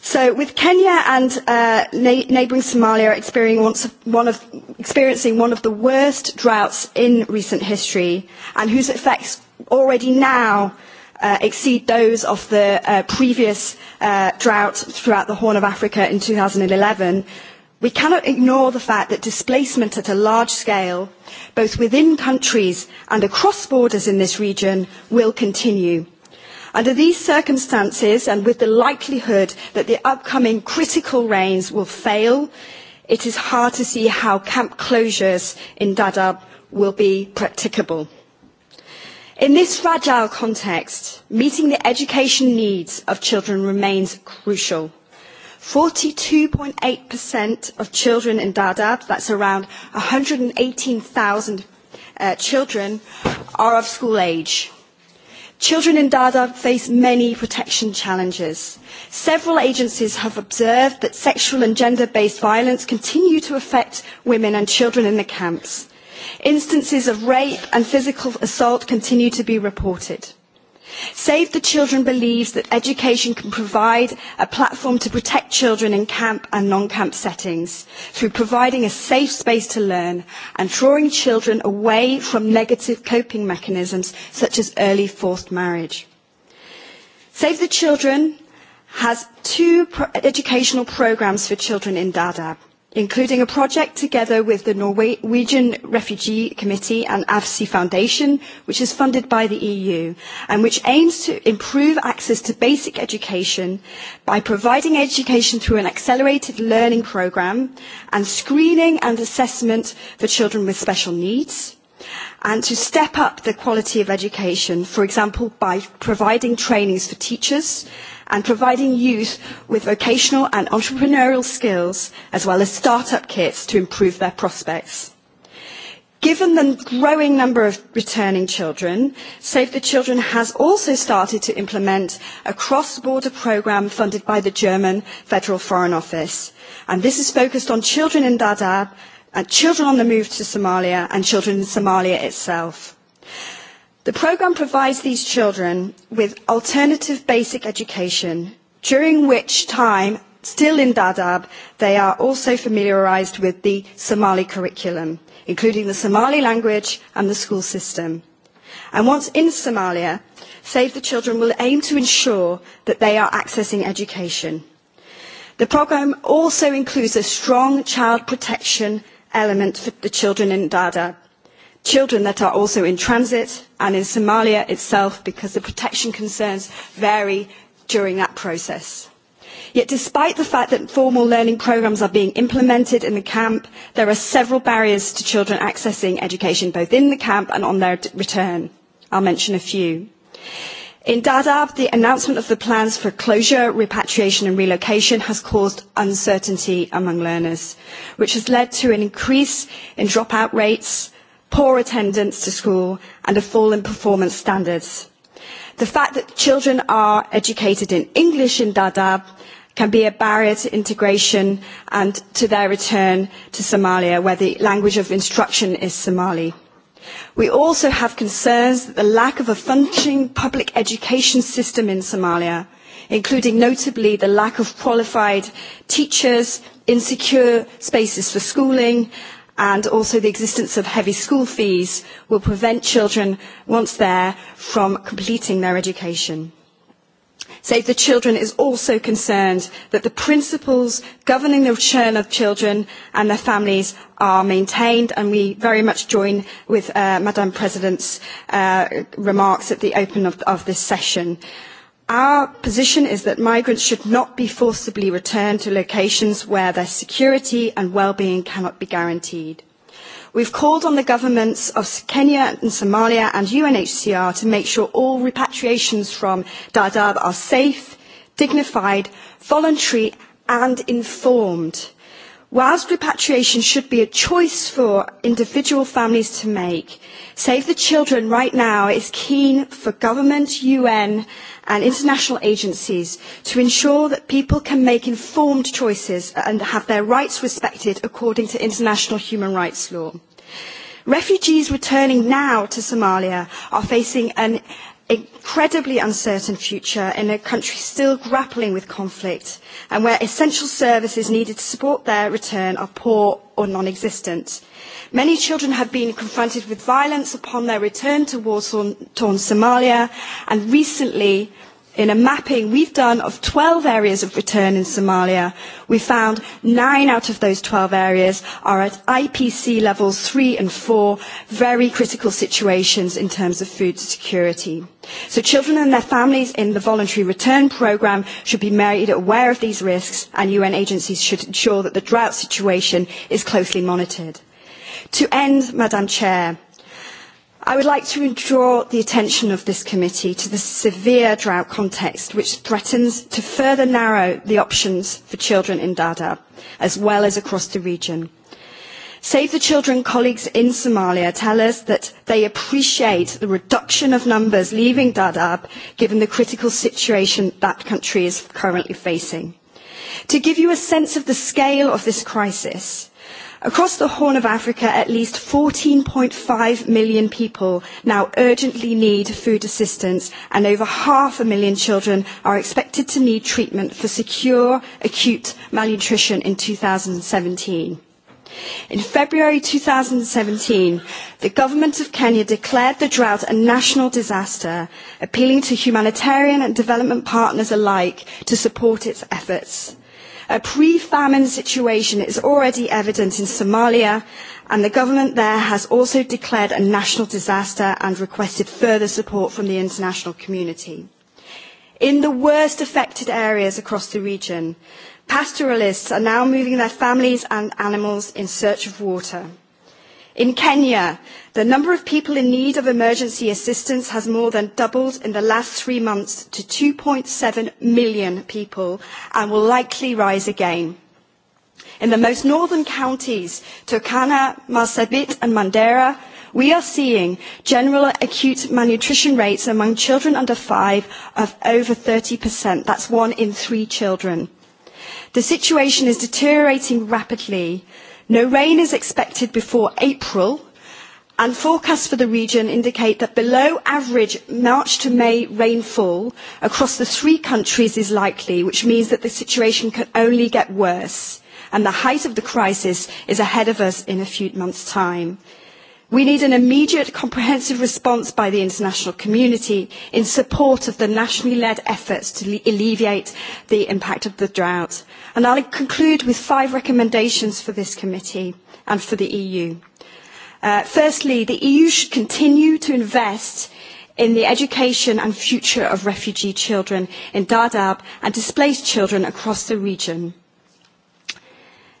So with Kenya and uh, na- neighbouring Somalia experiencing one, of, experiencing one of the worst droughts in recent history and whose effects already now uh, exceed those of the uh, previous uh, drought throughout the Horn of Africa in 2011, we cannot ignore the fact that displacement at a large scale, both within countries and across borders in this region, will continue Under these circumstances and with the likelihood that the upcoming critical rains will fail, it is hard to see how camp closures in Dadaab will be practicable. In this fragile context, meeting the education needs of children remains crucial. 42.8% of children in Dadaab, that's around 118,000 uh, children, are of school age. Children in Dada face many protection challenges. Several agencies have observed that sexual and gender-based violence continue to affect women and children in the camps. Instances of rape and physical assault continue to be reported. Save the Children believes that education can provide a platform to protect children in camp and non-camp settings through providing a safe space to learn and drawing children away from negative coping mechanisms such as early forced marriage. Save the Children has two pro educational programmes for children in Dadaab including a project together with the Norwegian Refugee Committee and AFSI Foundation, which is funded by the EU and which aims to improve access to basic education by providing education through an accelerated learning programme and screening and assessment for children with special needs and to step up the quality of education, for example, by providing trainings for teachers and providing youth with vocational and entrepreneurial skills, as well as start-up kits to improve their prospects. Given the growing number of returning children, Save the Children has also started to implement a cross-border programme funded by the German Federal Foreign Office. And this is focused on children in Dadaab and children on the move to Somalia and children in Somalia itself. The programme provides these children with alternative basic education, during which time, still in Dadaab, they are also familiarised with the Somali curriculum, including the Somali language and the school system. And once in Somalia, Save the Children will aim to ensure that they are accessing education. The programme also includes a strong child protection element for the children in Dadaab children that are also in transit and in Somalia itself because the protection concerns vary during that process. Yet despite the fact that formal learning programmes are being implemented in the camp, there are several barriers to children accessing education both in the camp and on their return. I'll mention a few. In Dadaab, the announcement of the plans for closure, repatriation and relocation has caused uncertainty among learners, which has led to an increase in dropout rates, poor attendance to school and a fall in performance standards. The fact that children are educated in English in Dadaab can be a barrier to integration and to their return to Somalia, where the language of instruction is Somali. We also have concerns that the lack of a functioning public education system in Somalia, including notably the lack of qualified teachers, insecure spaces for schooling, and also the existence of heavy school fees will prevent children, once there, from completing their education. Save the Children is also concerned that the principles governing the return of children and their families are maintained and we very much join with uh, Madam President's uh, remarks at the open of, of this session. Our position is that migrants should not be forcibly returned to locations where their security and well-being cannot be guaranteed. We have called on the governments of Kenya and Somalia and UNHCR to make sure all repatriations from Dadaab are safe, dignified, voluntary and informed Whilst repatriation should be a choice for individual families to make, Save the Children right now is keen for government, UN and international agencies to ensure that people can make informed choices and have their rights respected according to international human rights law. Refugees returning now to Somalia are facing an incredibly uncertain future in a country still grappling with conflict and where essential services needed to support their return are poor or non-existent. Many children have been confronted with violence upon their return to war-torn Somalia and recently in a mapping we've done of 12 areas of return in Somalia, we found nine out of those 12 areas are at IPC levels three and four, very critical situations in terms of food security. So children and their families in the voluntary return programme should be made aware of these risks and UN agencies should ensure that the drought situation is closely monitored. To end, Madam Chair, i would like to draw the attention of this committee to the severe drought context which threatens to further narrow the options for children in Dadaab as well as across the region. Save the Children colleagues in Somalia tell us that they appreciate the reduction of numbers leaving Dadaab given the critical situation that country is currently facing. To give you a sense of the scale of this crisis, Across the Horn of Africa, at least 14.5 million people now urgently need food assistance, and over half a million children are expected to need treatment for secure acute malnutrition in 2017. In February 2017, the government of Kenya declared the drought a national disaster, appealing to humanitarian and development partners alike to support its efforts. A pre-famine situation is already evident in Somalia, and the government there has also declared a national disaster and requested further support from the international community. In the worst affected areas across the region, pastoralists are now moving their families and animals in search of water. In Kenya, the number of people in need of emergency assistance has more than doubled in the last three months to two seven million people and will likely rise again. In the most northern counties, Turkana, Marsabit and Mandera, we are seeing general acute malnutrition rates among children under five of over 30%. That's one in three children. The situation is deteriorating rapidly No rain is expected before April, and forecasts for the region indicate that below average March to May rainfall across the three countries is likely, which means that the situation can only get worse, and the height of the crisis is ahead of us in a few months' time. We need an immediate comprehensive response by the international community in support of the nationally led efforts to alleviate the impact of the drought. And I'll conclude with five recommendations for this committee and for the EU. Uh, firstly, the EU should continue to invest in the education and future of refugee children in Dadaab and displaced children across the region.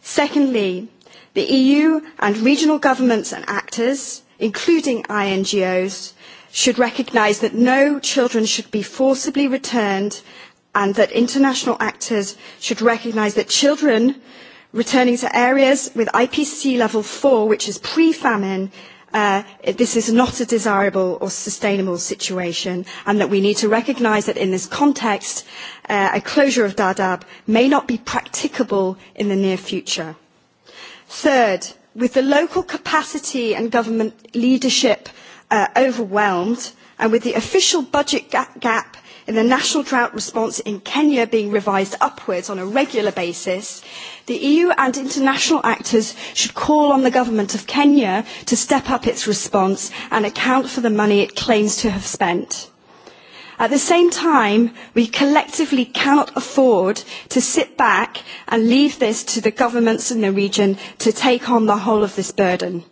Secondly, The EU and regional governments and actors, including INGOs, should recognise that no children should be forcibly returned and that international actors should recognise that children returning to areas with IPC level four, which is pre-famine, uh, this is not a desirable or sustainable situation and that we need to recognise that in this context, uh, a closure of Dadaab may not be practicable in the near future. Third, with the local capacity and government leadership uh, overwhelmed, and with the official budget gap, gap in the national drought response in Kenya being revised upwards on a regular basis, the EU and international actors should call on the government of Kenya to step up its response and account for the money it claims to have spent. At the same time, we collectively cannot afford to sit back and leave this to the governments in the region to take on the whole of this burden.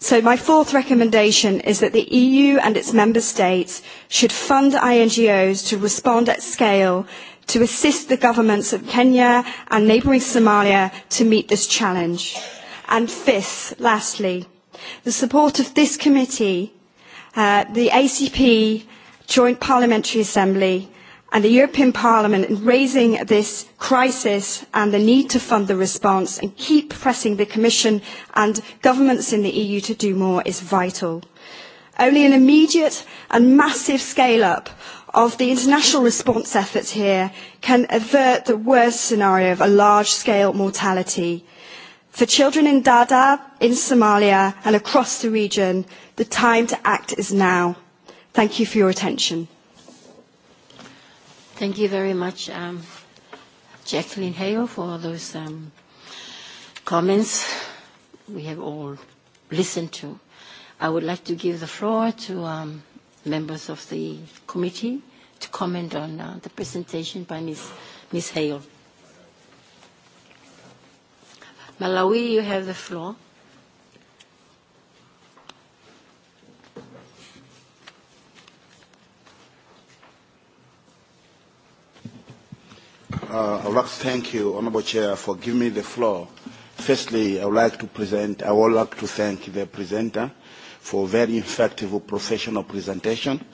So my fourth recommendation is that the EU and its member states should fund INGOs to respond at scale to assist the governments of Kenya and neighbouring Somalia to meet this challenge. And fifth, lastly, the support of this committee, uh, the ACP Joint Parliamentary Assembly and the European Parliament in raising this crisis and the need to fund the response and keep pressing the Commission and governments in the EU to do more is vital. Only an immediate and massive scale up of the international response efforts here can avert the worst scenario of a large scale mortality. For children in Dadaab, in Somalia and across the region, the time to act is now. Thank you for your attention. Thank you very much, um, Jacqueline Hale, for those um, comments we have all listened to. I would like to give the floor to um, members of the committee to comment on uh, the presentation by Ms. Ms. Hale. Malawi, you have the floor. Uh, I would like to thank you, Honourable Chair, for giving me the floor. Firstly, I would like to present, I would like to thank the presenter for a very effective professional presentation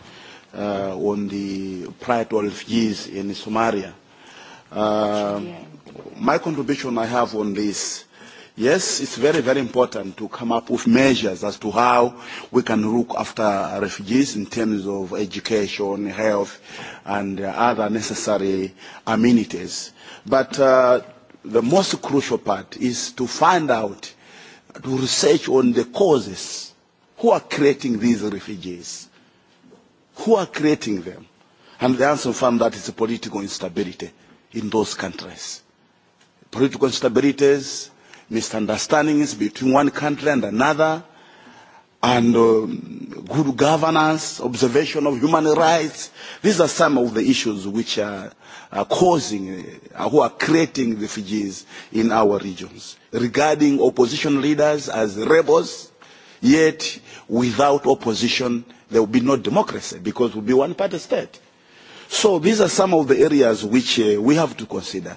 uh, on the pride of years in Somalia. Uh, my contribution I have on this Yes, it's very, very important to come up with measures as to how we can look after refugees in terms of education, health, and uh, other necessary amenities. But uh, the most crucial part is to find out, to research on the causes. Who are creating these refugees? Who are creating them? And the answer found that it's political instability in those countries. Political instabilities, misunderstandings between one country and another, and um, good governance, observation of human rights. These are some of the issues which are, are causing, uh, who are creating refugees in our regions. Regarding opposition leaders as rebels, yet without opposition, there will be no democracy because it will be one party state. So these are some of the areas which uh, we have to consider.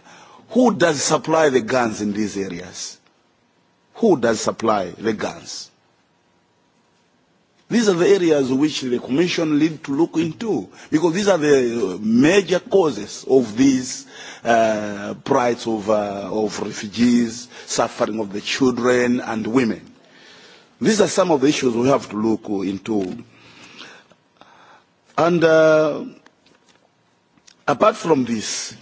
Who does supply the guns in these areas? who does supply the guns? These are the areas which the Commission need to look into, because these are the uh, major causes of these uh, plights of, uh, of refugees, suffering of the children and women. These are some of the issues we have to look into. And uh, apart from this,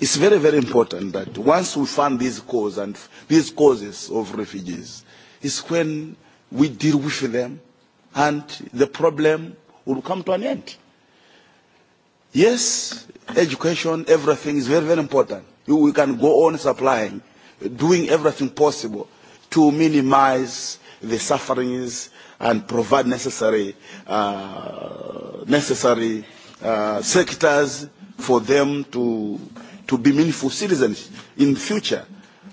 It's very, very important that once we find these causes and these causes of refugees, is when we deal with them and the problem will come to an end. Yes, education, everything is very, very important. We can go on supplying, doing everything possible to minimize the sufferings and provide necessary, uh, necessary uh, sectors for them to to be meaningful citizens in the future.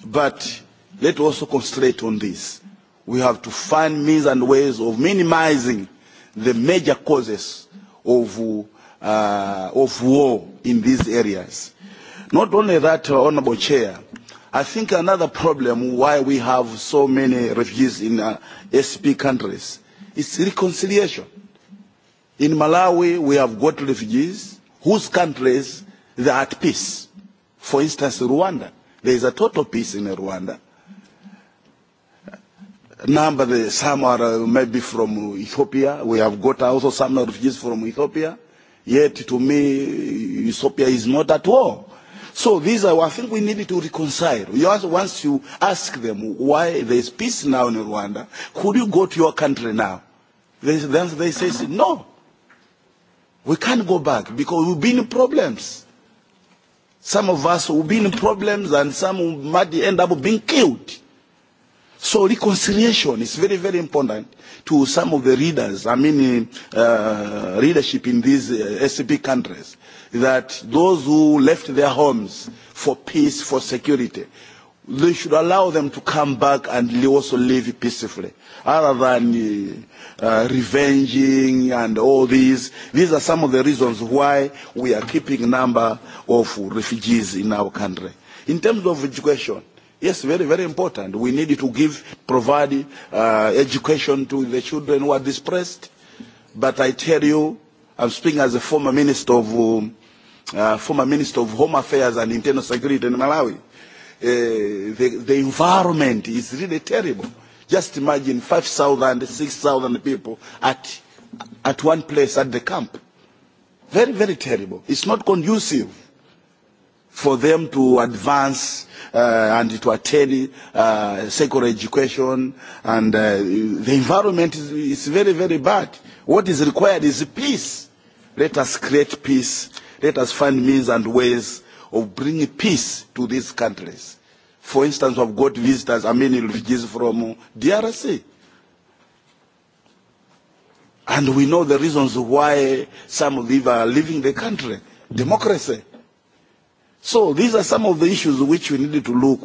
But let's also concentrate on this. We have to find means and ways of minimizing the major causes of, uh, of war in these areas. Not only that, uh, Honorable Chair, I think another problem why we have so many refugees in uh, SP countries is reconciliation. In Malawi, we have got refugees whose countries they are at peace For instance, Rwanda. There is a total peace in Rwanda. Number, some are uh, maybe from Ethiopia. We have got also some refugees from Ethiopia. Yet, to me, Ethiopia is not at war. So these are, I think we need to reconcile. You ask, once you ask them why there is peace now in Rwanda, could you go to your country now? They, then they say, no, we can't go back because we've been in problems. Some of us will be in problems and some might end up being killed. So reconciliation is very, very important to some of the readers, I mean uh, readership in these uh, SCP countries, that those who left their homes for peace, for security, they should allow them to come back and also live peacefully, other than uh uh, revenging and all these. These are some of the reasons why we are keeping number of refugees in our country. In terms of education, Yes, very, very important. We need to give, provide uh, education to the children who are displaced. But I tell you, I'm speaking as a former minister of, um, uh, former minister of Home Affairs and Internal Security in Malawi. Uh, the, the environment is really terrible. Just imagine 5,000, 6,000 people at, at one place at the camp. Very, very terrible. It's not conducive for them to advance uh, and to attain uh, secular education and uh, the environment is, is very, very bad. What is required is peace. Let us create peace. Let us find means and ways of bringing peace to these countries for instance, we've got visitors, I mean refugees from DRC. And we know the reasons why some them are leaving the country. Democracy. So these are some of the issues which we needed to look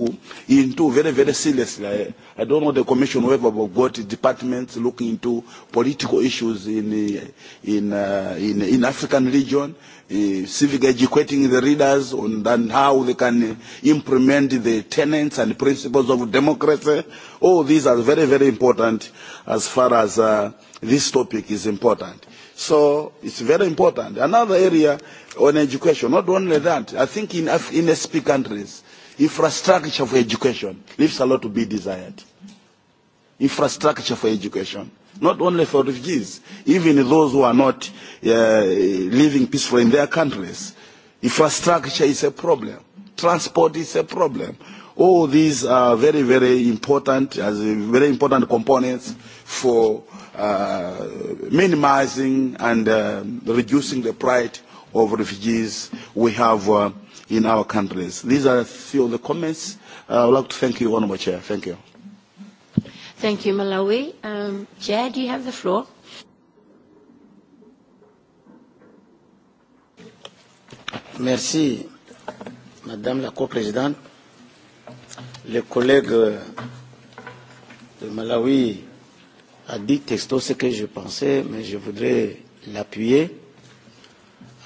into very, very seriously. I, I don't know the commission, whether we've got departments looking into political issues in, uh, in, uh, in, in African region, uh, civic educating the readers on and how they can implement the tenets and principles of democracy. All oh, these are very, very important as far as uh, this topic is important. So it's very important. Another area on education, not only that, I think in, in SP countries, infrastructure for education leaves a lot to be desired. Infrastructure for education, not only for refugees, even those who are not uh, living peacefully in their countries. Infrastructure is a problem. Transport is a problem. All these are very, very important, as very important components for Uh, minimizing and uh, reducing the plight of refugees we have uh, in our countries. These are a few of the comments. Uh, I would like to thank you, Honourable Chair. Thank you. Thank you, Malawi. Um, Chair, do you have the floor? Merci, Madame la Co-Présidente. Les collègues euh, de Malawi a dit texto ce que je pensais, mais je voudrais l'appuyer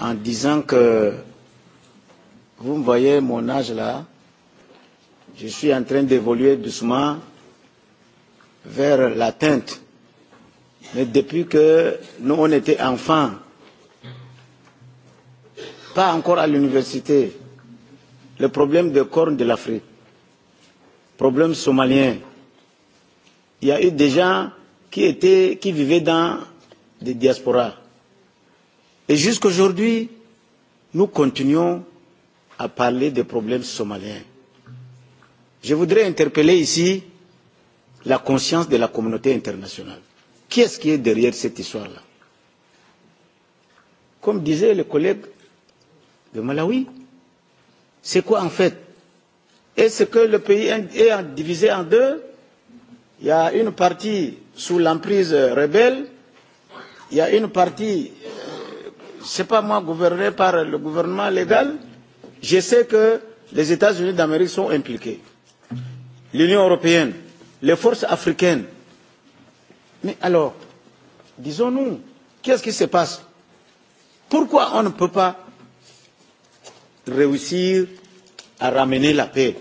en disant que vous me voyez mon âge là, je suis en train d'évoluer doucement vers l'atteinte. Mais depuis que nous, on était enfants, pas encore à l'université, le problème des cornes de l'Afrique, problème somalien, il y a eu des gens qui, était, qui vivait dans des diasporas. Et jusqu'aujourd'hui, nous continuons à parler des problèmes somaliens. Je voudrais interpeller ici la conscience de la communauté internationale. Qui est-ce qui est derrière cette histoire-là Comme disait le collègue de Malawi, c'est quoi en fait Est-ce que le pays est divisé en deux Il y a une partie sous l'emprise rebelle, il y a une partie, euh, c'est pas moi, gouvernée par le gouvernement légal. Je sais que les États-Unis d'Amérique sont impliqués, l'Union européenne, les forces africaines. Mais alors, disons-nous, qu'est-ce qui se passe Pourquoi on ne peut pas réussir à ramener la paix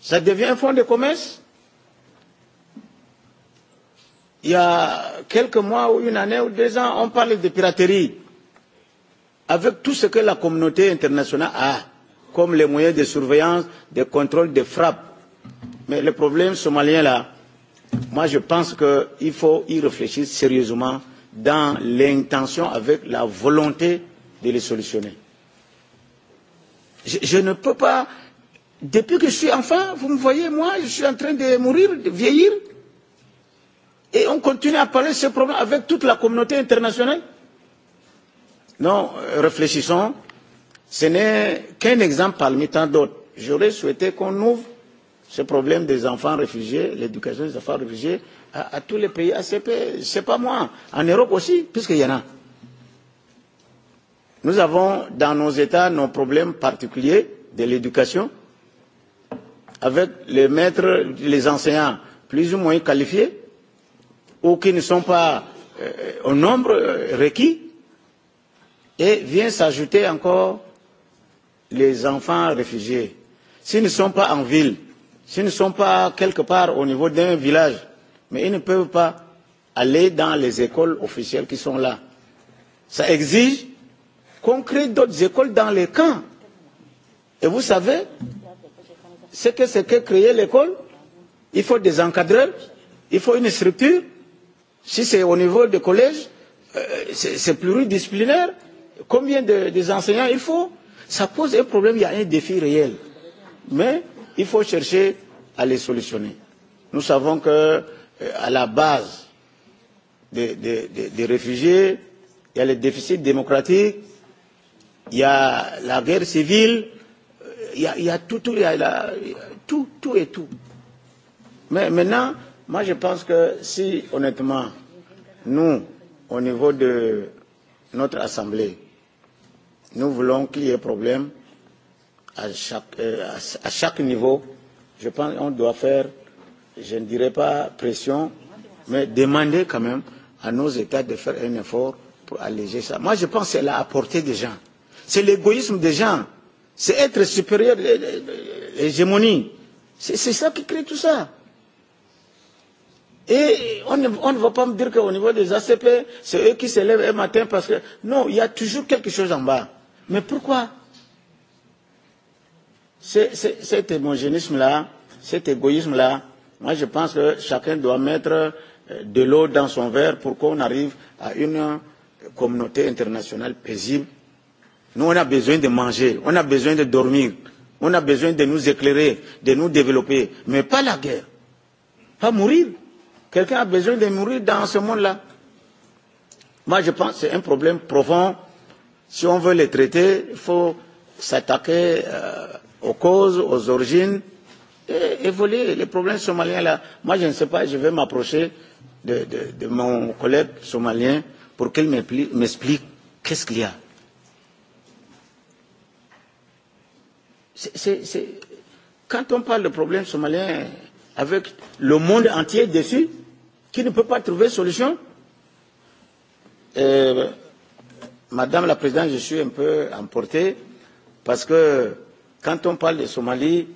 Ça devient un fonds de commerce il y a quelques mois ou une année ou deux ans, on parlait de piraterie. Avec tout ce que la communauté internationale a, comme les moyens de surveillance, de contrôle, de frappe. Mais le problème somalien là, moi je pense qu'il faut y réfléchir sérieusement dans l'intention avec la volonté de les solutionner. Je, je ne peux pas, depuis que je suis enfant, vous me voyez, moi, je suis en train de mourir, de vieillir. Et on continue à parler de ce problème avec toute la communauté internationale Non, euh, réfléchissons. Ce n'est qu'un exemple parmi tant d'autres. J'aurais souhaité qu'on ouvre ce problème des enfants réfugiés, l'éducation des enfants réfugiés, à, à tous les pays ACP. C'est pas moi. En Europe aussi, puisqu'il y en a. Nous avons dans nos États nos problèmes particuliers de l'éducation, avec les maîtres, les enseignants plus ou moins qualifiés, ou qui ne sont pas euh, au nombre requis. Et vient s'ajouter encore les enfants réfugiés. S'ils ne sont pas en ville, s'ils ne sont pas quelque part au niveau d'un village, mais ils ne peuvent pas aller dans les écoles officielles qui sont là. Ça exige qu'on crée d'autres écoles dans les camps. Et vous savez, ce que c'est que créer l'école, il faut des encadreurs, il faut une structure, si c'est au niveau des collèges, euh, c'est pluridisciplinaire. Combien de, des enseignants il faut Ça pose un problème, il y a un défi réel. Mais il faut chercher à les solutionner. Nous savons que euh, à la base des, des, des, des réfugiés, il y a le déficit démocratique, il y a la guerre civile, euh, il y a, il y a tout, tout, il y a la, tout, tout et tout. Mais maintenant, Moi, je pense que si, honnêtement, nous, au niveau de notre Assemblée, nous voulons qu'il y ait problème à chaque, euh, à, à chaque niveau, je pense qu'on doit faire, je ne dirais pas pression, mais demander quand même à nos États de faire un effort pour alléger ça. Moi, je pense que c'est la portée des gens. C'est l'égoïsme des gens. C'est être supérieur, l'hégémonie. Euh, euh, euh, c'est ça qui crée tout ça. Et on ne, on ne va pas me dire qu'au niveau des ACP, c'est eux qui se lèvent un matin parce que... Non, il y a toujours quelque chose en bas. Mais pourquoi cet hémogénisme-là, cet égoïsme-là, moi je pense que chacun doit mettre euh, de l'eau dans son verre pour qu'on arrive à une euh, communauté internationale paisible. Nous, on a besoin de manger, on a besoin de dormir, on a besoin de nous éclairer, de nous développer, mais pas la guerre, pas mourir. Quelqu'un a besoin de mourir dans ce monde-là. Moi, je pense que c'est un problème profond. Si on veut le traiter, il faut s'attaquer euh, aux causes, aux origines, et évoluer. Les problèmes somaliens, là, moi, je ne sais pas, je vais m'approcher de, de, de mon collègue somalien pour qu'il m'explique qu'est-ce qu'il y a. c est... quand on parle de problèmes somaliens avec le monde entier dessus, qui ne peut pas trouver solution euh, Madame la Présidente, je suis un peu emporté parce que quand on parle de Somalie,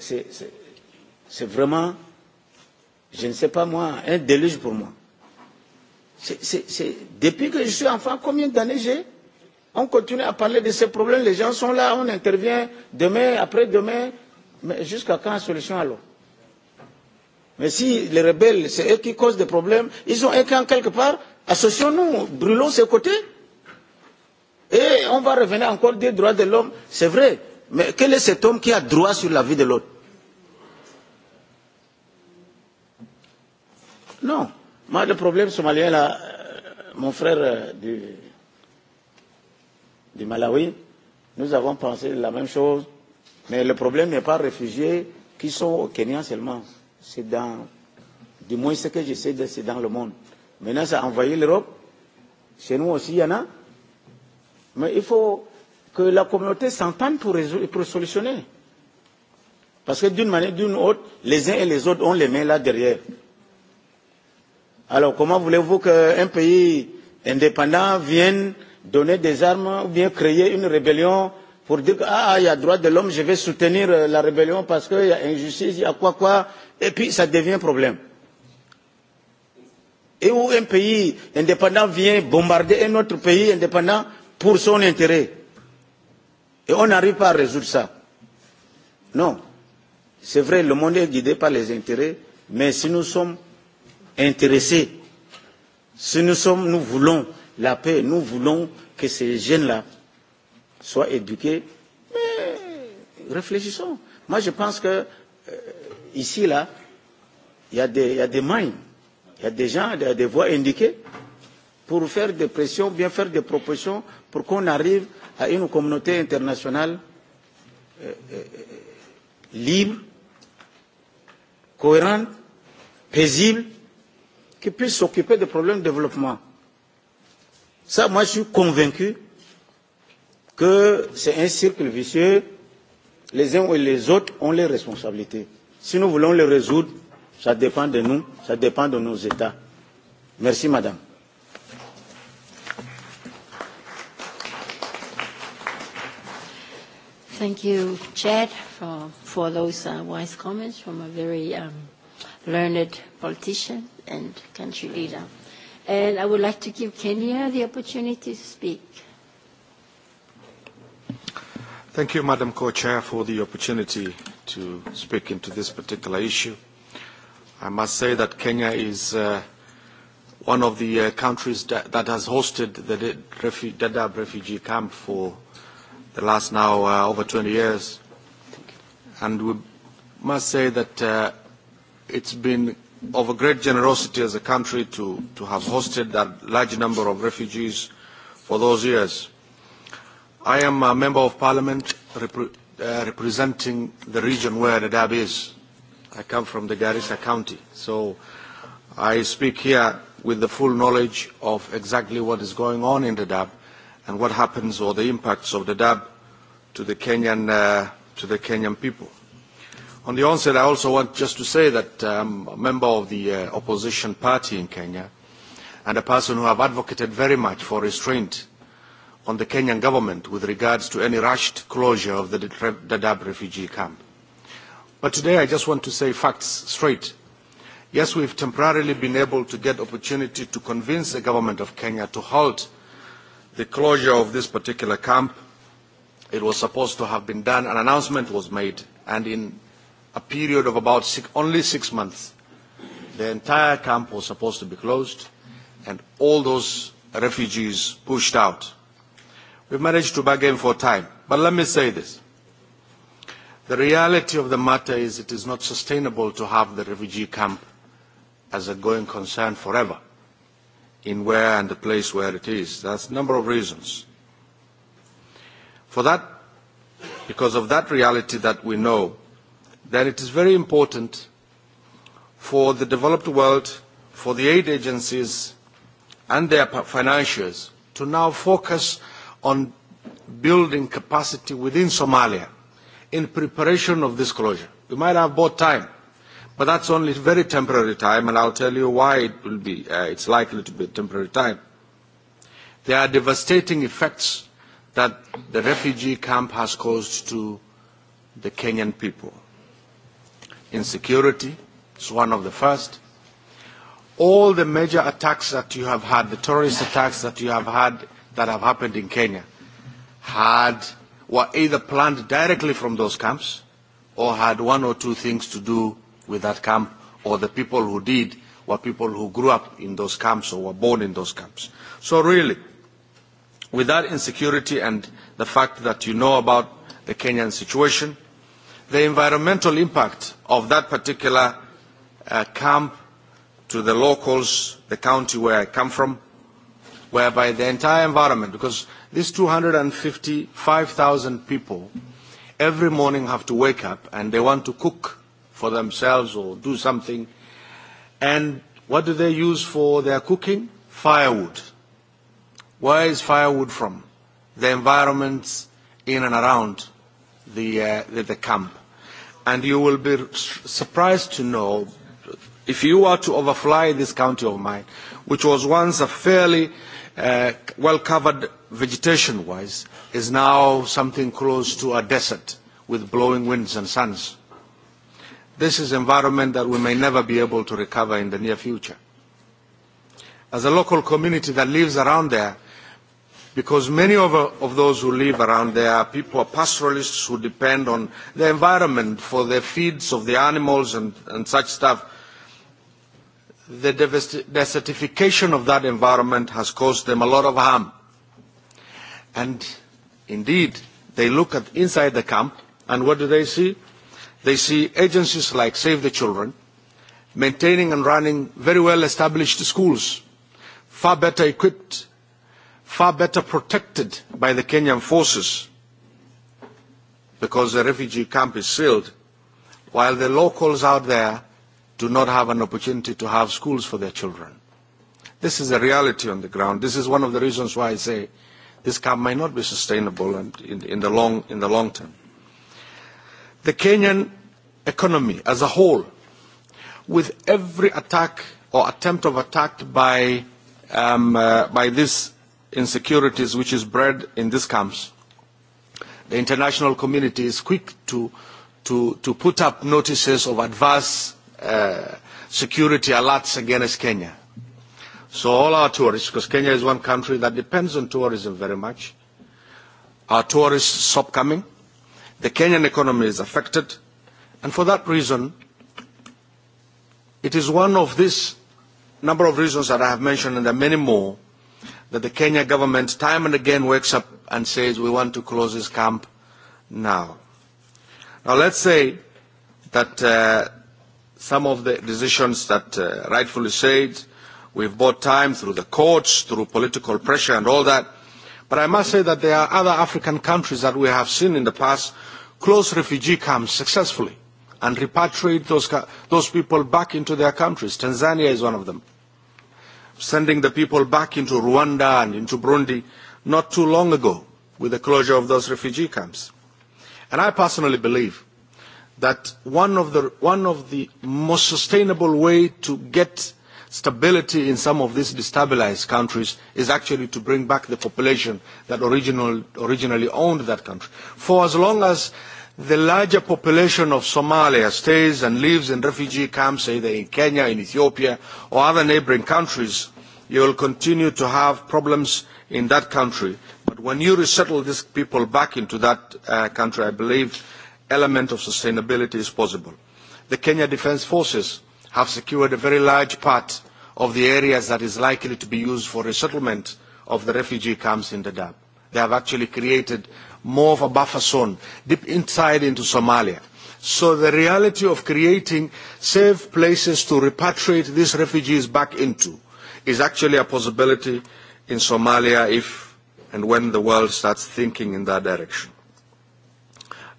c'est vraiment, je ne sais pas moi, un déluge pour moi. C est, c est, c est, depuis que je suis enfant, combien d'années j'ai On continue à parler de ces problèmes, les gens sont là, on intervient demain, après-demain, mais jusqu'à quand solution alors Mais si les rebelles, c'est eux qui causent des problèmes, ils ont un camp quelque part, associons-nous, brûlons ces côtés. Et on va revenir encore des droits de l'homme, c'est vrai. Mais quel est cet homme qui a droit sur la vie de l'autre Non. Moi, le problème somalien, là, euh, mon frère euh, du, du Malawi, nous avons pensé la même chose, mais le problème n'est pas réfugiés qui sont au Kenya seulement c'est dans, du moins ce que je sais, c'est dans le monde. Maintenant, ça a envahi l'Europe. Chez nous aussi, il y en a. Mais il faut que la communauté s'entende pour, pour solutionner. Parce que d'une manière ou d'une autre, les uns et les autres ont les mains là derrière. Alors comment voulez-vous qu'un pays indépendant vienne donner des armes ou bien créer une rébellion pour dire que ah, ah, il y a droit de l'homme, je vais soutenir euh, la rébellion parce qu'il y a injustice, il y a quoi quoi, et puis ça devient problème. Et où un pays indépendant vient bombarder un autre pays indépendant pour son intérêt. Et on n'arrive pas à résoudre ça. Non. C'est vrai, le monde est guidé par les intérêts, mais si nous sommes intéressés, si nous sommes, nous voulons la paix, nous voulons que ces jeunes-là soit éduqués. Mais réfléchissons. Moi, je pense que euh, ici, là, il y, a des, y a des mains, il y a des gens, il y a des voies indiquées pour faire des pressions, bien faire des propositions pour qu'on arrive à une communauté internationale euh, euh, euh libre, cohérente, paisible, qui puisse s'occuper des problèmes de développement. Ça, moi, je suis convaincu que c'est un cercle vicieux. Les uns et les autres ont les responsabilités. Si nous voulons les résoudre, ça dépend de nous, ça dépend de nos États. Merci, Madame. Thank you, Chad, for, for those uh, wise comments from a very um, learned politician and country leader. And I would like to give Kenya the opportunity to speak. Thank you, Madam Co-Chair, for the opportunity to speak into this particular issue. I must say that Kenya is uh, one of the uh, countries that, that has hosted the Dadaab refugee camp for the last now uh, over 20 years. And we must say that uh, it's been of a great generosity as a country to, to have hosted that large number of refugees for those years. I am a member of parliament repre uh, representing the region where Dadaab is. I come from the Garissa County, so I speak here with the full knowledge of exactly what is going on in Dadaab and what happens or the impacts of Dadaab to the Kenyan, uh, to the Kenyan people. On the onset, I also want just to say that I'm a member of the uh, opposition party in Kenya and a person who have advocated very much for restraint on the Kenyan government with regards to any rushed closure of the Dadaab refugee camp. But today I just want to say facts straight. Yes, we've temporarily been able to get opportunity to convince the government of Kenya to halt the closure of this particular camp. It was supposed to have been done. An announcement was made, and in a period of about six, only six months, the entire camp was supposed to be closed, and all those refugees pushed out We managed to bargain for time. But let me say this. The reality of the matter is it is not sustainable to have the refugee camp as a going concern forever in where and the place where it is. There's a number of reasons. For that, because of that reality that we know, then it is very important for the developed world, for the aid agencies and their financiers to now focus on building capacity within Somalia in preparation of this closure. We might have bought time, but that's only very temporary time, and I'll tell you why it will be, uh, it's likely to be temporary time. There are devastating effects that the refugee camp has caused to the Kenyan people. Insecurity is one of the first. All the major attacks that you have had, the terrorist attacks that you have had that have happened in Kenya had were either planned directly from those camps or had one or two things to do with that camp or the people who did were people who grew up in those camps or were born in those camps. So really, with that insecurity and the fact that you know about the Kenyan situation, the environmental impact of that particular uh, camp to the locals, the county where I come from, whereby the entire environment, because these 255,000 people every morning have to wake up and they want to cook for themselves or do something. And what do they use for their cooking? Firewood. Where is firewood from? The environment in and around the, uh, the, the camp. And you will be surprised to know if you are to overfly this county of mine, which was once a fairly Uh, well covered vegetation wise is now something close to a desert with blowing winds and suns. This is an environment that we may never be able to recover in the near future. As a local community that lives around there, because many of, of those who live around there are people are pastoralists who depend on the environment for the feeds of the animals and, and such stuff the desertification of that environment has caused them a lot of harm. And indeed, they look at inside the camp, and what do they see? They see agencies like Save the Children maintaining and running very well established schools, far better equipped, far better protected by the Kenyan forces, because the refugee camp is sealed, while the locals out there do not have an opportunity to have schools for their children. This is a reality on the ground. This is one of the reasons why I say this camp might not be sustainable in, in, the, long, in the long term. The Kenyan economy as a whole, with every attack or attempt of attack by, um, uh, by these insecurities which is bred in these camps, the international community is quick to, to, to put up notices of adverse uh, security alerts against Kenya. So all our tourists, because Kenya is one country that depends on tourism very much, our tourists stop coming. The Kenyan economy is affected. And for that reason, it is one of this number of reasons that I have mentioned, and there are many more, that the Kenya government time and again wakes up and says, we want to close this camp now. Now let's say that uh, some of the decisions that uh, rightfully said we've bought time through the courts, through political pressure and all that. But I must say that there are other African countries that we have seen in the past close refugee camps successfully and repatriate those, those people back into their countries. Tanzania is one of them. Sending the people back into Rwanda and into Burundi not too long ago with the closure of those refugee camps. And I personally believe that one of the, one of the most sustainable way to get stability in some of these destabilized countries is actually to bring back the population that original, originally owned that country. For as long as the larger population of Somalia stays and lives in refugee camps, either in Kenya, in Ethiopia, or other neighboring countries, you will continue to have problems in that country. But when you resettle these people back into that uh, country, I believe element of sustainability is possible. The Kenya Defence Forces have secured a very large part of the areas that is likely to be used for resettlement of the refugee camps in Dadaab. They have actually created more of a buffer zone deep inside into Somalia. So the reality of creating safe places to repatriate these refugees back into is actually a possibility in Somalia if and when the world starts thinking in that direction.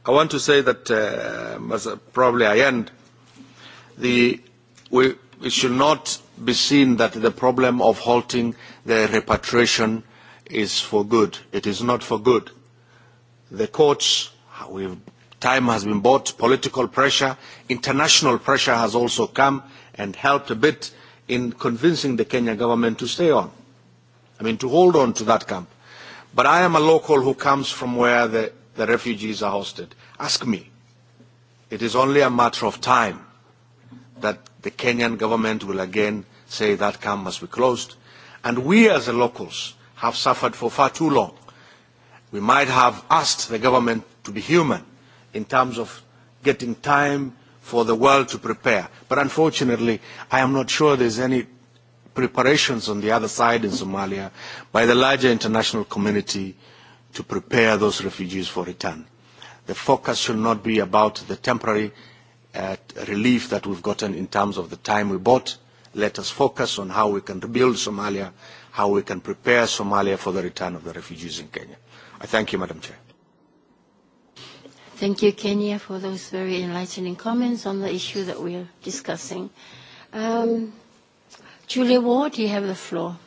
I want to say that, uh, probably I end, the, we, it should not be seen that the problem of halting the repatriation is for good. It is not for good. The courts, we've, time has been bought, political pressure, international pressure has also come and helped a bit in convincing the Kenyan government to stay on. I mean, to hold on to that camp. But I am a local who comes from where the the refugees are hosted. Ask me. It is only a matter of time that the Kenyan government will again say that camp must be closed. And we as the locals have suffered for far too long. We might have asked the government to be human in terms of getting time for the world to prepare. But unfortunately, I am not sure there's any preparations on the other side in Somalia by the larger international community to prepare those refugees for return. The focus should not be about the temporary uh, relief that we've gotten in terms of the time we bought. Let us focus on how we can rebuild Somalia, how we can prepare Somalia for the return of the refugees in Kenya. I thank you, Madam Chair. Thank you, Kenya, for those very enlightening comments on the issue that we are discussing. Um, Julia Ward, you have the floor.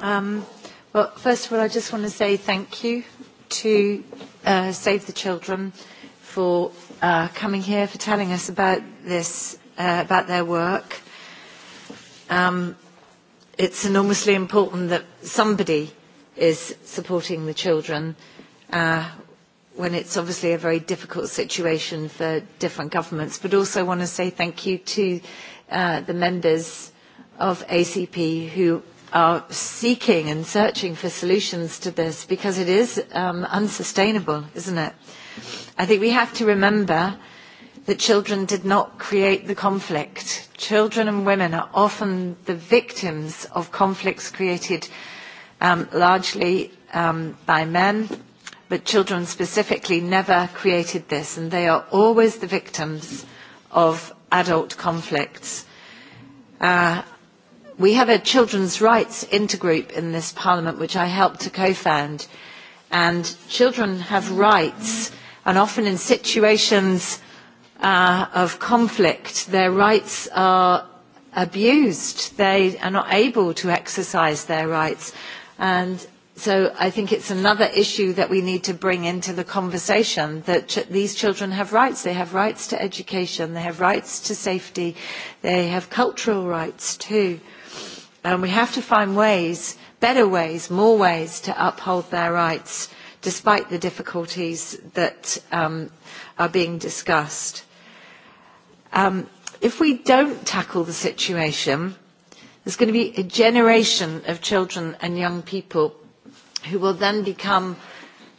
Um, Well, first of all, I just want to say thank you to uh, Save the Children for uh, coming here, for telling us about this, uh, about their work. Um, it's enormously important that somebody is supporting the children uh, when it's obviously a very difficult situation for different governments. But also want to say thank you to uh, the members of ACP who are seeking and searching for solutions to this because it is um, unsustainable, isn't it? I think we have to remember that children did not create the conflict. Children and women are often the victims of conflicts created um, largely um, by men, but children specifically never created this, and they are always the victims of adult conflicts. Uh, We have a children's rights intergroup in this parliament, which I helped to co-found. And children have rights, and often in situations uh, of conflict, their rights are abused. They are not able to exercise their rights. And so I think it's another issue that we need to bring into the conversation that ch these children have rights. They have rights to education. They have rights to safety. They have cultural rights too. And we have to find ways, better ways, more ways to uphold their rights despite the difficulties that um, are being discussed. Um, if we don't tackle the situation, there's going to be a generation of children and young people who will then become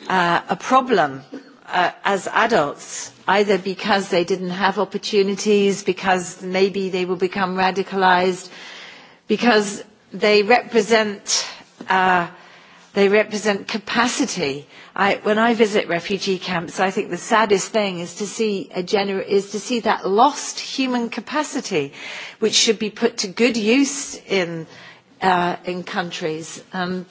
uh, a problem uh, as adults, either because they didn't have opportunities, because maybe they will become radicalised because they represent uh, they represent capacity. I, when I visit refugee camps, I think the saddest thing is to see a gener- is to see that lost human capacity, which should be put to good use in uh, in countries. Um,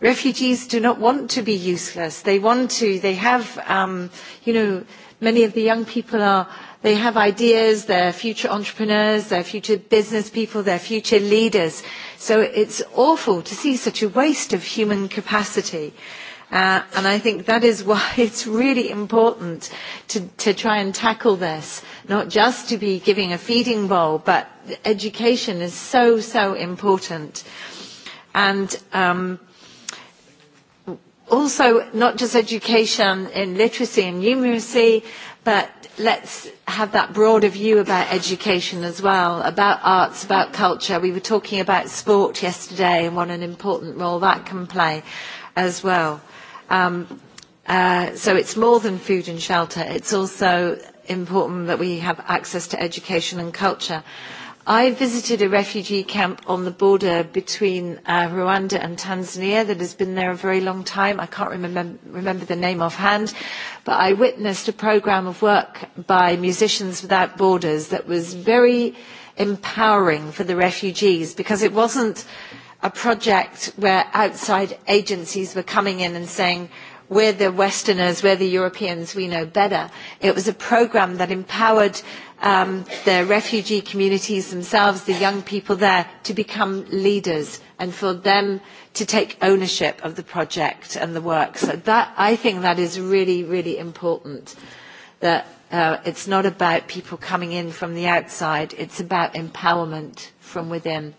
refugees do not want to be useless. They want to. They have. Um, you know, many of the young people are They have ideas, they're future entrepreneurs, they're future business people, they're future leaders. So it's awful to see such a waste of human capacity. Uh, and I think that is why it's really important to, to try and tackle this, not just to be giving a feeding bowl, but education is so, so important. And um, also not just education in literacy and numeracy, but let's have that broader view about education as well, about arts, about culture. We were talking about sport yesterday and what an important role that can play as well. Um, uh, so it's more than food and shelter. It's also important that we have access to education and culture. I visited a refugee camp on the border between uh, Rwanda and Tanzania that has been there a very long time. I can't remember, remember the name offhand, but I witnessed a program of work by Musicians Without Borders that was very empowering for the refugees because it wasn't a project where outside agencies were coming in and saying, we're the Westerners, we're the Europeans, we know better. It was a program that empowered um, the refugee communities themselves, the young people there, to become leaders and for them to take ownership of the project and the work. So that, I think that is really, really important, that uh, it's not about people coming in from the outside, it's about empowerment from within.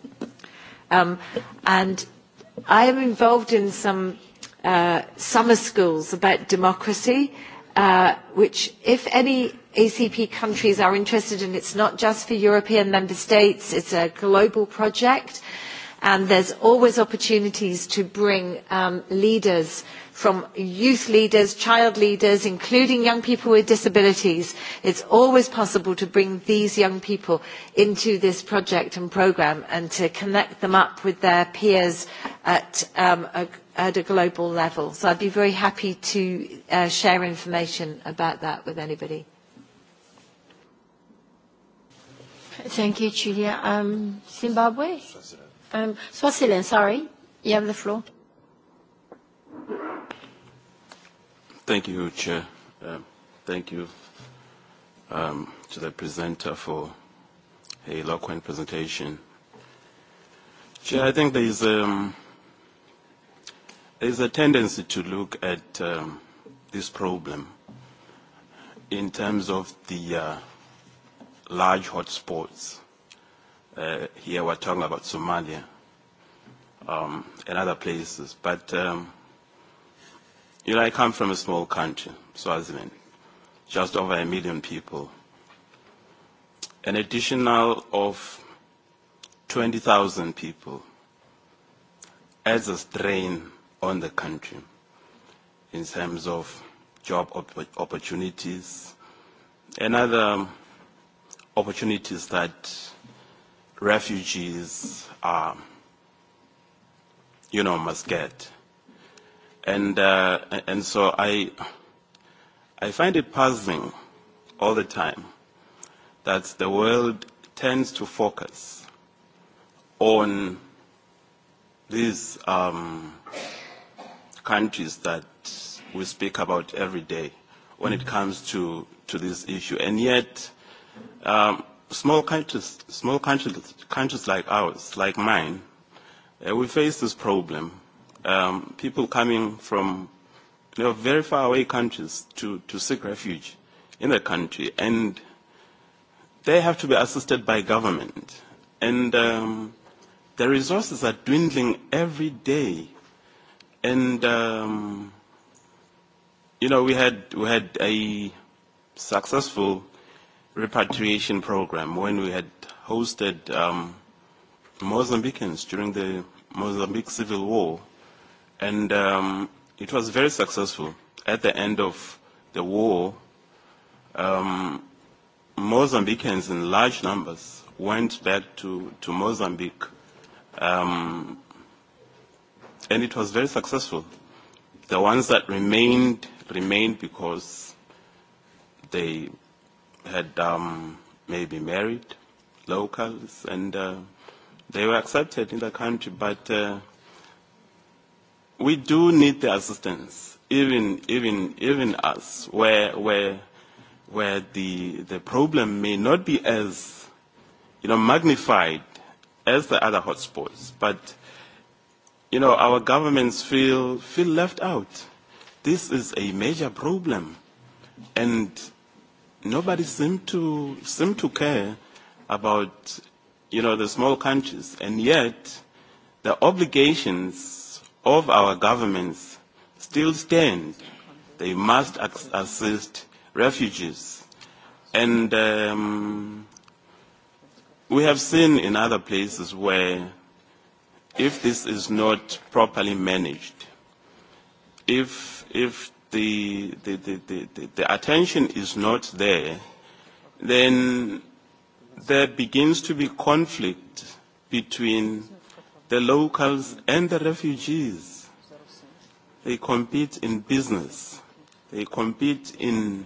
Um, and I am involved in some uh, summer schools about democracy, Uh, which if any ACP countries are interested in, it's not just for European member states, it's a global project. And there's always opportunities to bring um, leaders from youth leaders, child leaders, including young people with disabilities. It's always possible to bring these young people into this project and programme and to connect them up with their peers at um, a at a global level. So I'd be very happy to uh, share information about that with anybody. Thank you, Julia. Um, Zimbabwe? Um, Swaziland, sorry. You have the floor. Thank you, Chair. Uh, thank you um, to the presenter for a eloquent presentation. Chair, I think there is um, – There's a tendency to look at um, this problem in terms of the uh, large hotspots. Uh, here we're talking about Somalia um, and other places. But, um, you know, I come from a small country, Swaziland, just over a million people. An additional of 20,000 people adds a strain on the country in terms of job op opportunities and other opportunities that refugees are, you know, must get. And, uh, and so I, I find it puzzling all the time that the world tends to focus on these um, countries that we speak about every day when it comes to, to this issue. And yet, um, small countries, small countries, countries like ours, like mine, uh, we face this problem. Um, people coming from you know, very far away countries to, to seek refuge in the country, and they have to be assisted by government. And um, the resources are dwindling every day And um, you know, we had we had a successful repatriation program when we had hosted um, Mozambicans during the Mozambique Civil War, and um, it was very successful. At the end of the war, um, Mozambicans in large numbers went back to, to Mozambique um, and it was very successful. The ones that remained remained because they had um, maybe married locals and uh, they were accepted in the country. But uh, we do need the assistance, even even even us, where where where the the problem may not be as you know magnified as the other hotspots, but you know, our governments feel, feel left out. This is a major problem. And nobody seems to, seem to care about, you know, the small countries. And yet, the obligations of our governments still stand. They must ac assist refugees. And um, we have seen in other places where if this is not properly managed, if, if the, the, the, the, the attention is not there, then there begins to be conflict between the locals and the refugees. They compete in business. They compete in,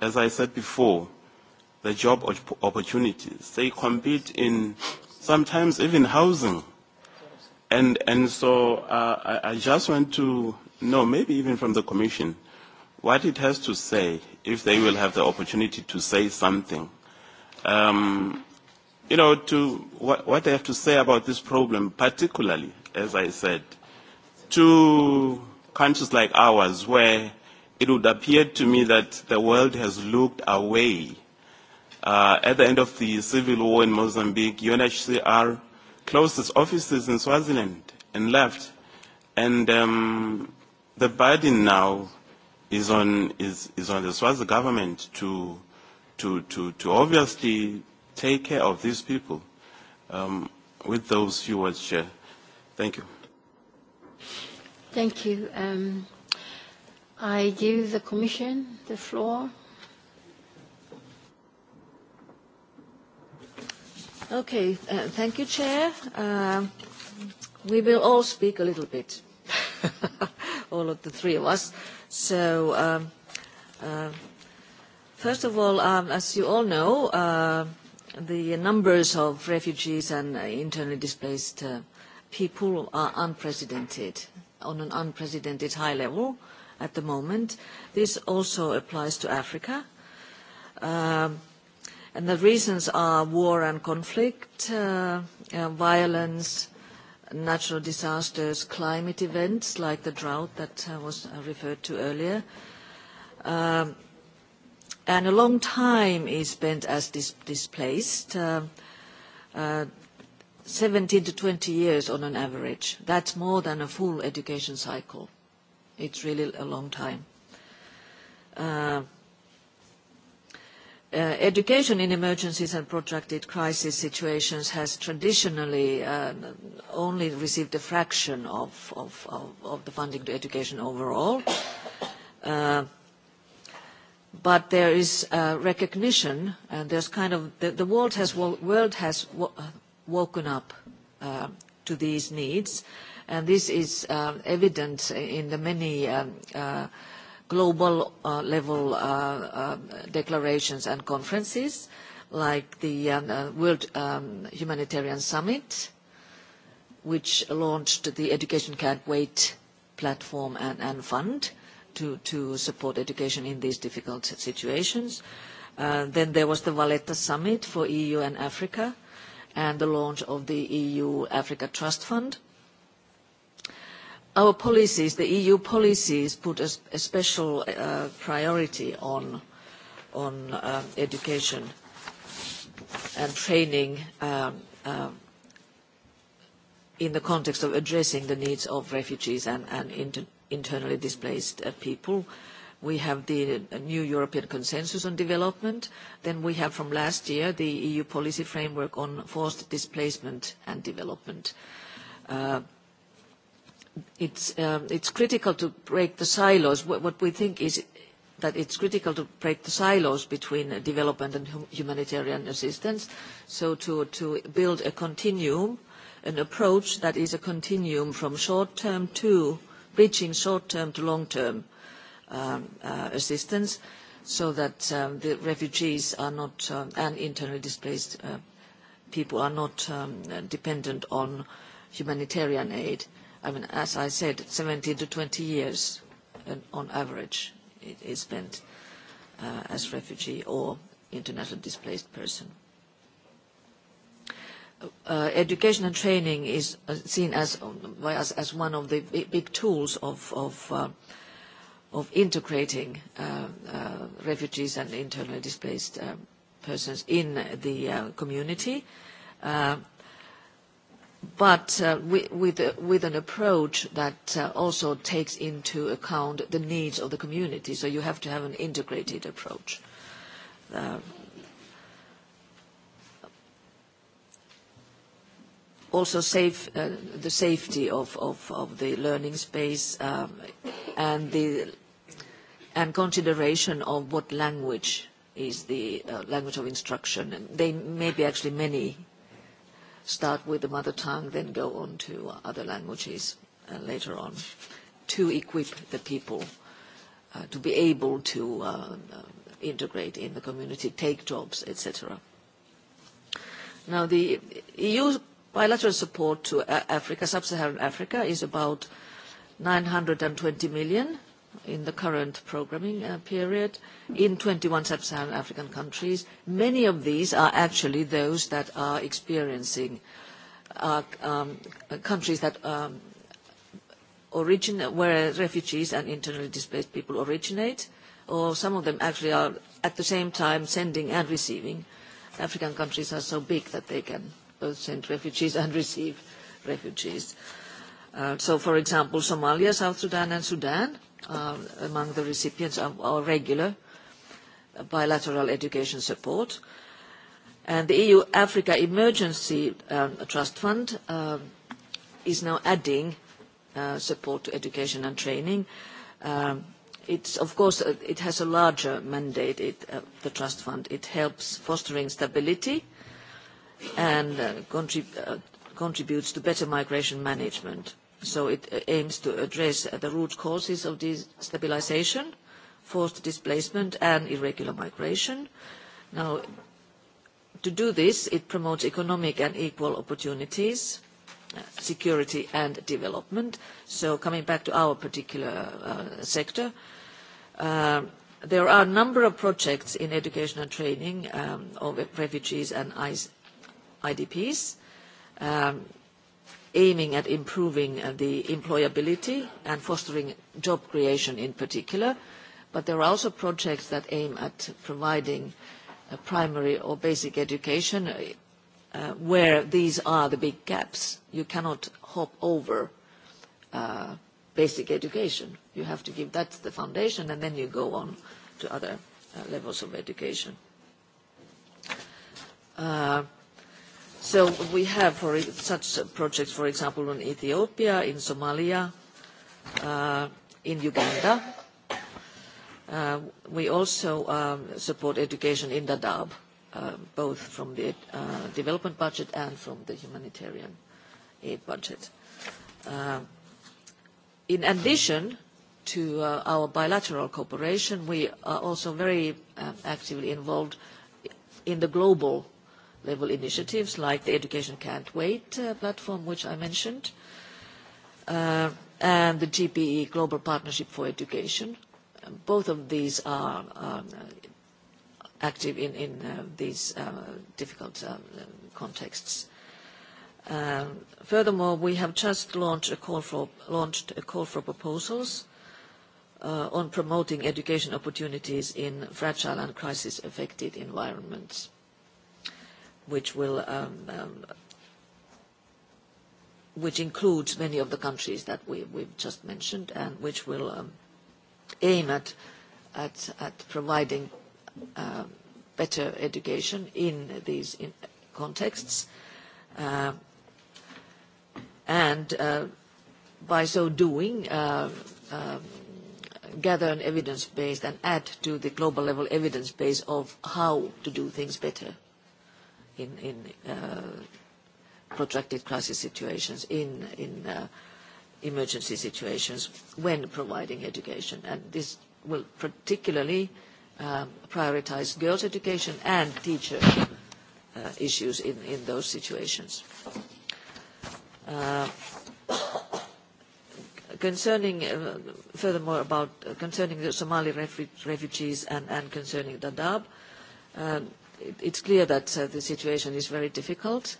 as I said before, the job opportunities. They compete in sometimes even housing And, and so uh, I, I just want to know, maybe even from the Commission, what it has to say if they will have the opportunity to say something. Um, you know, to what, what they have to say about this problem, particularly, as I said, to countries like ours where it would appear to me that the world has looked away. Uh, at the end of the civil war in Mozambique, UNHCR closed its offices in Swaziland and left. And um, the burden now is on, is, is on the Swazi government to, to, to, to obviously take care of these people. Um, with those few words, Chair. Thank you. Thank you. Um, I give the Commission the floor. Okay, uh, thank you, Chair. Uh, we will all speak a little bit, all of the three of us. So, um, uh, first of all, um, as you all know, uh, the numbers of refugees and uh, internally displaced uh, people are unprecedented, on an unprecedented high level at the moment. This also applies to Africa. Um, And the reasons are war and conflict, uh, uh, violence, natural disasters, climate events like the drought that uh, was uh, referred to earlier. Um, and a long time is spent as dis displaced, uh, uh, 17 to 20 years on an average. That's more than a full education cycle. It's really a long time. Uh, Uh, education in emergencies and protracted crisis situations has traditionally uh, only received a fraction of, of, of, of the funding to education overall. Uh, but there is uh, recognition, and there's kind of the, the world has, world has wo woken up uh, to these needs, and this is uh evident in the many um, uh global uh, level uh, uh, declarations and conferences like the uh, uh, World um, Humanitarian Summit, which launched the Education Can't Wait platform and, and fund to, to support education in these difficult situations. Uh, then there was the Valletta Summit for EU and Africa and the launch of the EU Africa Trust Fund our policies, the EU policies, put a, a special uh, priority on, on uh, education and training um, uh, in the context of addressing the needs of refugees and, and inter internally displaced uh, people. We have the uh, new European consensus on development. Then we have from last year the EU policy framework on forced displacement and development. Uh, it's, um, it's critical to break the silos. What, what we think is that it's critical to break the silos between development and hum humanitarian assistance, so to, to build a continuum, an approach that is a continuum from short-term to reaching short-term to long-term um, uh, assistance so that um, the refugees are not um, and internally displaced uh, people are not um, dependent on humanitarian aid. I mean, as I said, 17 to 20 years on average is spent uh, as refugee or international displaced person. Uh, uh, education and training is seen as, um, by us as one of the big tools of, integrating refugees and internally displaced persons in the community but uh, with, an approach that uh, also takes into account the needs of the community. So you have to have an integrated approach. Um, also safe, uh, the safety of, of, of the learning space, um, and, the, and consideration of what language is the language of instruction. And may be actually many start with the mother tongue, then go on to other languages uh, later on to equip the people uh, to be able to uh, uh integrate in the community, take jobs, etc. Now, the EU's bilateral support to Africa, sub-Saharan Africa, is about 920 million in the current programming uh, period in 21 sub-Saharan African countries. Many of these are actually those that are experiencing uh, um, countries that um, originate where refugees and internally displaced people originate, or some of them actually are at the same time sending and receiving. African countries are so big that they can both send refugees and receive refugees. Uh, so, for example, Somalia, South Sudan, and Sudan Um, among the recipients of our regular bilateral education support. And the EU Africa Emergency um, Trust Fund um, is now adding uh, support to education and training. Um, it's, of course, uh, it has a larger mandate, it, uh, the trust fund. It helps fostering stability and uh, contrib uh, contributes to better migration management. So It uh, aims to address the root causes of destabilisation, forced displacement, and irregular migration. Now, to do this, it promotes economic and equal opportunities, uh, security and development. So Coming back to our particular uh, sector, uh, there are a number of projects in education and training um, of refugees and IDPs. Um, aiming at improving uh, the employability and fostering job creation in particular. But there are also projects that aim at providing primary or basic education uh, where these are the big gaps. You cannot hop over uh, basic education. You have to give that the foundation, and then you go on to other uh, levels of education. Uh, so we have for e, such projects, for example, in Ethiopia, in Somalia, uh, in Uganda. Uh, we also um, support education in Dadaab, uh, both from the uh, development budget and from the humanitarian aid budget. Uh, in addition to uh, our bilateral cooperation, we are also very uh, actively involved in the global level initiatives like the Education Can't Wait uh, platform, which I mentioned, uh, and the GPE Global Partnership for Education. Um, both of these are um, active in, in uh, these uh, difficult um, contexts. Um, furthermore, we have just launched a call for, launched a call for proposals uh, on promoting education opportunities in fragile and crisis-affected environments which will um, um, which includes many of the countries that we, we've just mentioned and which will um, aim at, providing better education in these contexts. Uh, and uh, by so doing, uh, gather an evidence base and add to the global level evidence base of how to do things better in, in uh, protracted crisis situations, in, in uh, emergency situations when providing education. And this will particularly um, prioritize girls' education and teacher uh, issues in, in those situations. Uh, concerning, uh, furthermore, about uh, concerning the Somali refugees and, and concerning Dadaab, um, it, it's clear that uh, the situation is very difficult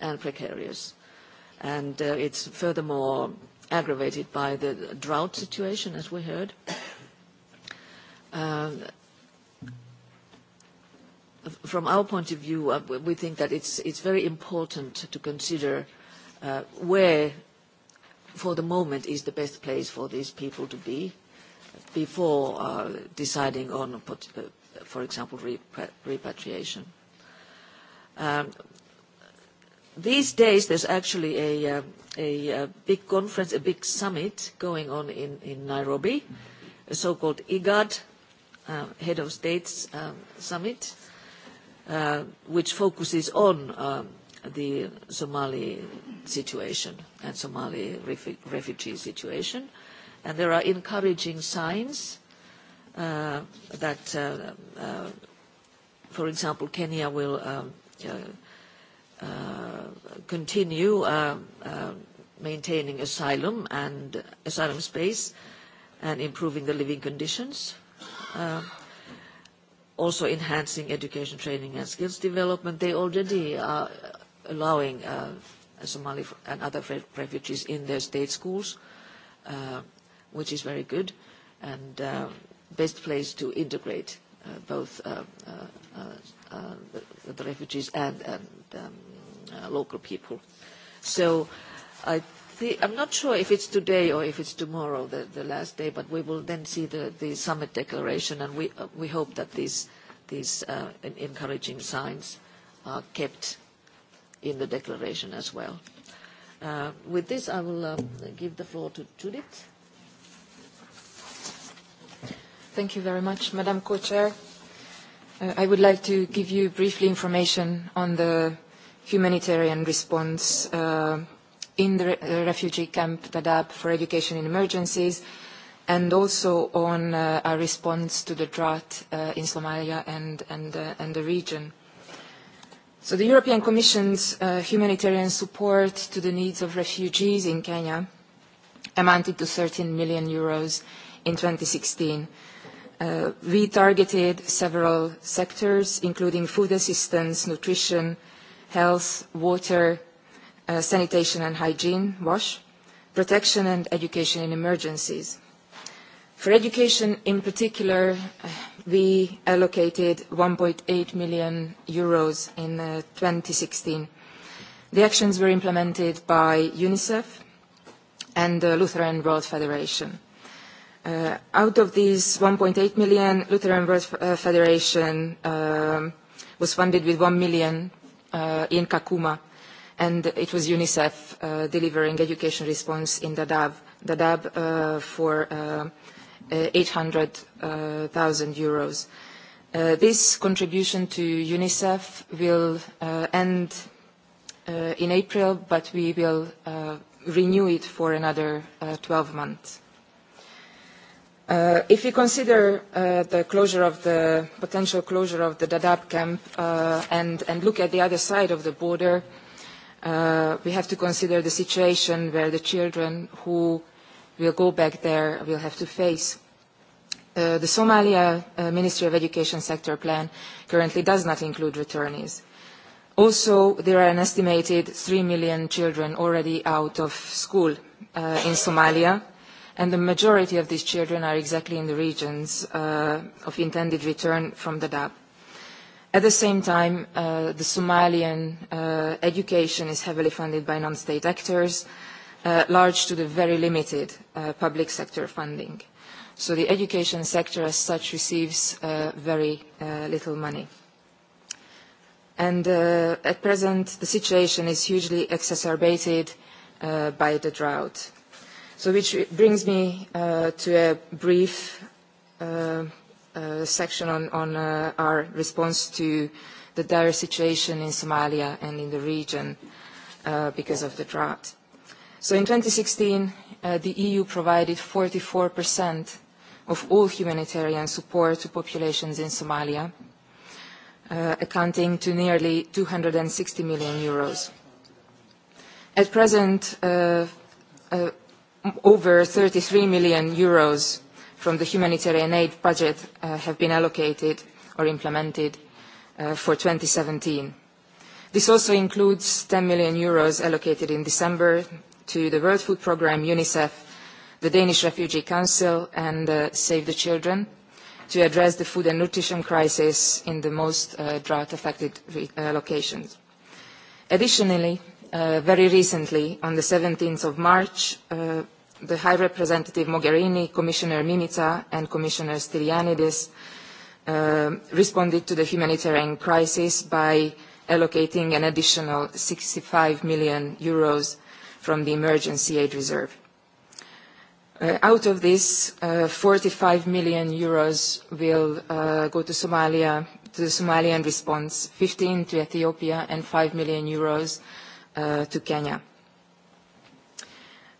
and precarious. And uh, it's furthermore aggravated by the drought situation, as we heard. Um, from our point of view, uh, we think that it's, it's very important to consider uh, where, for the moment, is the best place for these people to be before uh, deciding on pot uh, for example, repatriation. Um, these days, there's actually a, uh, a, a uh, big conference, a big summit going on in, in Nairobi, a so-called IGAD, uh, Head of States um, Summit, uh, which focuses on um, the Somali situation and Somali refugee situation. And there are encouraging signs uh, that, uh, uh, for example, Kenya will um, uh, uh, continue uh, uh, maintaining asylum and asylum space and improving the living conditions. Uh, also enhancing education, training and skills development. They already are allowing uh, Somali and other refugees in their state schools, uh, which is very good. And uh, best place to integrate uh, both uh, uh, uh, the, uh, the refugees and, and um, uh, local people. So I th- I'm not sure if it's today or if it's tomorrow, the, the last day, but we will then see the, the summit declaration, and we, uh, we hope that these, these uh, encouraging signs are kept in the declaration as well. Uh, with this, I will um, give the floor to Judith. Thank you very much, Madam Co-Chair. Uh, I would like to give you briefly information on the humanitarian response uh, in the re uh, refugee camp Dadaab for education in emergencies, and also on uh, our response to the drought uh, in Somalia and, and, uh, and the region. So the European Commission's uh, humanitarian support to the needs of refugees in Kenya amounted to 13 million euros in 2016. Uh, we targeted several sectors, including food assistance, nutrition, health, water, uh, sanitation and hygiene, WASH, protection and education in emergencies. For education in particular, uh, we allocated 1.8 million euros in uh, 2016. The actions were implemented by UNICEF and the Lutheran World Federation. Uh, out of these 1.8 million, Lutheran World uh, Federation um, was funded with 1 million uh, in Kakuma, and it was UNICEF uh, delivering education response in Dadaab, Dadaab uh, for uh, 800,000 euros. Uh, this contribution to UNICEF will uh, end uh, in April, but we will uh, renew it for another uh, 12 months. Uh, if you consider uh, the closure of the potential closure of the Dadaab camp uh, and, and look at the other side of the border, uh, we have to consider the situation where the children who will go back there will have to face. Uh, the Somalia uh, Ministry of Education sector plan currently does not include returnees. Also, there are an estimated 3 million children already out of school uh, in Somalia, and the majority of these children are exactly in the regions uh, of intended return from Dadaab. At the same time, uh, the Somalian uh, education is heavily funded by non-state actors, uh, large to the very limited uh, public sector funding. So the education sector as such receives uh, very uh, little money. And uh, at present, the situation is hugely exacerbated uh, by the drought. So which brings me uh, to a brief uh, uh, section on, on uh, our response to the dire situation in Somalia and in the region uh, because of the drought. So in 2016, uh, the EU provided 44% of all humanitarian support to populations in Somalia, uh, accounting to nearly 260 million euros. At present, uh, uh, over 33 million euros from the humanitarian aid budget uh, have been allocated or implemented uh, for 2017. This also includes 10 million euros allocated in December to the World Food Programme, UNICEF, the Danish Refugee Council and uh, Save the Children to address the food and nutrition crisis in the most uh, drought-affected uh, locations. Additionally, Uh, very recently, on the 17th of March, uh, the High Representative Mogherini, Commissioner Mimica, and Commissioner Stylianides uh, responded to the humanitarian crisis by allocating an additional 65 million euros from the emergency aid reserve. Uh, out of this, uh, 45 million euros will uh, go to Somalia, to the Somalian response, 15 to Ethiopia, and 5 million euros uh, to Kenya.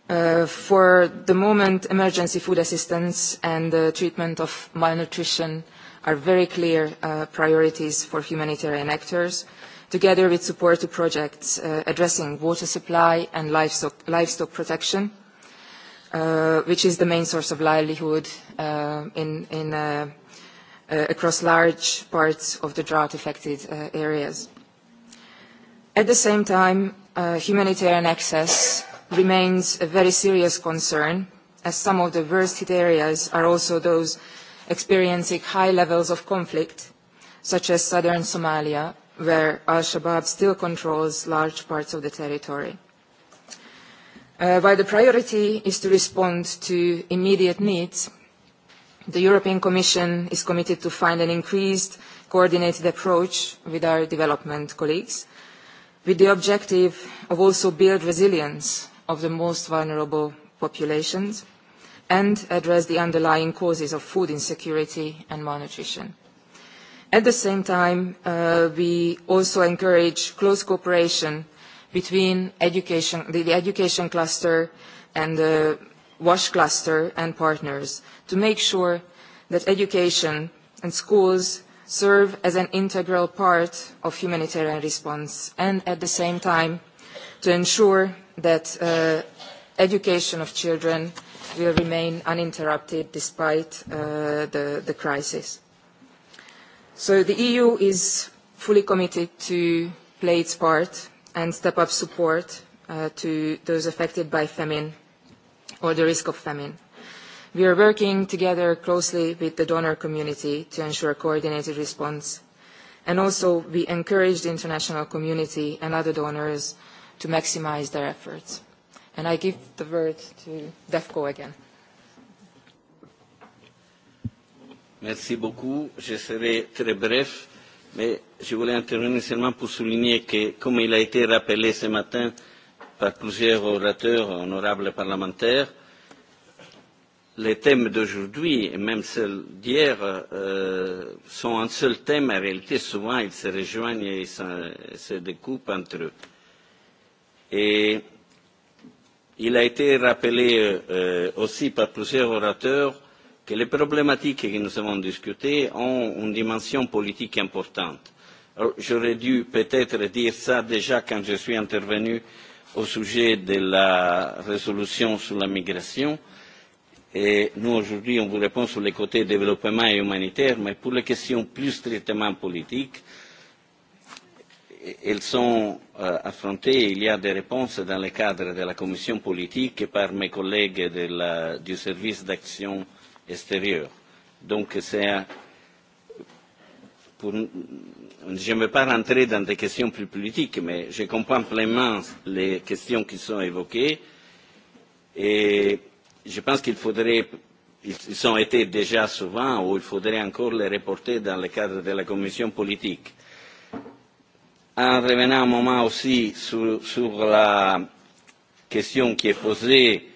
Uh, for the moment, emergency food assistance and the treatment of malnutrition are very clear uh, priorities for humanitarian actors, together with support to projects uh, addressing water supply and livestock, livestock protection, uh, which is the main source of livelihood uh, in, in, uh, uh, across large parts of the drought-affected uh, areas. At the same time, uh, humanitarian access remains a very serious concern, as some of the worst hit areas are also those experiencing high levels of conflict, such as southern Somalia, where al-Shabaab still controls large parts of the territory. Uh, while the priority is to respond to immediate needs, the European Commission is committed to find an increased coordinated approach with our development colleagues with the objective of also build resilience of the most vulnerable populations and address the underlying causes of food insecurity and malnutrition. At the same time, uh, we also encourage close cooperation between education, the, the education cluster and the WASH cluster and partners to make sure that education and schools serve as an integral part of humanitarian response and at the same time to ensure that uh, education of children will remain uninterrupted despite uh, the, the crisis. So the EU is fully committed to play its part and step up support uh, to those affected by famine or the risk of famine. We are working together closely with the donor community to ensure coordinated response. And also, we encourage the international community and other donors to maximize their efforts. And I give the word to DEFCO again. Merci beaucoup. Je serai très bref, mais je voulais intervenir seulement pour souligner que, comme il a été rappelé ce matin par plusieurs orateurs honorables parlementaires, les thèmes d'aujourd'hui et même ceux d'hier euh, sont un seul thème. En réalité, souvent, ils se rejoignent et se, se découpent entre eux. Et il a été rappelé euh, euh aussi par plusieurs orateurs que les problématiques que nous avons discutées ont une dimension politique importante. J'aurais dû peut-être dire ça déjà quand je suis intervenu au sujet de la résolution sur la migration, euh, Et nous, aujourd'hui, on vous répond sur les côtés développement et humanitaire, mais pour les questions plus strictement politiques, elles sont euh, affrontées. Il y a des réponses dans le cadre de la commission politique et par mes collègues de la, du service d'action extérieure. Donc, c'est pour, je ne veux pas rentrer dans des questions plus politiques, mais je comprends pleinement les questions qui sont évoquées. Et je pense qu'il faudrait ils ont été déjà souvent ou il faudrait encore les reporter dans le cadre de la commission politique. En revenant un moment aussi sur, sur la question qui est posée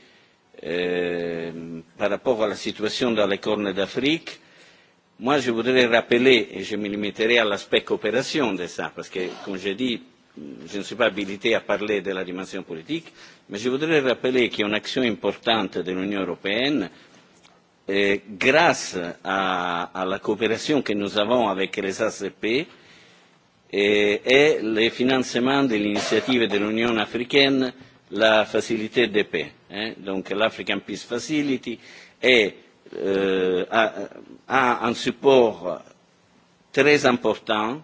euh, par rapport à la situation dans les cornes d'Afrique, moi je voudrais rappeler, et je me limiterai à l'aspect coopération de ça, parce que comme je dis, je ne suis pas habilité à parler de la dimension politique, mais je voudrais rappeler qu'il y a une action importante de l'Union européenne grâce à, à la coopération que nous avons avec les ACP et, eh, et le financement de l'initiative de l'Union africaine, la facilité de paix, hein, eh. donc l'African Peace Facility, euh, a, a un support très important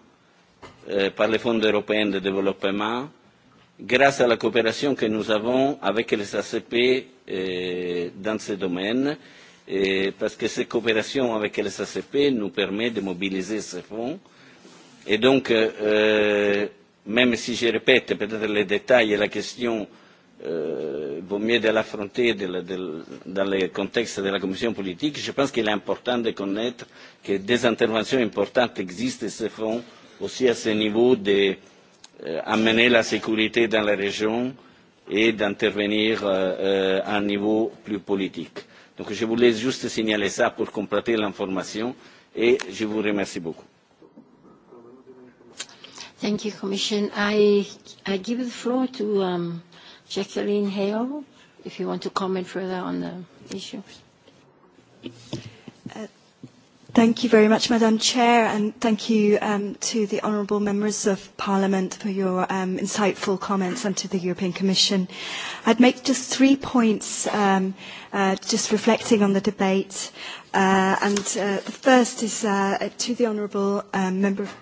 euh, par le Fonds européen de développement grâce à la coopération que nous avons avec les ACP euh, dans ce domaine, et euh, parce que cette coopération avec les ACP nous permet de mobiliser ces fonds. Et donc, euh, euh, même si je répète peut-être les détails et la question, euh, vaut mieux de l'affronter dans le contexte de la commission politique, je pense qu'il est important de connaître que des interventions importantes existent et se font aussi à ce niveau des Euh, amener la sécurité dans la région et d'intervenir euh, euh, à un niveau plus politique. Donc je voulais juste signaler cela pour compléter l'information et je vous remercie beaucoup. Thank you, Commission. I, I give the floor to um, Jacqueline Hale, if you want to comment further on the issue. Uh, Thank you very much, Madam Chair, and thank you um, to the honourable members of Parliament for your um, insightful comments and to the European Commission. I'd make just three points, um, uh, just reflecting on the debate. Uh, and uh, the first is uh, to the honourable um, member of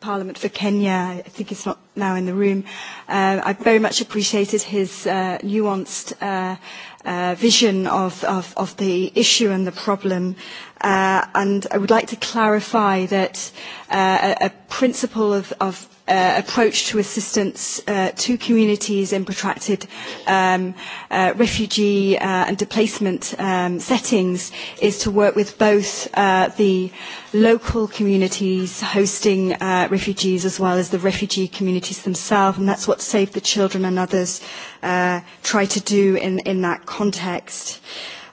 Parliament for Kenya. I think he's not now in the room. Uh, I very much appreciated his uh, nuanced uh, uh, vision of, of, of the issue and the problem. Uh, and I would like to clarify that uh, a, principle of, of uh, approach to assistance uh, to communities in protracted um, uh, refugee uh, and displacement um, settings is to work with both uh, the local communities hosting uh, refugees as well as the refugee communities themselves and that's what Save the Children and others uh, try to do in, in that context.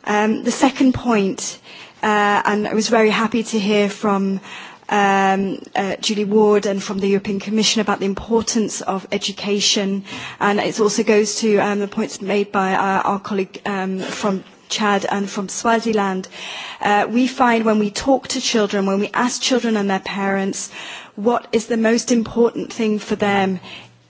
Um, the second point, uh, and I was very happy to hear from um, uh, Julie Ward and from the European Commission about the importance of education. And it also goes to um, the points made by our, uh, our colleague um, from Chad and from Swaziland. Uh, we find when we talk to children, when we ask children and their parents, what is the most important thing for them,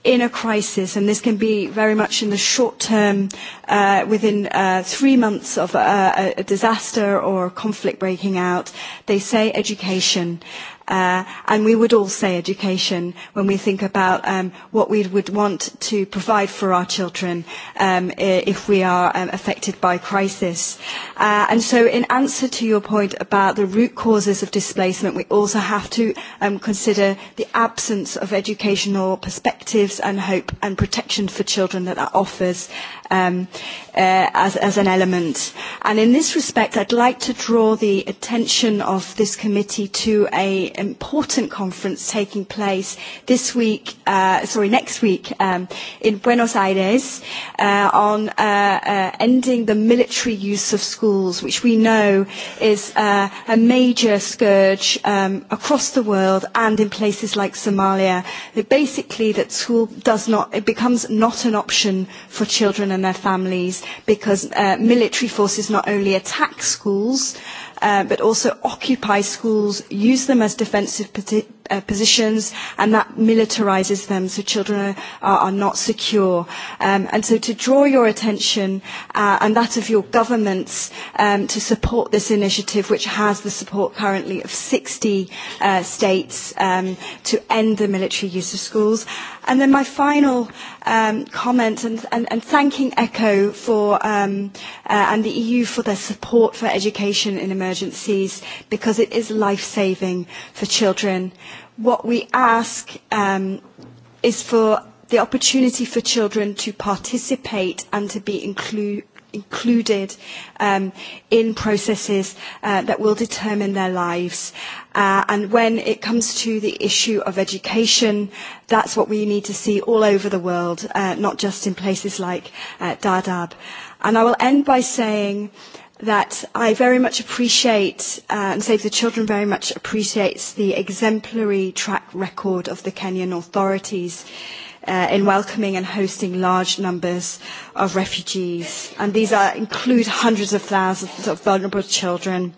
in a crisis, and this can be very much in the short term, uh, within uh, three months of a, a disaster or conflict breaking out, they say education. Uh, and we would all say education when we think about um, what we would want to provide for our children um, if we are um, affected by crisis. Uh, and so in answer to your point about the root causes of displacement, we also have to um, consider the absence of educational perspectives and hope and protection for children that that offers. Um, uh, as, as an element. And in this respect, I'd like to draw the attention of this committee to an important conference taking place this week, uh, sorry, next week um, in Buenos Aires uh, on uh, uh, ending the military use of schools, which we know is uh, a major scourge um, across the world and in places like Somalia. It basically, that school does not, it becomes not an option for children and their families because uh, military forces not only attack schools, uh, but also occupy schools, use them as defensive Uh, positions and that militarizes them so children are, are not secure. Um, and so to draw your attention uh, and that of your governments um, to support this initiative which has the support currently of 60 uh, states um, to end the military use of schools. And then my final um, comment and, and, and thanking ECHO for, um, uh, and the EU for their support for education in emergencies because it is life-saving for children what we ask um, is for the opportunity for children to participate and to be inclu included um, in processes uh, that will determine their lives. Uh, and when it comes to the issue of education, that's what we need to see all over the world, uh, not just in places like uh, Dadaab. And I will end by saying that I very much appreciate, uh, and Save the Children very much appreciates the exemplary track record of the Kenyan authorities uh, in welcoming and hosting large numbers of refugees. And these are, include hundreds of thousands of vulnerable children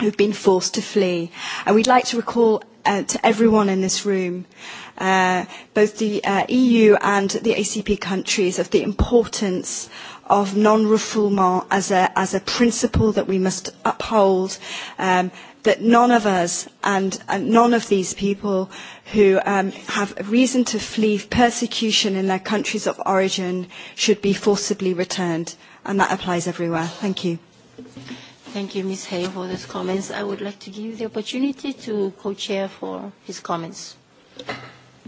who've been forced to flee. And we'd like to recall uh, to everyone in this room, uh, both the uh, EU and the ACP countries, of the importance of non-refoulement as a, as a principle that we must uphold, um, that none of us and, and none of these people who um, have reason to flee persecution in their countries of origin should be forcibly returned. And that applies everywhere. Thank you. Thank you, Ms. Hay, for those comments. I would like to give the opportunity to co-chair for his comments.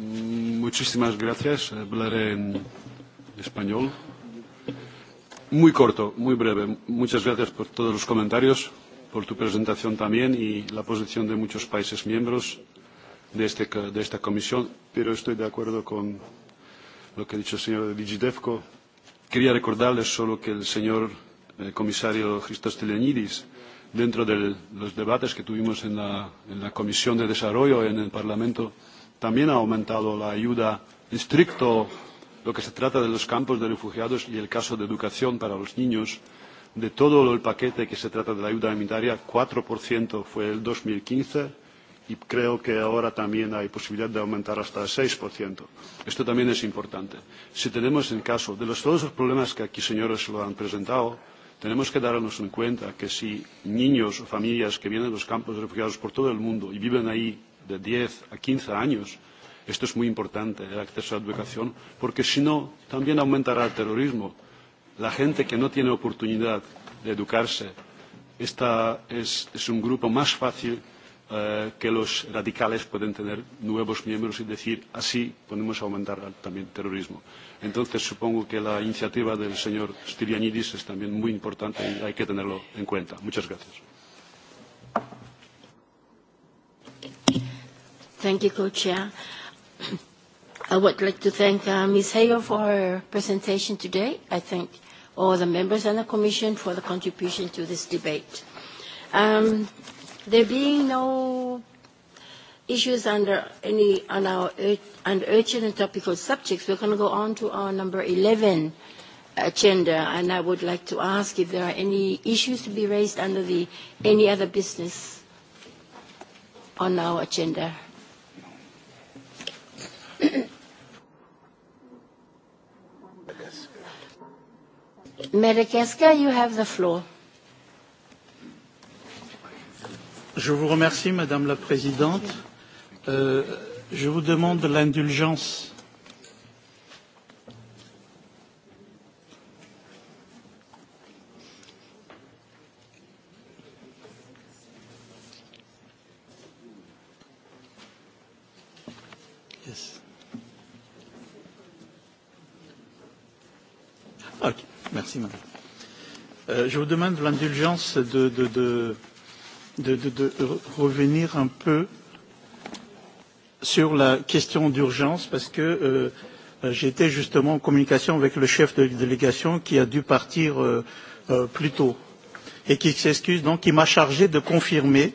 Mm, muchísimas gracias. Hablaré eh, en español. Muy corto, muy breve. Muchas gracias por todos los comentarios, por tu presentación también y la posición de muchos países miembros de, este, de esta comisión, pero estoy de acuerdo con lo que ha dicho el señor Vigidevko. Quería recordarles solo que el señor eh, comisario Christos Telenides, dentro de los debates que tuvimos en la, en la Comisión de Desarrollo en el Parlamento, también ha aumentado la ayuda estricto lo que se trata de los campos de refugiados y el caso de educación para los niños, de todo el paquete que se trata de la ayuda humanitaria, 4% fue el 2015 y creo que ahora también hay posibilidad de aumentar hasta el 6%. Esto también es importante. Si tenemos en caso de los, todos los problemas que aquí señores lo han presentado, tenemos que darnos en cuenta que si niños o familias que vienen de los campos de refugiados por todo el mundo y viven ahí de 10 a 15 años, Esto es muy importante, el acceso a la educación, porque si no, también aumentará el terrorismo. La gente que no tiene oportunidad de educarse esta es, es un grupo más fácil eh, que los radicales pueden tener nuevos miembros y decir así podemos aumentar también el terrorismo. Entonces supongo que la iniciativa del señor Stylianidis es también muy importante y hay que tenerlo en cuenta. Muchas gracias. Thank you, i would like to thank uh, Ms. Hager for her presentation today. I thank all the members and the Commission for the contribution to this debate. Um, there being no issues under any on our on urgent and topical subjects, we're going to go on to our number 11 agenda, and I would like to ask if there are any issues to be raised under the any other business on our agenda. Madagascar, you have the floor. Je vous remercie, Madame la Présidente. Euh, je vous demande l'indulgence Ah, ok, merci madame. Euh, je vous demande l'indulgence de, de, de, de, de, de revenir un peu sur la question d'urgence parce que euh, euh j'étais justement en communication avec le chef de délégation qui a dû partir euh, euh, plus tôt et qui s'excuse donc qui m'a chargé de confirmer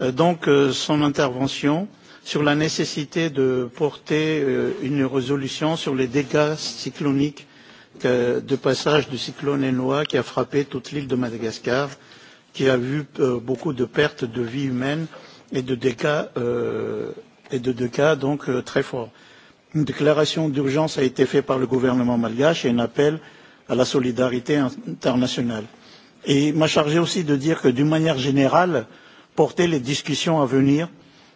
euh, donc euh, son intervention sur la nécessité de porter euh, une résolution sur les dégâts cycloniques que, de passage du cyclone Enoa qui a frappé toute l'île de Madagascar, qui a vu euh, beaucoup de pertes de vie humaine et de dégâts, euh, et de dégâts donc euh, très forts. Une déclaration d'urgence a été faite par le gouvernement malgache et un appel à la solidarité internationale. Et il m'a chargé aussi de dire que, d'une manière générale, porter les discussions à venir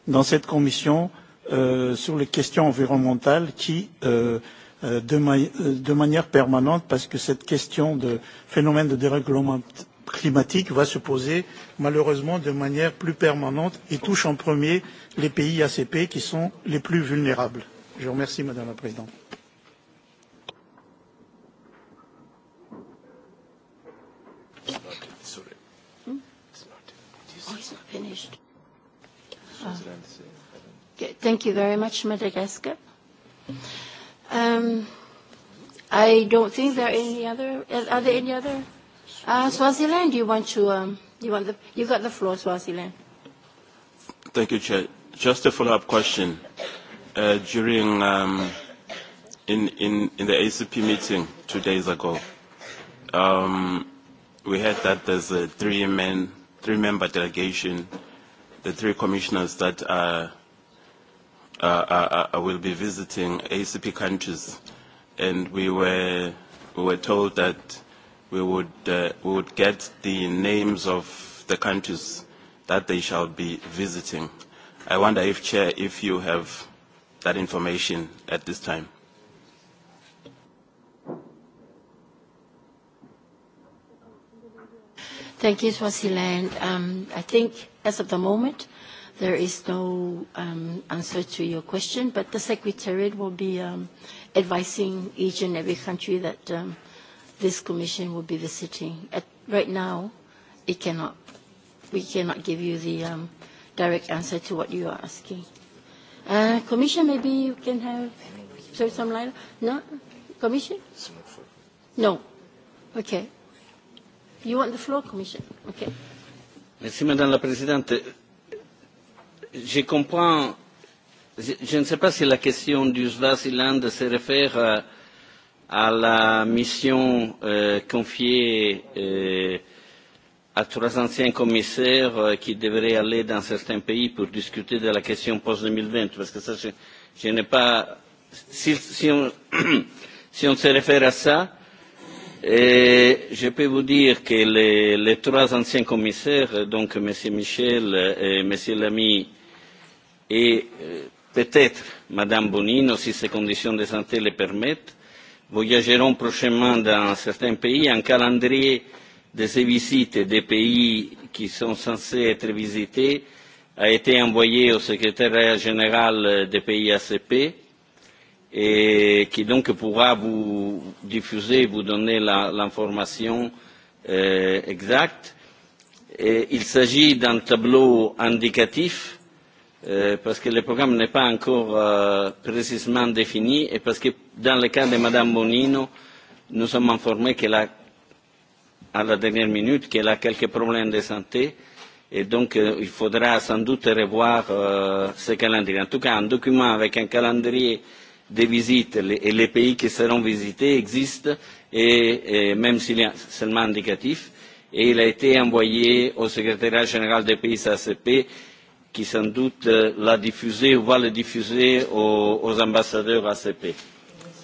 dans cette commission euh, sur les questions environnementales qui euh, Euh, de, ma euh, de manière permanente parce que cette question de phénomène de dérèglement climatique va se poser malheureusement de manière plus permanente et touche en premier les pays ACP qui sont les plus vulnérables. Je vous remercie, Madame la Présidente. Thank you very much, Madagascar. Um, I don't think there are any other. Are there any other? Uh, Swaziland, do you want to? Um, you want the? You got the floor, Swaziland. Thank you, Chair. Just a follow-up question. Uh, during um, in, in in the ACP meeting two days ago, um, we heard that there's a three-man, three-member delegation, the three commissioners that are uh, I, uh, uh, I will be visiting ACP countries, and we were we were told that we would uh, we would get the names of the countries that they shall be visiting. I wonder if Chair, if you have that information at this time. Thank you, Swaziland. Um, I think as of the moment, There is no um, answer to your question, but the Secretariat will be um, advising each and every country that um, this Commission will be visiting. right now, it cannot, we cannot give you the um, direct answer to what you are asking. Uh, commission, maybe you can have some line. No, Commission? No. Okay. You want the floor, Commission? Okay. Merci, Madame la Présidente je comprends, je, je ne sais pas si la question du Swaziland se réfère à, à la mission euh, confiée euh, à trois anciens commissaires euh, qui devraient aller dans certains pays pour discuter de la question post-2020, parce que ça, je, je n'ai pas... Si, si, on, si on se réfère à ça, et je peux vous dire que les, les trois anciens commissaires, donc M. Michel et M. Lamy et eh, peut-être, Madame Bonino, si ses conditions de santé le permettent, voyageront prochainement dans certains pays un calendrier de ces visites des pays qui sont censés être visités a été envoyé au secrétariat général des pays ACP et qui donc pourra vous diffuser, vous donner l'information euh, exacte. Et il s'agit d'un tableau indicatif Eh, parce que le programme n'est pas encore euh, précisément défini et parce que dans le cas de Mme Bonino, nous sommes informés qu'elle a, à la dernière minute, qu'elle a quelques problèmes de santé et donc euh, il faudra sans doute revoir euh, ce calendrier. En tout cas, un document avec un calendrier des visites les, et les pays qui seront visités existe et, et même s'il est seulement indicatif et il a été envoyé au secrétariat général des pays ACP qui sans doute euh, l'a diffusé ou va le diffuser aux, aux ambassadeurs ACP.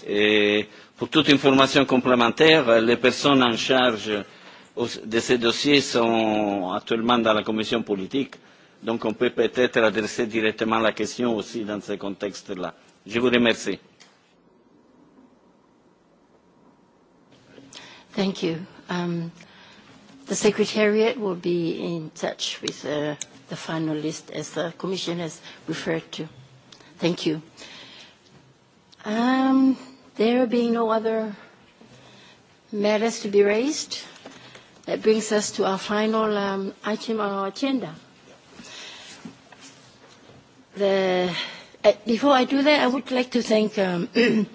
Et pour toute information complémentaire, les personnes en charge de ces dossiers sont actuellement dans la commission politique, donc on peut peut-être adresser directement la question aussi dans ce contexte-là. Je vous remercie. Thank you. Um, the Secretariat will be in touch with the uh the final list as the Commission has referred to. Thank you. Um, there being no other matters to be raised, that brings us to our final um, item on our agenda. The, uh, before I do that, I would like to thank um,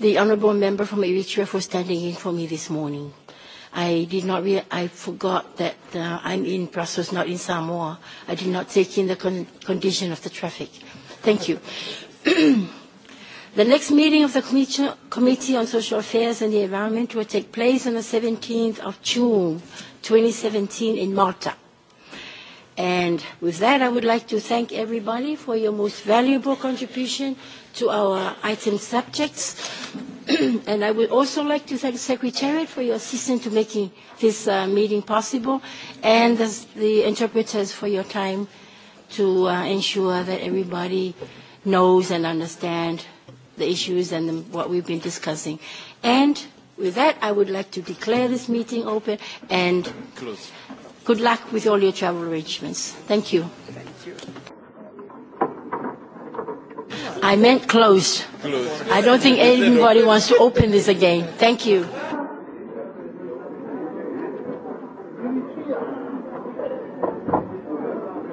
the honourable member from Eritrea for standing in for me this morning. I did not re- I forgot that uh, I'm in Brussels, not in Samoa. I did not take in the con- condition of the traffic. Thank you. the next meeting of the Committee, Committee on Social Affairs and the Environment will take place on the 17th of June 2017 in Malta. And with that, I would like to thank everybody for your most valuable contribution to our item subjects. and I would also like to thank the Secretariat for your assistance to making this uh, meeting possible and the, the interpreters for your time to uh, ensure that everybody knows and understands the issues and the, what we've been discussing. And with that, I would like to declare this meeting open and Close. good luck with all your travel arrangements. Thank you. Thank you. I meant closed. closed. I don't think anybody wants to open this again. Thank you.